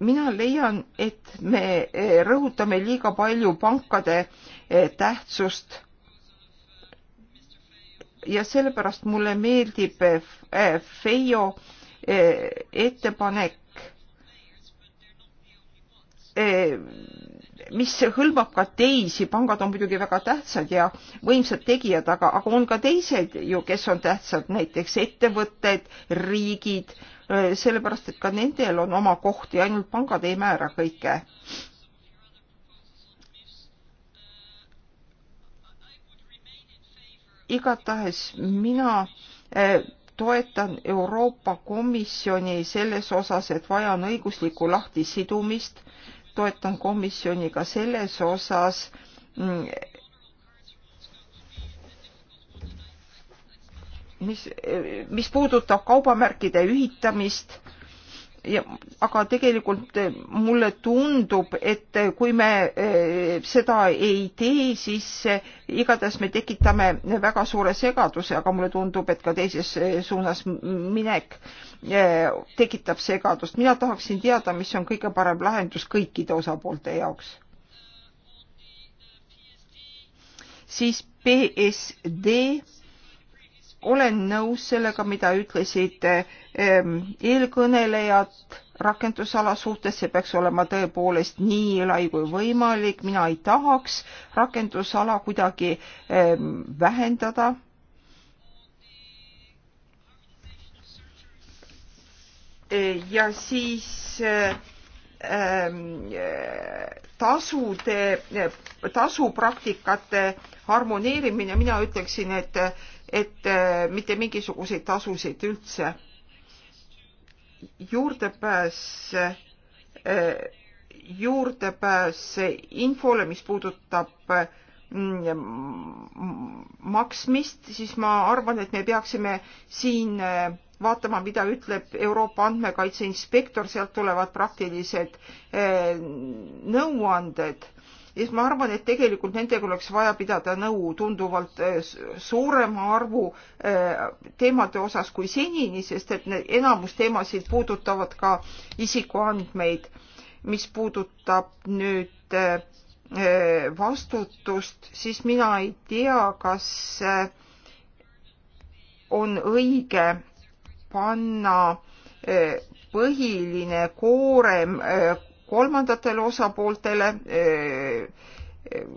mina leian, et me eh, rõhutame liiga palju pankade eh, tähtsust. ja sellepärast mulle meeldib eh, Feio ettepanek, mis hõlmab ka teisi, pangad on muidugi väga tähtsad ja võimsad tegijad, aga, aga on ka teised ju, kes on tähtsad, näiteks ettevõtted, riigid Äh, sellepärast et ka nendel on oma kohti, ainult pangad ei määra kõike. igatahes mina äh, toetan Euroopa Komisjoni selles osas, et vaja on õiguslikku lahtisidumist, toetan komisjoni ka selles osas, mm, mis, mis puudutab kaubamärkide ühitamist ja, aga tegelikult mulle tundub, et kui me eh, seda ei tee, siis eh, igatahes me tekitame väga suure segaduse, aga mulle tundub, et ka teises eh, suunas minek tekitab segadust. mina tahaksin teada, mis on kõige parem lahendus kõikide osapoolte jaoks. siis PSD olen nõus sellega, mida ütlesid ehm, eelkõnelejad rakendusala suhtes, see peaks olema tõepoolest nii lai kui võimalik, mina ei tahaks rakendusala kuidagi ehm, vähendada. ja siis ehm, tasude, tasupraktikate harmoneerimine, mina ütleksin, et et äh, mitte mingisuguseid tasusid üldse. juurdepääs, äh, juurdepääs infole, mis puudutab mm, maksmist, siis ma arvan, et me peaksime siin äh, vaatama, mida ütleb Euroopa andmekaitse inspektor, sealt tulevad praktilised nõuanded siis ma arvan, et tegelikult nendega oleks vaja pidada nõu tunduvalt eh, suurema arvu eh, teemade osas kui senini, sest et enamus teemasid puudutavad ka isikuandmeid, mis puudutab nüüd eh, vastutust, siis mina ei tea, kas on õige panna põhiline koorem kolmandatele osapooltele, eh, eh,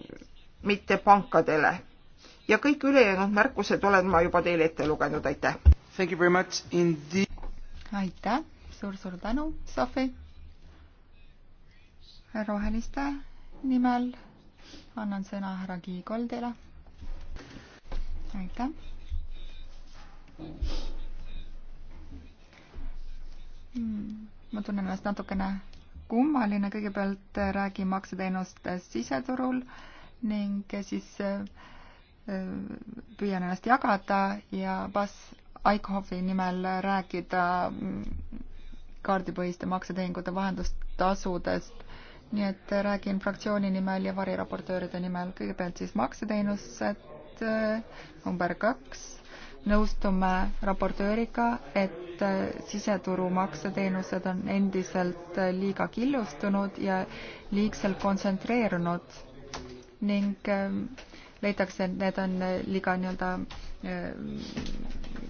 mitte pankadele. ja kõik ülejäänud märkused olen ma juba teile ette lugenud, aitäh! aitäh suur,, suur-suur tänu, Sofi! roheliste nimel annan sõna härra Kiigoldile. aitäh! Mm, ma tunnen ennast natukene kummaline, kõigepealt äh, räägi makseteenustest äh, siseturul ning äh, siis püüan ennast jagada ja Bas Eichhoffi nimel rääkida mm, kaardipõhiste maksetehingute vahendustasudest. nii et räägin fraktsiooni nimel ja variraportööride nimel. kõigepealt siis makseteenused number kaks nõustume raportööriga, et äh, siseturu makseteenused on endiselt äh, liiga killustunud ja liigselt kontsentreerunud ning ähm, leitakse, et need on äh, liiga nii-öelda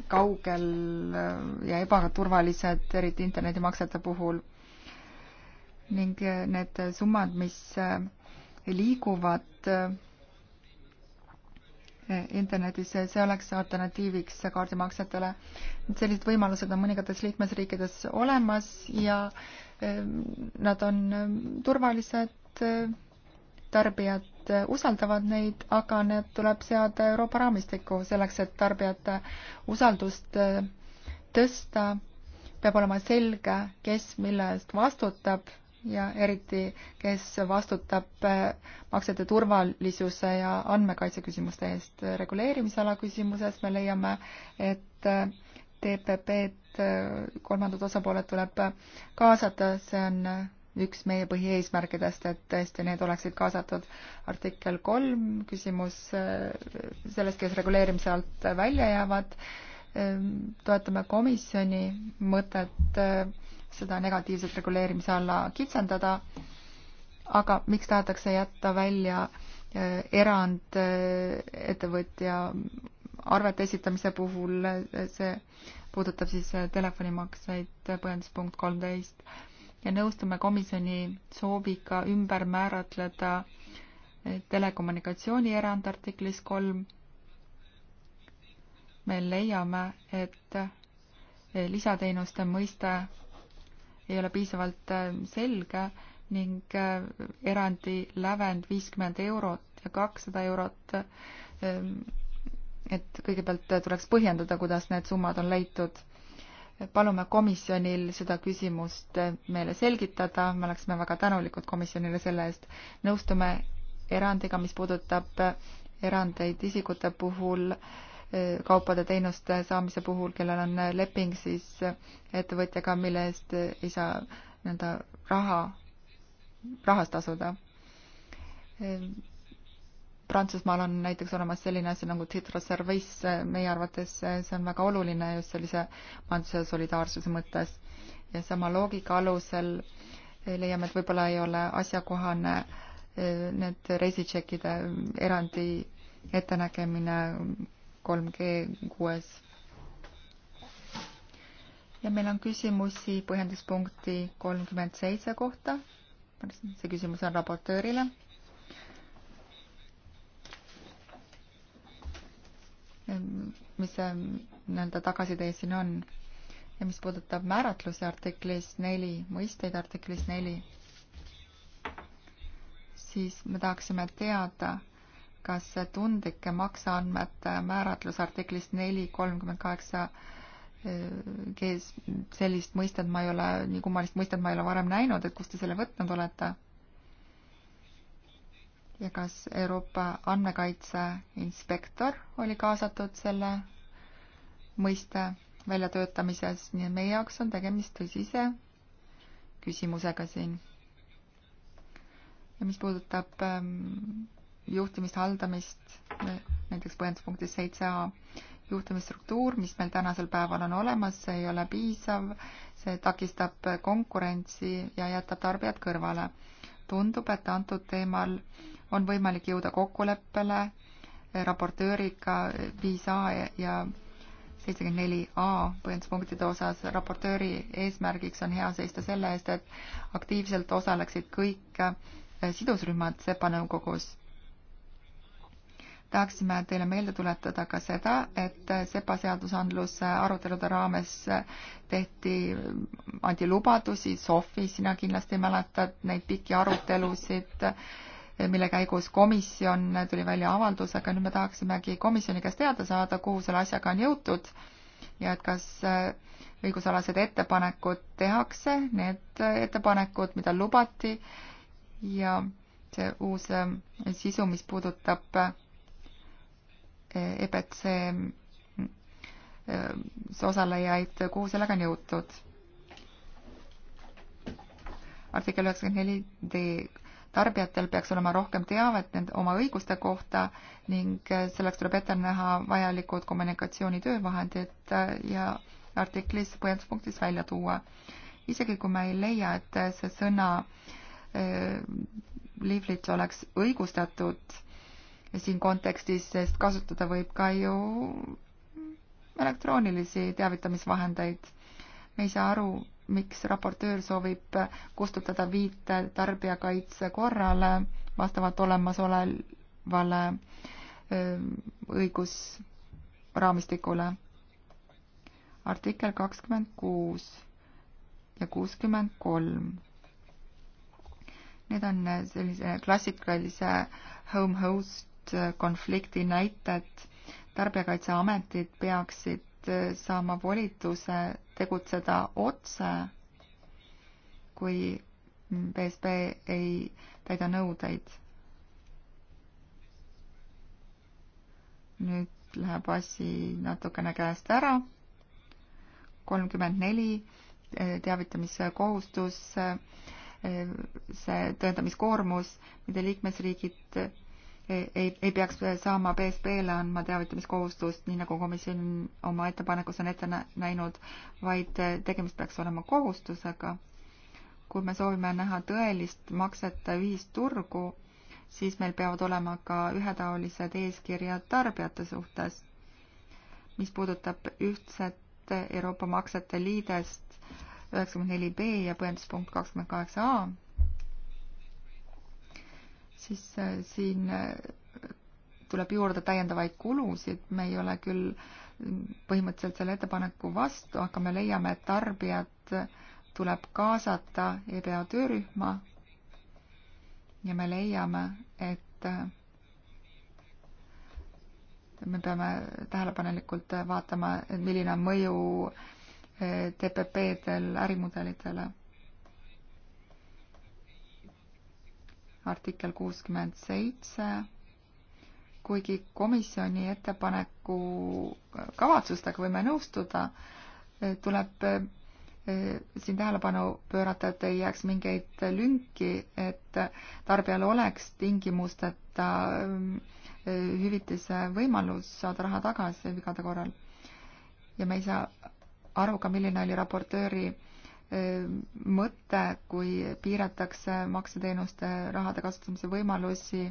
kaugel ja ebaturvalised, eriti internetimaksete puhul. ning need summad, mis liiguvad internetis, see oleks alternatiiviks kaardimaksetele. sellised võimalused on mõningates liikmesriikides olemas ja ehm, nad on ehm, turvalised, ehm, tarbijad usaldavad neid, aga need tuleb seada Euroopa raamistikku selleks, et tarbijate usaldust tõsta, peab olema selge, kes mille eest vastutab ja eriti, kes vastutab äh, maksete turvalisuse ja andmekaitse küsimuste eest. reguleerimisala küsimuses me leiame, et äh, TPP-d äh, kolmandad osapooled tuleb kaasata, see on üks meie põhieesmärkidest, et tõesti need oleksid kaasatud. artikkel kolm, küsimus sellest, kes reguleerimise alt välja jäävad, toetame komisjoni mõtet seda negatiivset reguleerimise alla kitsendada, aga miks tahetakse jätta välja äh, erand äh, ettevõtja arvete esitamise puhul, see puudutab siis äh, telefonimakseid, põhjenduspunkt kolmteist, ja nõustume komisjoni sooviga ümber määratleda telekommunikatsiooni erand artiklis kolm. me leiame, et lisateenuste mõiste ei ole piisavalt äh, selge ning äh, erandi lävend viiskümmend eurot ja kakssada eurot. Ähm, et kõigepealt äh, tuleks põhjendada, kuidas need summad on leitud. palume komisjonil seda küsimust meile selgitada, me oleksime väga tänulikud komisjonile selle eest. nõustume erandiga, mis puudutab erandeid isikute puhul äh, kaupade-teenuste saamise puhul, kellel on leping siis ettevõtjaga, mille eest ei saa nii-öelda raha, rahast tasuda. Prantsusmaal on näiteks olemas selline asi nagu titroservice, meie arvates see on väga oluline just sellise majanduse solidaarsuse mõttes. ja sama loogika alusel leiame, et võib-olla ei ole asjakohane eh, need reisitšekkide erandi ettenägemine kolm G kuues. ja meil on küsimusi põhjenduspunkti kolmkümmend seitse kohta. see küsimus on raportöörile. mis see nii-öelda tagasiside siin on ja mis puudutab määratluse artiklis neli, mõisteid artiklis neli, siis me tahaksime teada kas tundlike makseandmete määratlus artiklis neli kolmkümmend kaheksa kees, eh, sellist mõistet ma ei ole, nii kummalist mõistet ma ei ole varem näinud, et kust te selle võtnud olete? ja kas Euroopa andmekaitse inspektor oli kaasatud selle mõiste väljatöötamises, nii et meie jaoks on tegemist tõsise küsimusega siin. ja mis puudutab ähm, juhtimist, haldamist, näiteks põhjenduspunktis seitse A juhtimisstruktuur, mis meil tänasel päeval on olemas, see ei ole piisav, see takistab konkurentsi ja jätab tarbijad kõrvale. tundub, et antud teemal on võimalik jõuda kokkuleppele raportööriga viis A ja seitsekümmend neli A põhjenduspunktide osas. raportööri eesmärgiks on hea seista selle eest, et aktiivselt osaleksid kõik sidusrühmad SEPA nõukogus tahaksime teile meelde tuletada ka seda, et SEPA seadusandluse arutelude raames tehti, anti lubadusi, Sofi, sina kindlasti mäletad neid pikki arutelusid, mille käigus komisjon tuli välja avaldusega, nüüd me tahaksimegi komisjoni käest teada saada, kuhu selle asjaga on jõutud ja et kas õigusalased ettepanekud tehakse, need ettepanekud, mida lubati ja see uus sisu, mis puudutab EBC mm, äh, osalejaid, kuhu sellega on jõutud. artikkel üheksakümmend neli D tarbijatel peaks olema rohkem teavet nende oma õiguste kohta ning äh, selleks tuleb ette näha vajalikud kommunikatsiooni töövahendid äh, ja artiklis põhjenduspunktis välja tuua. isegi kui me ei leia, et see sõna äh, leaflet oleks õigustatud, siin kontekstis, sest kasutada võib ka ju elektroonilisi teavitamisvahendeid. me ei saa aru, miks raportöör soovib kustutada viite tarbijakaitse korrale vastavalt olemasolevale õigusraamistikule. artikkel kakskümmend kuus ja kuuskümmend kolm. Need on sellise klassikalise home host Äh, konflikti näited. tarbijakaitseametid peaksid äh, saama volituse tegutseda otse, kui BSB ei täida nõudeid. nüüd läheb asi natukene käest ära. kolmkümmend neli äh, teavitamiskohustus, see tõendamiskoormus, mida liikmesriigid ei, ei peaks saama BSP-le andma teavitamiskohustust, nii nagu komisjon oma ettepanekus on ette näinud, vaid tegemist peaks olema kohustusega. kui me soovime näha tõelist maksete ühisturgu, siis meil peavad olema ka ühetaolised eeskirjad tarbijate suhtes. mis puudutab ühtset Euroopa maksete liidest üheksakümmend neli B ja põhjenduspunkt kakskümmend kaheksa A siis äh, siin äh, tuleb juurde täiendavaid kulusid, me ei ole küll põhimõtteliselt selle ettepaneku vastu, aga me leiame, et tarbijad tuleb kaasata EBA töörühma ja me leiame, et äh, me peame tähelepanelikult vaatama, milline on mõju TPP-del ärimudelitele. artikkel kuuskümmend seitse, kuigi komisjoni ettepaneku kavatsustega võime nõustuda, eh, tuleb eh, siin tähelepanu pöörata, et ei jääks mingeid lünki, et tarbijal oleks tingimusteta eh, hüvitise võimalus saada raha tagasi vigade korral. ja me ei saa aru ka, milline oli raportööri mõte, kui piiratakse makseteenuste rahade kasutamise võimalusi,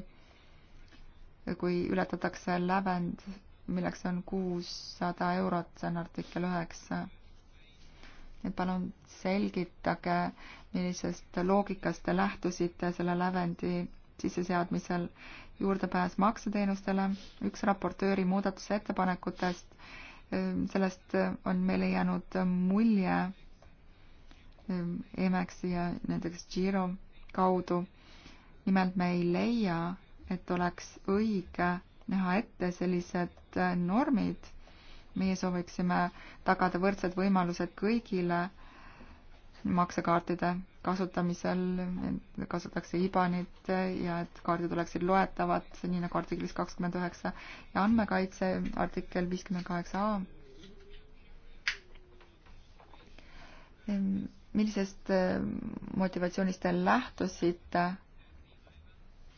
kui ületatakse lävend, milleks on kuussada eurot, see on artikkel üheksa. nii et palun selgitage, millisest loogikast te lähtusite selle lävendi sisseseadmisel juurdepääs makseteenustele, üks raportööri muudatusettepanekutest, sellest on meile jäänud mulje Ähm, EMAX-i ja näiteks Giro kaudu. nimelt me ei leia, et oleks õige näha ette sellised äh, normid. meie sooviksime tagada võrdsed võimalused kõigile maksekaartide kasutamisel, et kasutatakse IBANit ja et kaardid oleksid loetavad, nii nagu artiklis kakskümmend üheksa ja andmekaitse artikkel viiskümmend kaheksa A millisest äh, motivatsioonist te lähtusite?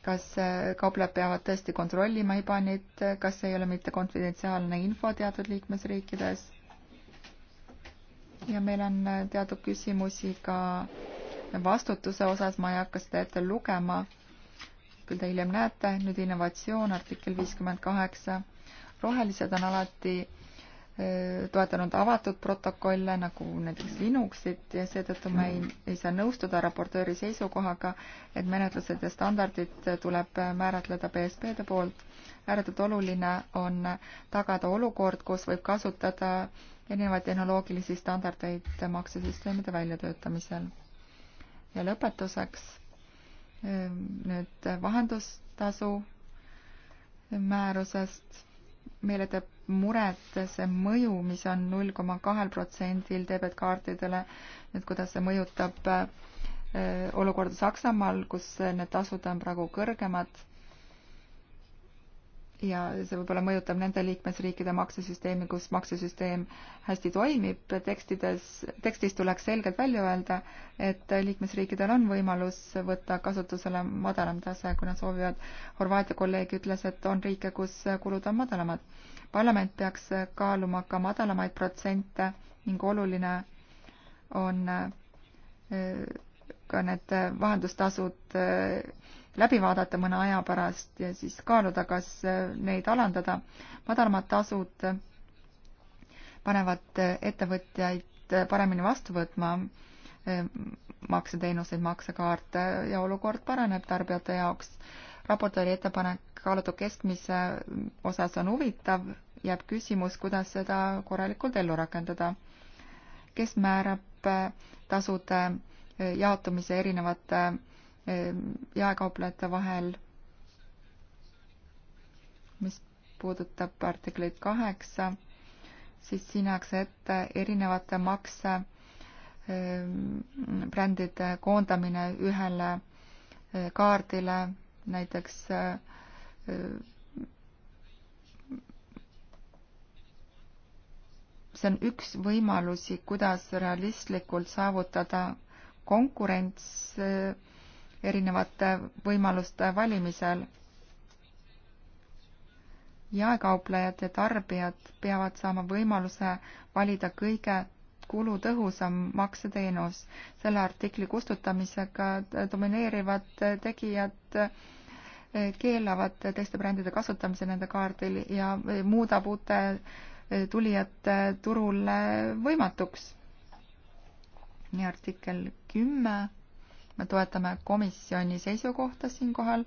kas äh, kauplejad peavad tõesti kontrollima IBANit, kas ei ole mitte konfidentsiaalne info teatud liikmesriikides? ja meil on äh, teatud küsimusi ka vastutuse osas, ma ei hakka seda ette lugema, küll te hiljem näete, nüüd innovatsioon, artikkel viiskümmend kaheksa. rohelised on alati Äh, toetanud avatud protokolle, nagu näiteks Linuxit ja seetõttu ma ei, ei saa nõustuda raportööri seisukohaga, et menetlused ja standardid tuleb määratleda BSP-de poolt. ääretult oluline on tagada olukord, kus võib kasutada erinevaid tehnoloogilisi standardeid maksesüsteemide väljatöötamisel. ja lõpetuseks äh, nüüd vahendustasu määrusest meile teeb muret see mõju, mis on null koma kahel protsendil debetkaartidele, et kuidas see mõjutab äh, olukorda Saksamaal, kus need tasud on praegu kõrgemad ja see võib-olla mõjutab nende liikmesriikide maksesüsteemi, kus maksesüsteem hästi toimib, tekstides, tekstis tuleks selgelt välja öelda, et liikmesriikidel on võimalus võtta kasutusele madalam tase, kui nad soovivad. Horvaatia kolleeg ütles, et on riike, kus kulud on madalamad. parlament peaks kaaluma ka madalamaid protsente ning oluline on äh, ka need vahendustasud äh, läbi vaadata mõne aja pärast ja siis kaaluda, kas äh, neid alandada. madalamad tasud panevad äh, ettevõtjaid äh, paremini vastu võtma makseteenuseid, maksekaarte ja olukord paraneb tarbijate jaoks. raportööri ettepanek kaalutud keskmise osas on huvitav, jääb küsimus, kuidas seda korralikult ellu rakendada. kes määrab tasude jaotumise erinevate Ähm, jaekauplejate vahel, mis puudutab artiklit kaheksa, siis siin nähakse ette erinevate makse ähm, brändide koondamine ühele äh, kaardile, näiteks äh, see on üks võimalusi, kuidas realistlikult saavutada konkurents äh, erinevate võimaluste valimisel. jaekauplejad ja tarbijad peavad saama võimaluse valida kõige kulutõhusam makseteenus. selle artikli kustutamisega domineerivad tegijad eh, keelavad teiste brändide kasutamise nende kaardil ja eh, muudab uute eh, tulijate turule võimatuks. nii artikkel kümme me toetame komisjoni seisukohta siinkohal,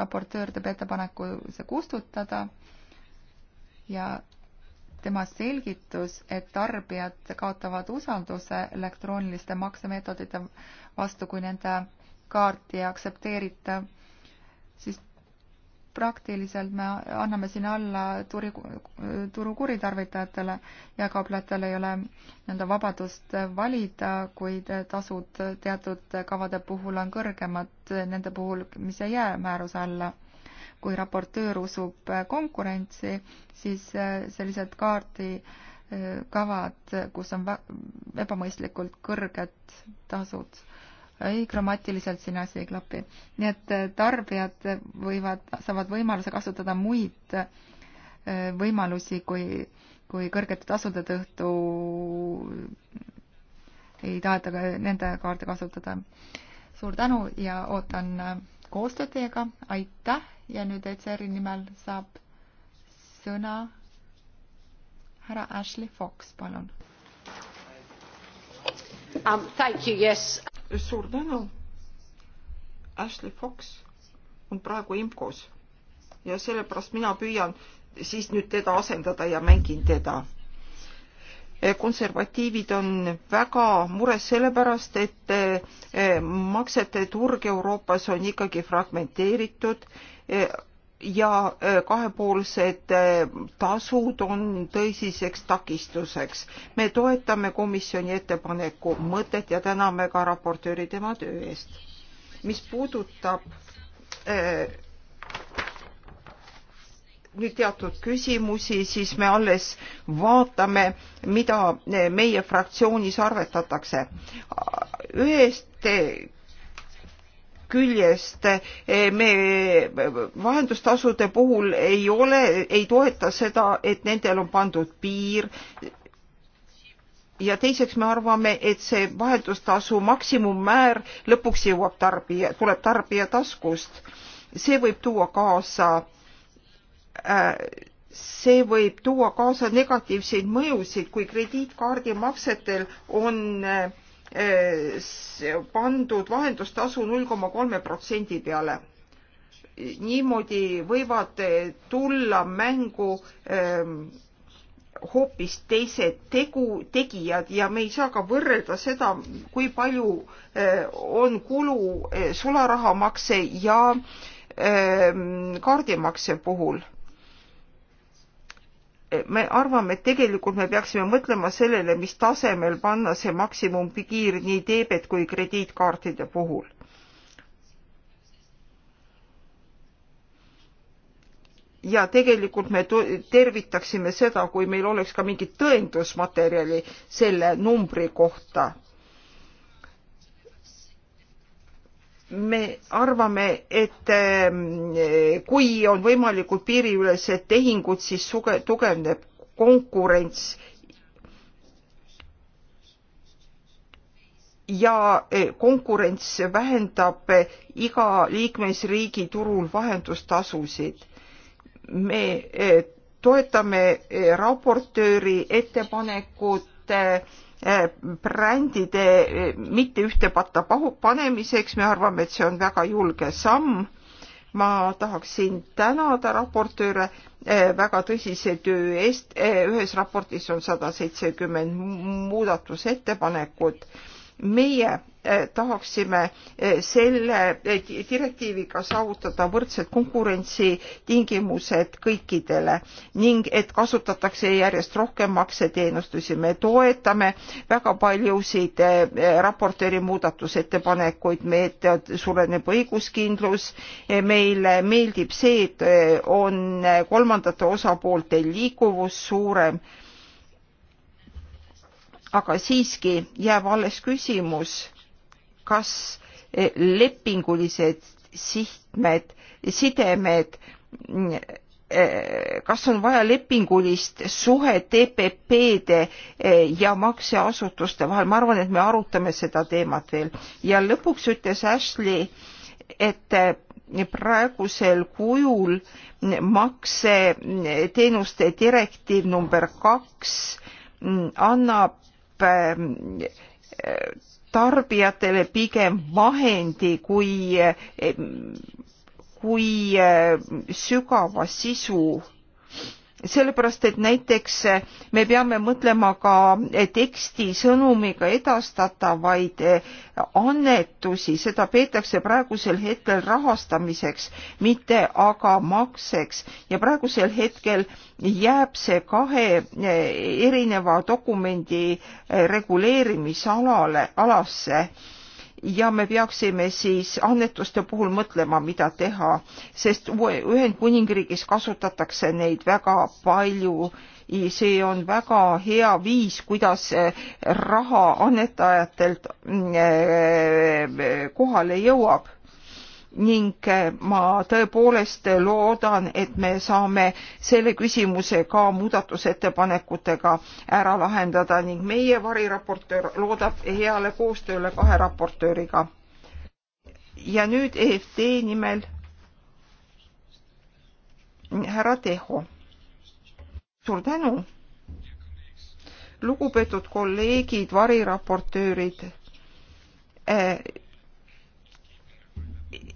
raportöör teeb ettepaneku see kustutada ja tema selgitus, et tarbijad kaotavad usalduse elektrooniliste maksemeetodite vastu, kui nende kaarti ei aktsepteerita, siis praktiliselt me anname siin alla turi, turu kuritarvitajatele ja kauplejatel ei ole nii-öelda vabadust valida, kuid tasud teatud kavade puhul on kõrgemad nende puhul, mis ei jää määruse alla. kui raportöör usub konkurentsi, siis sellised kaardikavad, eh, kus on ebamõistlikult kõrged tasud ei, grammatiliselt siin asi ei klapi. nii et äh, tarbijad võivad, saavad võimaluse kasutada muid äh, võimalusi, kui, kui kõrgete tasude tõttu ei taheta ka nende kaarte kasutada. suur tänu ja ootan äh, koostööd teiega, aitäh ja nüüd ECR-i nimel saab sõna härra Ashley Fox, palun um,. Thank you, yes suur tänu. Ashley Fox on praegu IMCO-s ja sellepärast mina püüan siis nüüd teda asendada ja mängin teda. konservatiivid on väga mures sellepärast, et eh, maksete turg Euroopas on ikkagi fragmenteeritud eh, ja äh, kahepoolsed äh, tasud on tõsiseks takistuseks. me toetame komisjoni ettepaneku mõtet ja täname ka raportööri tema töö eest. mis puudutab äh, nüüd teatud küsimusi, siis me alles vaatame, mida meie fraktsioonis arvetatakse. ühest küljest e, me vahendustasude puhul ei ole, ei toeta seda, et nendel on pandud piir. ja teiseks me arvame, et see vahendustasu maksimummäär lõpuks jõuab tarbija, tuleb tarbija taskust. see võib tuua kaasa äh, see võib tuua kaasa negatiivseid mõjusid, kui krediitkaardimaksetel on äh, Äh, pandud vahendustasu null koma kolme protsendi peale. niimoodi võivad äh, tulla mängu ähm, hoopis teised tegu, tegijad ja me ei saa ka võrrelda seda, kui palju äh, on kulu sularahamakse ja ähm, kaardimakse puhul me arvame, et tegelikult me peaksime mõtlema sellele, mis tasemel panna see maksimumpiir nii teebet kui krediitkaartide puhul. ja tegelikult me tervitaksime seda, kui meil oleks ka mingit tõendusmaterjali selle numbri kohta me arvame, et ähm, kui on võimalikud piiriülesed tehingud, siis tugevneb konkurents. ja eh, konkurents vähendab eh, iga liikmesriigi turul vahendustasusid. me eh, toetame raportööri ettepanekut Äh, brändide äh, mitte ühte patta panemiseks, me arvame, et see on väga julge samm. ma tahaksin tänada raportööre äh, väga tõsise töö eest, ühes raportis on sada seitsekümmend muudatusettepanekut meie eh, tahaksime eh, selle eh, direktiiviga saavutada võrdsed konkurentsitingimused kõikidele ning et kasutatakse järjest rohkem makseteenustusi. me toetame väga paljusid raportööri muudatusettepanekuid, meid suureneb õiguskindlus, meile meeldib see, et on kolmandate osapoolte liikuvus suurem aga siiski jääb alles küsimus, kas eh, lepingulised sihtmed, sidemed, eh, kas on vaja lepingulist suhet TPP-de e eh, ja makseasutuste vahel, ma arvan, et me arutame seda teemat veel. ja lõpuks ütles Ashley, et praegusel kujul makseteenuste direktiiv number kaks mm, annab Äh, tarbijatele pigem vahendi kui, äh, kui äh, sügava sisu sellepärast et näiteks me peame mõtlema ka teksti sõnumiga edastatavaid eh, annetusi seda peetakse praegusel hetkel rahastamiseks mitte aga makseks ja praegusel hetkel jääb see kahe eh, erineva dokumendi eh, reguleerimisalale alasse ja me peaksime siis annetuste puhul mõtlema, mida teha, sest Ühendkuningriigis kasutatakse neid väga palju. see on väga hea viis, kuidas eh, raha annetajatelt mm, eh, kohale jõuab ning eh, ma tõepoolest loodan, et me saame selle küsimuse ka muudatusettepanekutega ära lahendada ning meie variraportöör loodab heale koostööle kahe raportööriga. ja nüüd EFT nimel härra Teho. suur tänu. lugupeetud kolleegid, variraportöörid eh,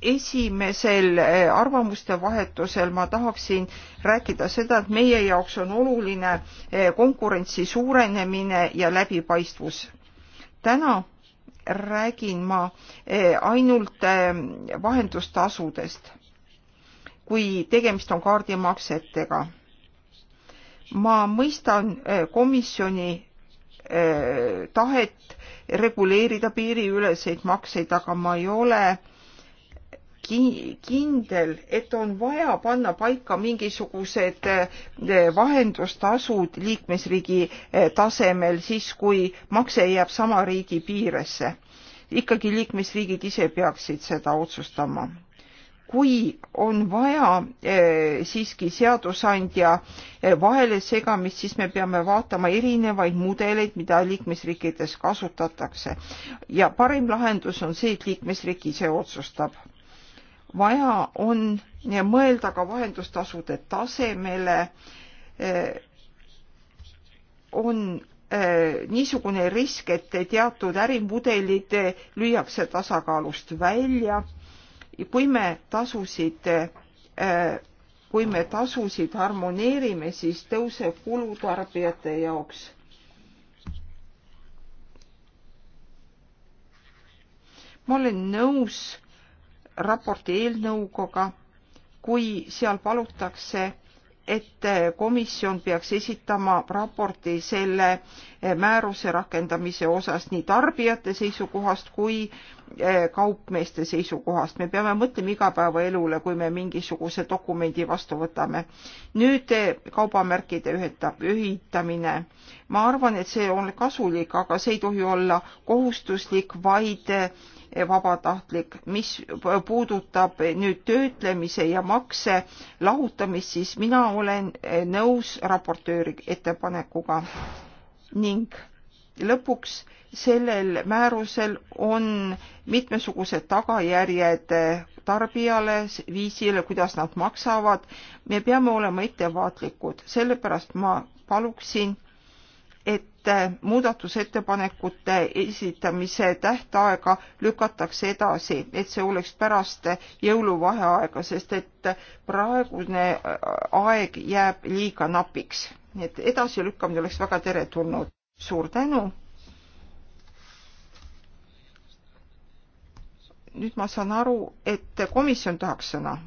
esimesel eh, arvamuste vahetusel ma tahaksin rääkida seda, et meie jaoks on oluline eh, konkurentsi suurenemine ja läbipaistvus. täna räägin ma eh, ainult vahendustasudest, kui tegemist on kaardimaksetega. ma mõistan komisjoni tahet reguleerida piiriüleseid makseid, aga ma ei ole kindel, et on vaja panna paika mingisugused eh, vahendustasud liikmesriigi eh, tasemel siis, kui makse jääb sama riigi piiresse. ikkagi liikmesriigid ise peaksid seda otsustama. kui on vaja eh, siiski seadusandja vahele segamist, siis me peame vaatama erinevaid mudeleid, mida liikmesriikides kasutatakse ja parim lahendus on see, et liikmesriik ise otsustab vaja on mõelda ka vahendustasude tasemele. Eh, on eh, niisugune risk, et teatud ärimudelid lüüakse tasakaalust välja. kui me tasusid, eh, kui me tasusid harmoneerime, siis tõuseb kulu tarbijate jaoks. ma olen nõus raporti eelnõuga, kui seal palutakse, et komisjon peaks esitama raporti selle määruse rakendamise osas nii tarbijate seisukohast kui eh, kaupmeeste seisukohast. me peame mõtlema igapäevaelule, kui me mingisuguse dokumendi vastu võtame. nüüd eh, kaubamärkide ühitab, ühitamine. ma arvan, et see on kasulik, aga see ei tohi olla kohustuslik, vaid eh, vabatahtlik. mis puudutab nüüd töötlemise ja makse lahutamist, siis mina olen nõus raportööri ettepanekuga ning lõpuks sellel määrusel on mitmesugused tagajärjed tarbijale, viisile, kuidas nad maksavad. me peame olema ettevaatlikud, sellepärast ma paluksin, et äh, muudatusettepanekute esitamise tähtaega lükatakse edasi, et see oleks pärast jõuluvaheaega, sest et praegune äh, aeg jääb liiga napiks. nii et edasilükkamine oleks väga teretulnud. suur tänu. nüüd ma saan aru, et komisjon tahaks sõna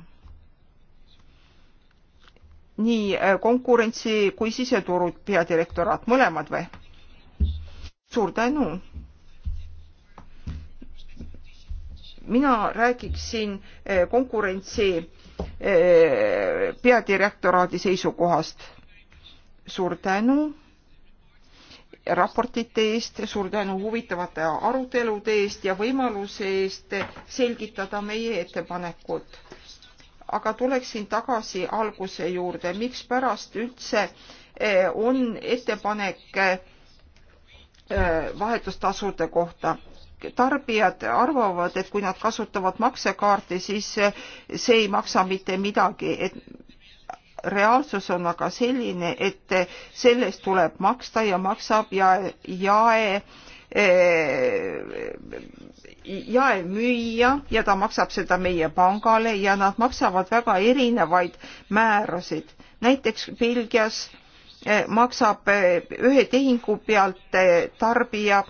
nii äh, konkurentsi kui siseturu peadirektoraat, mõlemad või? suur tänu. mina räägiksin äh, konkurentsi äh, peadirektoraadi seisukohast. suur tänu raportite eest, suur tänu huvitavate arutelude eest ja võimaluse eest selgitada meie ettepanekut aga tuleksin tagasi alguse juurde, mikspärast üldse eh, on ettepanek eh, vahetustasude kohta tarbijad arvavad, et kui nad kasutavad maksekaarti, siis eh, see ei maksa mitte midagi, et reaalsus on aga selline, et sellest tuleb maksta ja maksab ja jae jaemüüja ja ta maksab seda meie pangale ja nad maksavad väga erinevaid määrasid. näiteks Belgias eh, maksab eh, ühe tehingu pealt eh, tarbija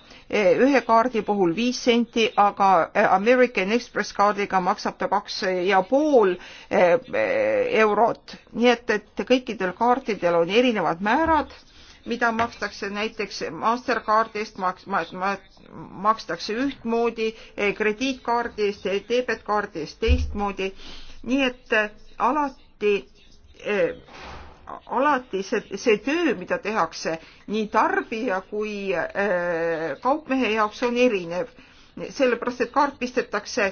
ühe kaardi puhul viis senti, aga American Express kaardiga maksab ta kaks ja pool eurot. nii et, et kõikidel kaartidel on erinevad määrad mida makstakse näiteks Mastercardist maks, maks, makstakse ühtmoodi, eh, krediitkaardist, debetkaardist teistmoodi. nii et eh, alati eh, alati see, see töö, mida tehakse nii tarbija kui kaupmehe jaoks on erinev, sellepärast et kaart pistetakse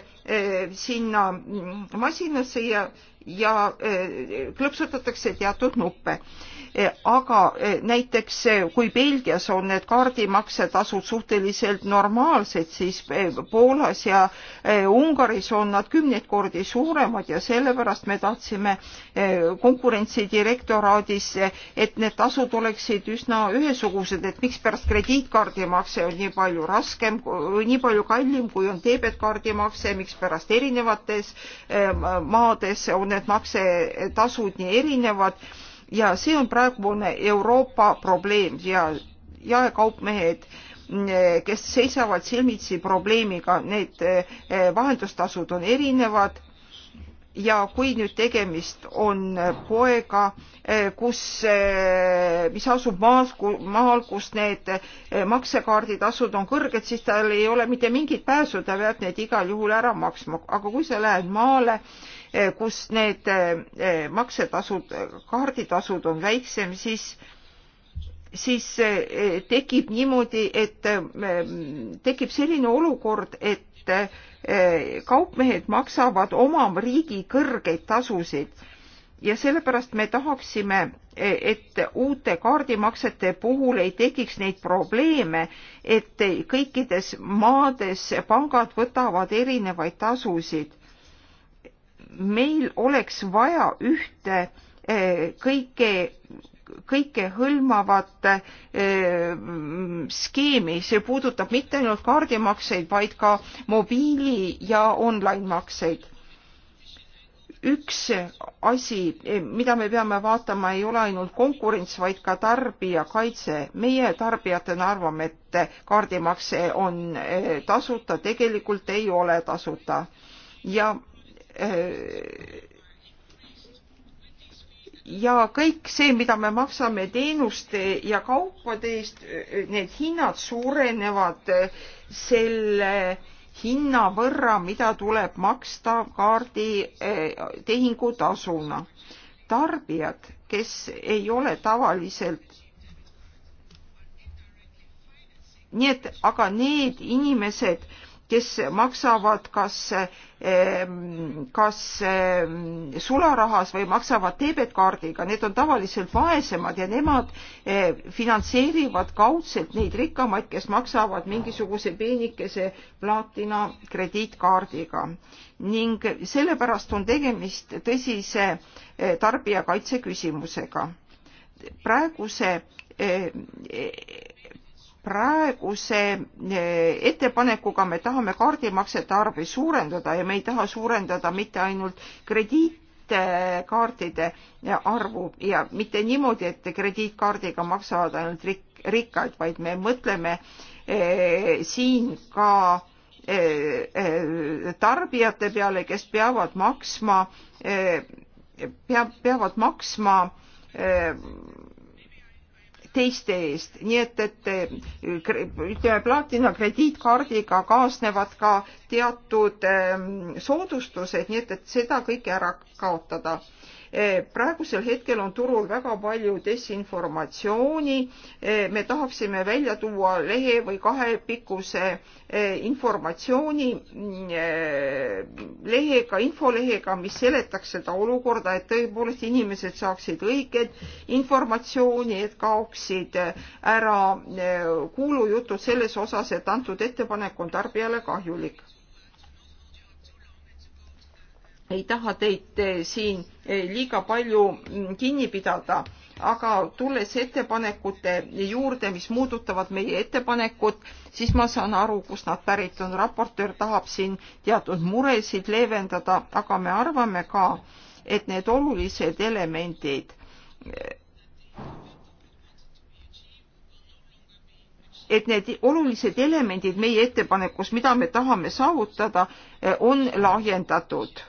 sinna mm, masinasse ja ja eh, klõpsutatakse teatud nuppe. Eh, aga eh, näiteks kui Belgias on need kaardimaksetasud suhteliselt normaalsed, siis Poolas ja Ungaris on nad kümneid kordi suuremad ja sellepärast me tahtsime konkurentsidirektoraadis, et need tasud oleksid üsna ühesugused, et mikspärast krediitkaardimakse on nii palju raskem, nii palju kallim, kui on debetkaardimakse, mikspärast erinevates maades on need maksetasud nii erinevad ja see on praegune Euroopa probleem ja jaekaupmehed kes seisavad silmitsi probleemiga, need eh, vahendustasud on erinevad ja kui nüüd tegemist on poega, eh, kus, eh, mis asub maal, maal, kus need maksekaarditasud on kõrged, siis tal ei ole mitte mingit pääsu, ta peab need igal juhul ära maksma, aga kui sa lähed maale, Eh, kus need eh, maksetasud, kaarditasud on väiksem, siis siis eh, tekib niimoodi, et tekib selline olukord, et kaupmehed maksavad oma riigi kõrgeid tasusid ja sellepärast me tahaksime, et uute kaardimaksete puhul ei tekiks neid probleeme, et kõikides maades pangad võtavad erinevaid tasusid meil oleks vaja ühte eh, kõike kõike hõlmavat äh, skeemi, see puudutab mitte ainult kaardimakseid, vaid ka mobiili ja online makseid. üks asi, eh, mida me peame vaatama, ei ole ainult konkurents, vaid ka tarbijakaitse. meie tarbijatena arvame, et kaardimakse on äh, tasuta, tegelikult ei ole tasuta ja Äh, ja kõik see, mida me maksame teenuste ja kaupade eest, need hinnad suurenevad äh, selle hinna võrra, mida tuleb maksta kaardi äh, tehingutasuna. tarbijad, kes ei ole tavaliselt nii et aga need inimesed kes maksavad kas, ehm, kas ehm, sularahas või maksavad debetkaardiga, need on tavaliselt vaesemad ja nemad eh, finantseerivad kaudselt neid rikkamaid, kes maksavad mingisuguse peenikese plaatina krediitkaardiga. ning sellepärast on tegemist tõsise eh, tarbijakaitse küsimusega. praeguse eh, praeguse eh, ettepanekuga me tahame kaardimaksete arvi suurendada ja me ei taha suurendada mitte ainult krediitkaartide arvu ja mitte niimoodi, et krediitkaardiga maksavad ainult rik-, rikkad, vaid me mõtleme eh, siin ka eh, eh tarbijate peale, kes peavad maksma eh,, peab, peavad maksma eh, teiste eest, nii et, et ütleme, platina krediitkaardiga kaasnevad ka teatud ehm, soodustused, nii et, et seda kõike ära kaotada Eh, praegusel hetkel on turul väga palju desinformatsiooni. Eh, me tahaksime välja tuua lehe või kahe pikkuse eh, informatsiooni mm, lehega, infolehega, mis seletaks seda olukorda, et tõepoolest inimesed saaksid õiget informatsiooni, et kaoksid ära kuulujutud selles osas, et antud ettepanek on tarbijale kahjulik ei taha teid siin eh, liiga palju mm, kinni pidada, aga tulles ettepanekute juurde, mis muudutavad meie ettepanekut, siis ma saan aru, kust nad pärit on. raportöör tahab siin teatud muresid leevendada, aga me arvame ka, et need olulised elemendid et need olulised elemendid meie ettepanekus, mida me tahame saavutada, eh, on lahjendatud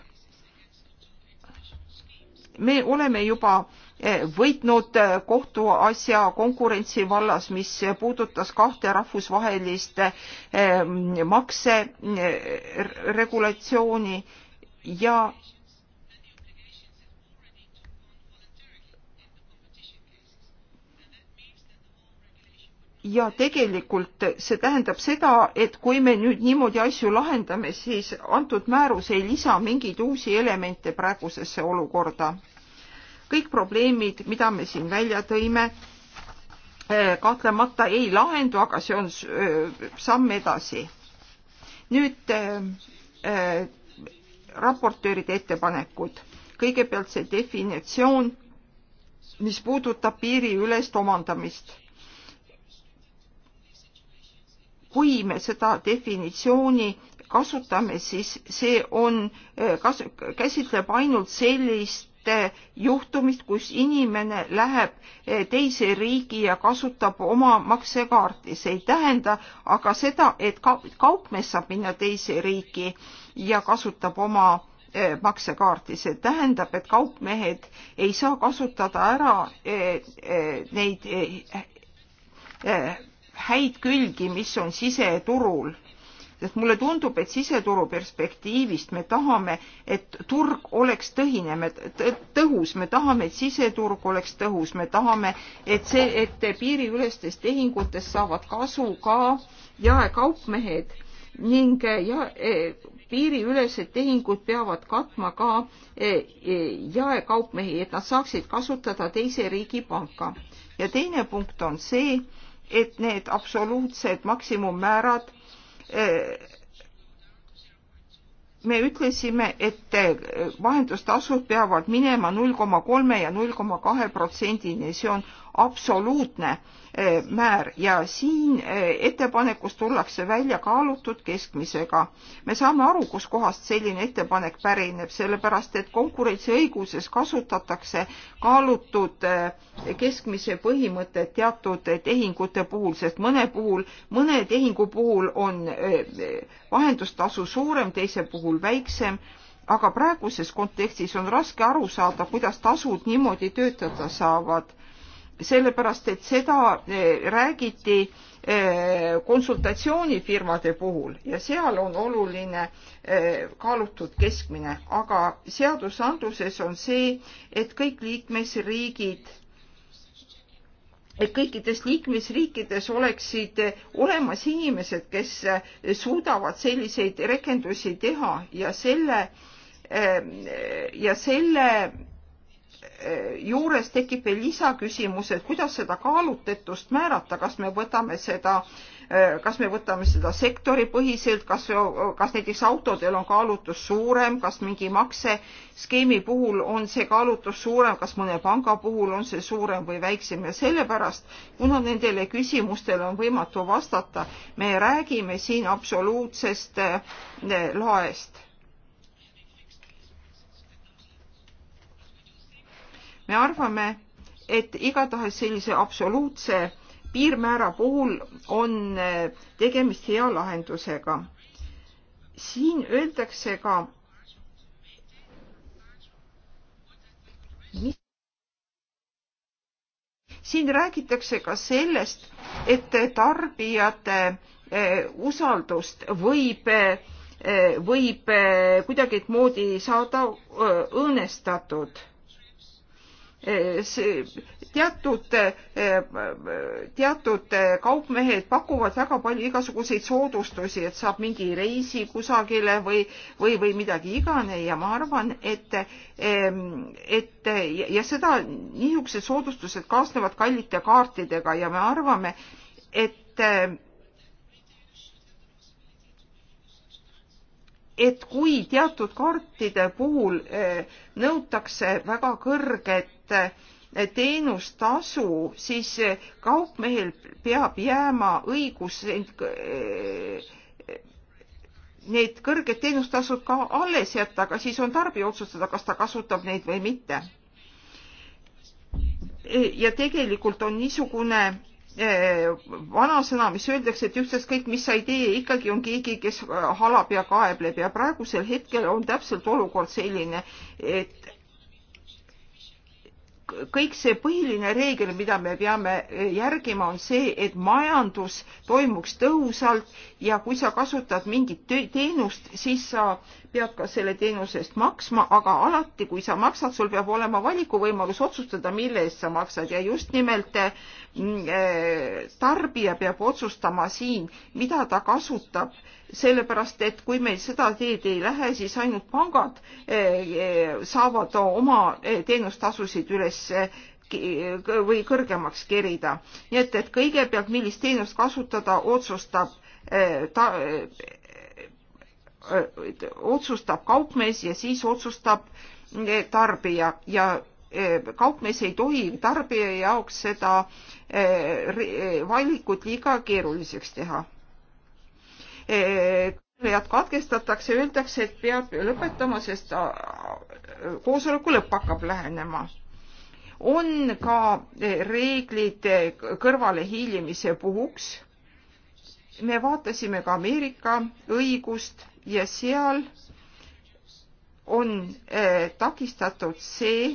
me oleme juba eh, võitnud eh, kohtuasja konkurentsi vallas, mis puudutas kahte rahvusvahelist eh, makseregulatsiooni ja ja tegelikult see tähendab seda, et kui me nüüd niimoodi asju lahendame, siis antud määrus ei lisa mingeid uusi elemente praegusesse olukorda. kõik probleemid, mida me siin välja tõime, eh, kahtlemata ei lahendu, aga see on eh, samm edasi. nüüd äh, raportööride ettepanekud. kõigepealt see definitsioon, mis puudutab piiriülest omandamist kui me seda definitsiooni kasutame, siis see on, äh, kas-, käsitleb ainult sellist äh, juhtumit, kus inimene läheb äh, teise riigi ja kasutab oma maksekaarti. see ei tähenda aga seda, et kaupmees saab minna teise riiki ja kasutab oma maksekaarti, see tähendab, et kaupmehed ei saa kasutada ära neid häid külgi, mis on siseturul. sest mulle tundub, et siseturu perspektiivist me tahame, et turg oleks tõhine, me tõhus, me tahame, et siseturg oleks tõhus, me tahame, et see, et piiriülestest tehingutest saavad kasu ka jaekaupmehed ning ja, e, piiriülesed tehingud peavad katma ka e, e, jaekaupmehi, et nad saaksid kasutada teise riigi panka. ja teine punkt on see, et need absoluutsed maksimummäärad eh, me ütlesime, et eh, vahendustasud peavad minema null koma kolme ja null koma kahe protsendini, see on absoluutne määr ja siin eh, ettepanekus tullakse välja kaalutud keskmisega. me saame aru, kuskohast selline ettepanek pärineb, sellepärast et konkurentsiõiguses kasutatakse kaalutud eh, keskmise põhimõtet teatud tehingute puhul, sest mõne puhul, mõne tehingu puhul on eh, vahendustasu suurem, teise puhul väiksem aga praeguses kontekstis on raske aru saada, kuidas tasud niimoodi töötada saavad sellepärast et seda eh, räägiti eh, konsultatsioonifirmade puhul ja seal on oluline eh, kaalutud keskmine, aga seadusandluses on see, et kõik liikmesriigid et kõikides liikmesriikides oleksid olemas inimesed, kes suudavad selliseid rekendusi teha ja selle ja selle juures tekib veel lisaküsimus, et kuidas seda kaalutletust määrata, kas me võtame seda, kas me võtame seda sektoripõhiselt, kas, kas näiteks autodel on kaalutlus suurem, kas mingi makseskeemi puhul on see kaalutlus suurem, kas mõne panga puhul on see suurem või väiksem ja sellepärast, kuna nendele küsimustele on võimatu vastata, me räägime siin absoluutsest eh, laest me arvame, et igatahes sellise absoluutse piirmäära puhul on eh, tegemist hea lahendusega. siin öeldakse ka, mis siin räägitakse ka sellest, et tarbijate eh, usaldust võib, eh, võib kuidagimoodi saada õõnestatud teatud, teatud kaupmehed pakuvad väga palju igasuguseid soodustusi, et saab mingi reisi kusagile või, või, või midagi igane ja ma arvan, et, et ja seda, niisugused soodustused kaasnevad kallite kaartidega ja me arvame, et et kui teatud kaartide puhul eh, nõutakse väga kõrget teenustasu, siis kaupmehel peab jääma õigus need kõrged teenustasud ka alles jätta, aga siis on tarbija otsustada, kas ta kasutab neid või mitte. ja tegelikult on niisugune eh, vanasõna, mis öeldakse, et ükstaskõik, mis sa ei tee, ikkagi on keegi, kes eh, halab ja kaebleb ja praegusel hetkel on täpselt olukord selline, et kõik see põhiline reegel, mida me peame järgima, on see, et majandus toimuks tõhusalt ja kui sa kasutad mingit teenust, siis sa pead ka selle teenuse eest maksma, aga alati, kui sa maksad, sul peab olema valikuvõimalus otsustada, mille eest sa maksad ja just nimelt äh, tarbija peab otsustama siin, mida ta kasutab, sellepärast et kui meil seda teed ei lähe, siis ainult pangad äh, saavad oma äh, teenustasusid üles või kõrgemaks kerida. nii et, et kõigepealt, millist teenust kasutada, otsustab Äh, ta äh, äh, otsustab kaupmees ja siis otsustab tarbija ja kaupmees ei tohi tarbija jaoks seda valikut liiga keeruliseks teha. kõnelejad katkestatakse, öeldakse, et peab lõpetama, sest koosoleku lõpp hakkab lähenema. on ka reeglid kõrvalehiilimise puhuks me vaatasime ka Ameerika õigust ja seal on eh, takistatud see,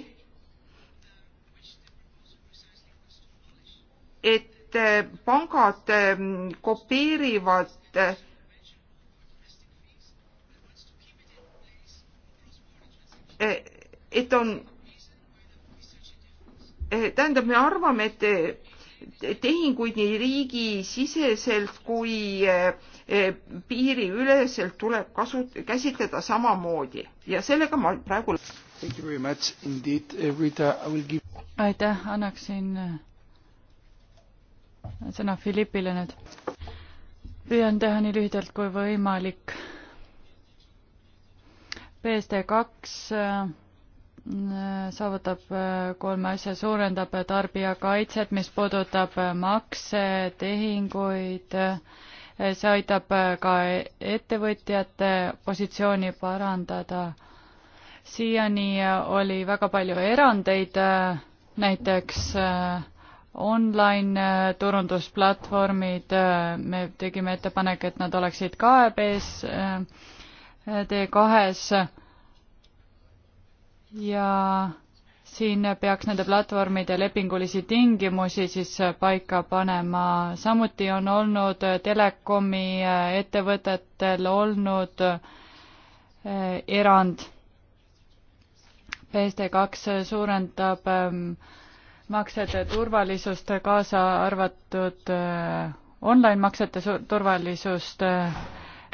et eh, pangad eh, kopeerivad et on tähendab, me arvame, et tehinguid nii riigisiseselt kui eh, eh, piiriüleselt tuleb kasut-, käsitleda samamoodi ja sellega ma praegu. Eh, give... aitäh, annaksin sõna Philippile nüüd. püüan teha nii lühidalt kui võimalik. PSD kaks 2 saavutab äh, kolme asja, suurendab tarbijakaitset, mis puudutab äh, makse, tehinguid, äh, see aitab ka ettevõtjate positsiooni parandada. siiani oli väga palju erandeid, näiteks online turundusplatvormid, me tegime ettepaneku, et nad oleksid ka EB-s, T2-s ja siin peaks nende platvormide lepingulisi tingimusi siis paika panema. samuti on olnud telekomi ettevõtetel olnud eh, erand. PSD2 suurendab ehm, maksete turvalisust, kaasa arvatud eh, online maksete turvalisust eh,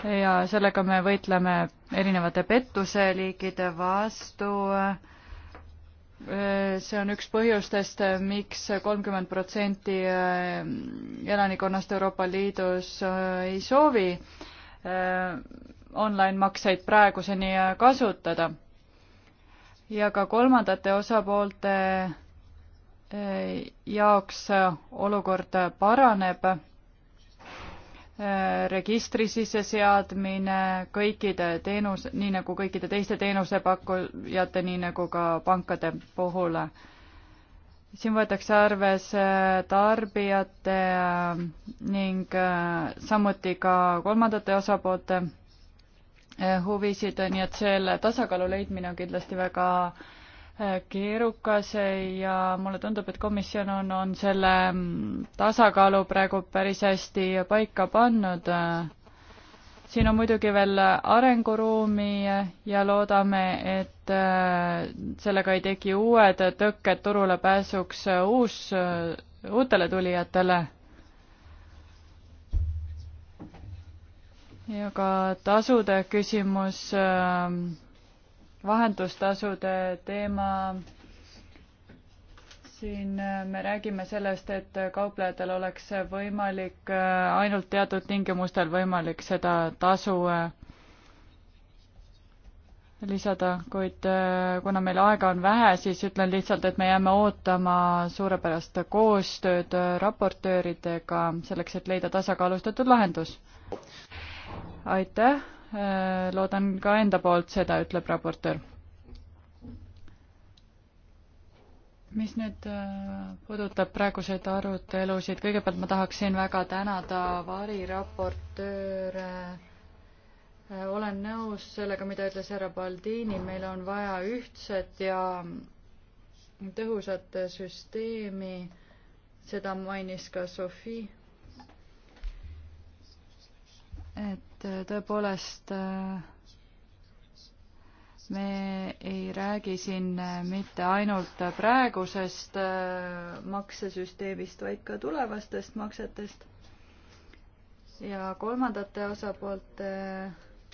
ja sellega me võitleme erinevate pettuseliikide vastu. see on üks põhjustest miks, miks kolmkümmend protsenti äh, elanikkonnast Euroopa Liidus äh, ei soovi äh, online-makseid praeguseni kasutada. ja ka kolmandate osapoolte jaoks olukord paraneb registri sisseseadmine kõikide teenus, nii nagu kõikide teiste teenusepakkujate, nii nagu ka pankade puhul. siin võetakse arvesse tarbijate äh, ning äh, samuti ka kolmandate osapoolte äh, huvisid, nii et selle tasakaalu leidmine on kindlasti väga äh, keerukas ja mulle tundub, et komisjon on, on selle mm, tasakaalu praegu päris hästi paika pannud. siin on muidugi veel arenguruumi ja loodame, et äh, sellega ei teki uued tõkked turule pääsuks äh, uus, äh, uutele tulijatele ja ka tasude küsimus vahendustasude teema. siin me räägime sellest, et kauplejatel oleks võimalik äh, ainult teatud tingimustel võimalik seda tasu äh, lisada, kuid äh, kuna meil aega on vähe, siis ütlen lihtsalt, et me jääme ootama suurepärast koostööd raportööridega selleks, et leida tasakaalustatud lahendus. aitäh Äh, loodan ka enda poolt seda, ütleb raportöör. mis nüüd äh, puudutab praeguseid arutelusid, kõigepealt ma tahaksin väga tänada variraportööre. Äh, olen nõus sellega, mida ütles härra Baldini, meil on vaja ühtset ja tõhusat süsteemi, seda mainis ka Sophie et äh, tõepoolest äh, me ei räägi siin äh, mitte ainult praegusest maksesüsteemist, vaid ka tulevastest maksetest. ja kolmandate osapoolte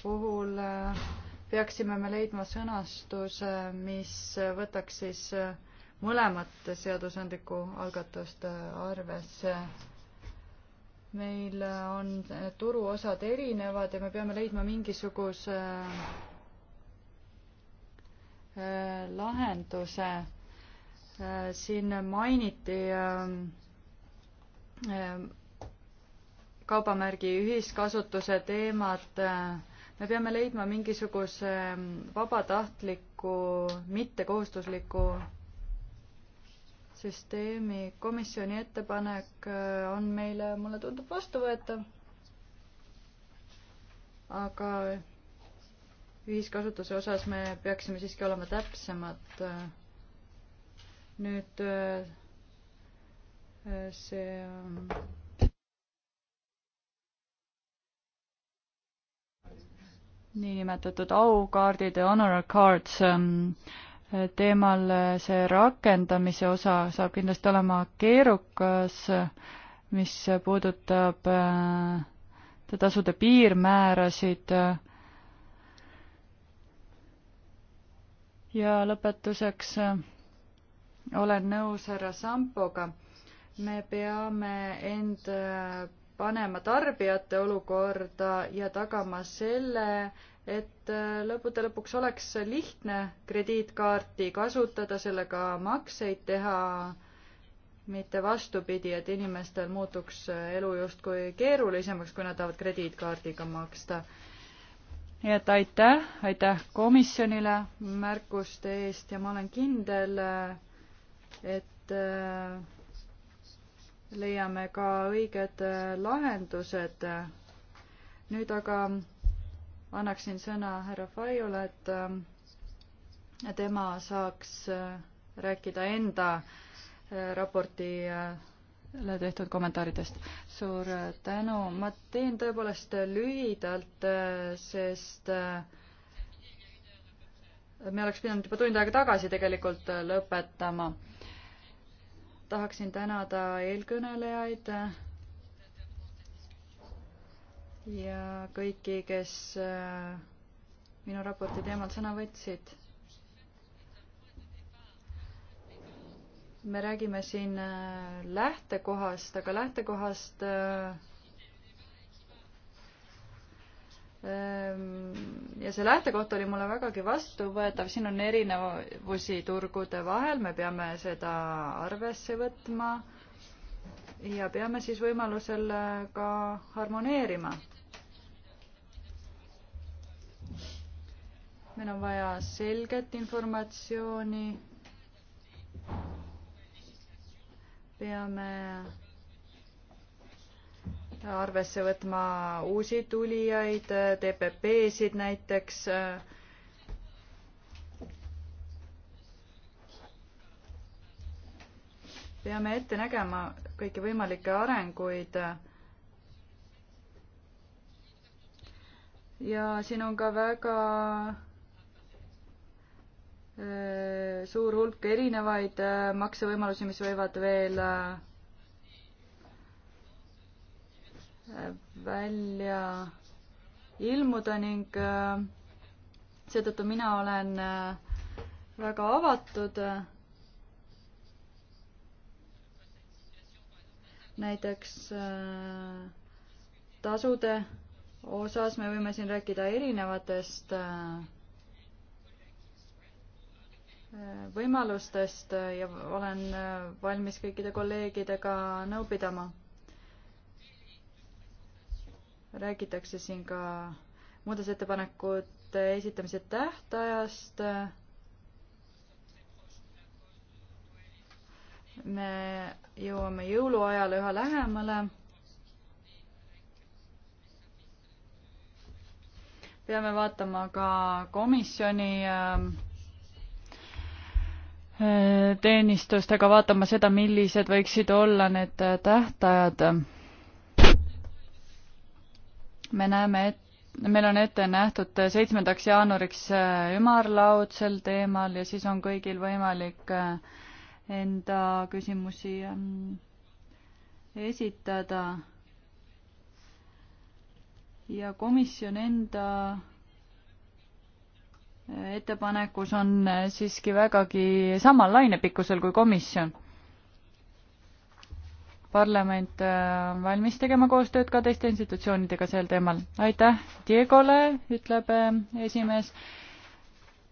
puhul peaksime me leidma sõnastuse, mis võtaks siis mõlemat seadusandlikku algatust arvesse meil on turuosad erinevad ja me peame leidma mingisuguse äh, lahenduse. Äh, siin mainiti äh, kaubamärgi ühiskasutuse teemat. me peame leidma mingisuguse vabatahtliku, mittekohustusliku süsteemi. komisjoni ettepanek äh, on meile, mulle tundub, vastuvõetav. aga ühiskasutuse osas me peaksime siiski olema täpsemad. nüüd äh, äh, see niinimetatud aukaardid ja honor cards ähm, teemal see rakendamise osa saab kindlasti olema keerukas, mis puudutab äh, tasude piirmäärasid. ja lõpetuseks äh, olen nõus härra Sampoga. me peame end äh, panema tarbijate olukorda ja tagama selle, et äh, lõppude lõpuks oleks lihtne krediitkaarti kasutada, sellega makseid teha, mitte vastupidi, et inimestel muutuks äh, elu justkui keerulisemaks, kui nad tahavad krediitkaardiga maksta. nii et aitäh, aitäh komisjonile märkuste eest ja ma olen kindel, äh, et leiame ka õiged lahendused. nüüd aga annaksin sõna härra Faiule, et ähm, tema saaks äh, rääkida enda äh, raportile tehtud kommentaaridest. suur äh, tänu, ma teen tõepoolest lühidalt, sest me oleks pidanud juba tund aega tagasi tegelikult lõpetama. tahaksin tänada eelkõnelejaid ja kõiki, kes äh, minu raporti teemal sõna võtsid. me räägime siin äh, lähtekohast, aga lähtekohast äh, ähm, ja see lähtekoht oli mulle vägagi vastuvõetav, siin on erinevusi turgude vahel, me peame seda arvesse võtma ja peame siis võimalusel ka harmoneerima meil on vaja selget informatsiooni. peame arvesse võtma uusi tulijaid, TPP-sid näiteks. peame ette nägema kõiki võimalikke arenguid. ja siin on ka väga suur hulk erinevaid äh, maksevõimalusi, mis võivad veel äh, välja ilmuda ning äh, seetõttu mina olen väga avatud. näiteks tasude osas me võime siin rääkida erinevatest äh, võimalustest ja olen valmis kõikide kolleegidega nõu pidama. räägitakse siin ka muudatusettepanekute esitamise tähtajast. me jõuame jõuluajale üha lähemale. peame vaatama ka komisjoni äh, teenistustega vaatama seda, millised võiksid olla need tähtajad. me näeme, et meil on ette nähtud seitsmendaks jaanuariks ümarlaud sel teemal ja siis on kõigil võimalik enda küsimusi ähm, esitada. ja komisjon enda ettepanekus on siiski vägagi samal lainepikkusel kui komisjon. parlament äh, on valmis tegema koostööd ka teiste institutsioonidega sel teemal. aitäh Diegole, ütleb äh, esimees.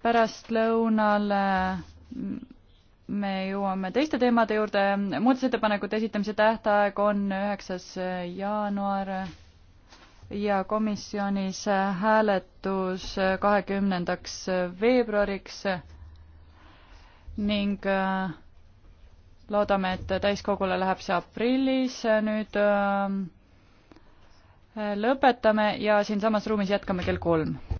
pärastlõunal äh, me jõuame teiste teemade juurde. muudatusettepanekute esitamise tähtaeg on üheksas jaanuar ja komisjonis hääletus kahekümnendaks veebruariks ning äh, loodame, et täiskogule läheb see aprillis, nüüd äh, lõpetame ja siinsamas ruumis jätkame kell kolm.